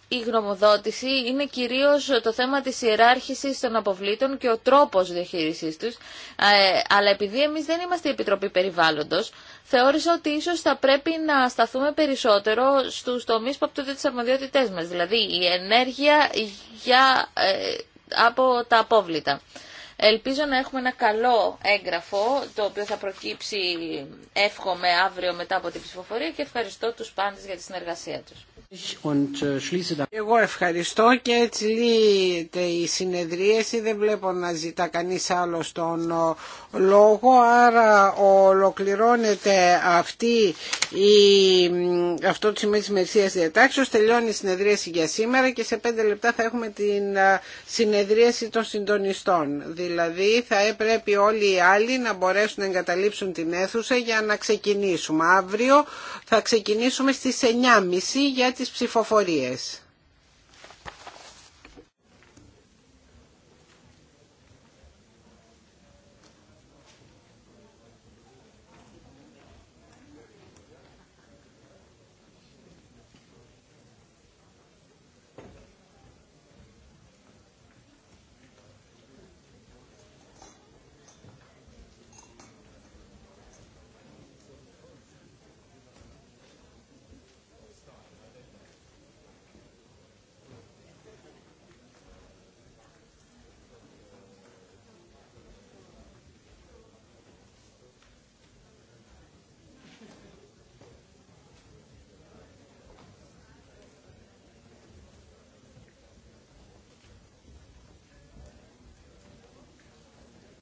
η γνωμοδότηση είναι κυρίως το θέμα της ιεράρχησης των αποβλήτων και ο τρόπος διαχείρισής τους, ε, αλλά επειδή εμείς δεν είμαστε η Επιτροπή Περιβάλλοντος, θεώρησα ότι ίσως θα πρέπει να σταθούμε περισσότερο στους τομείς που απτούνται τις αρμοδιότητές μας, δηλαδή η ενέργεια για ε, από τα απόβλητα. Ελπίζω να έχουμε ένα καλό έγγραφο, το οποίο θα προκύψει εύχομαι αύριο μετά από την ψηφοφορία και ευχαριστώ τους πάντες για τη συνεργασία τους. Ε, Εγώ ευχαριστώ και έτσι λύεται η συνεδρίαση. Δεν βλέπω να ζητά κανείς άλλο τον ε, λόγο. Άρα ολοκληρώνεται αυτή η, αυτό το σημείο της μερσίας διατάξεως. Τελειώνει η συνεδρίαση για σήμερα και σε πέντε λεπτά θα έχουμε την ε, συνεδρίαση των συντονιστών. Δηλαδή, Δηλαδή θα έπρεπε όλοι οι άλλοι να μπορέσουν να εγκαταλείψουν την αίθουσα για να ξεκινήσουμε. Αύριο θα ξεκινήσουμε στις 9.30 για τις ψηφοφορίες.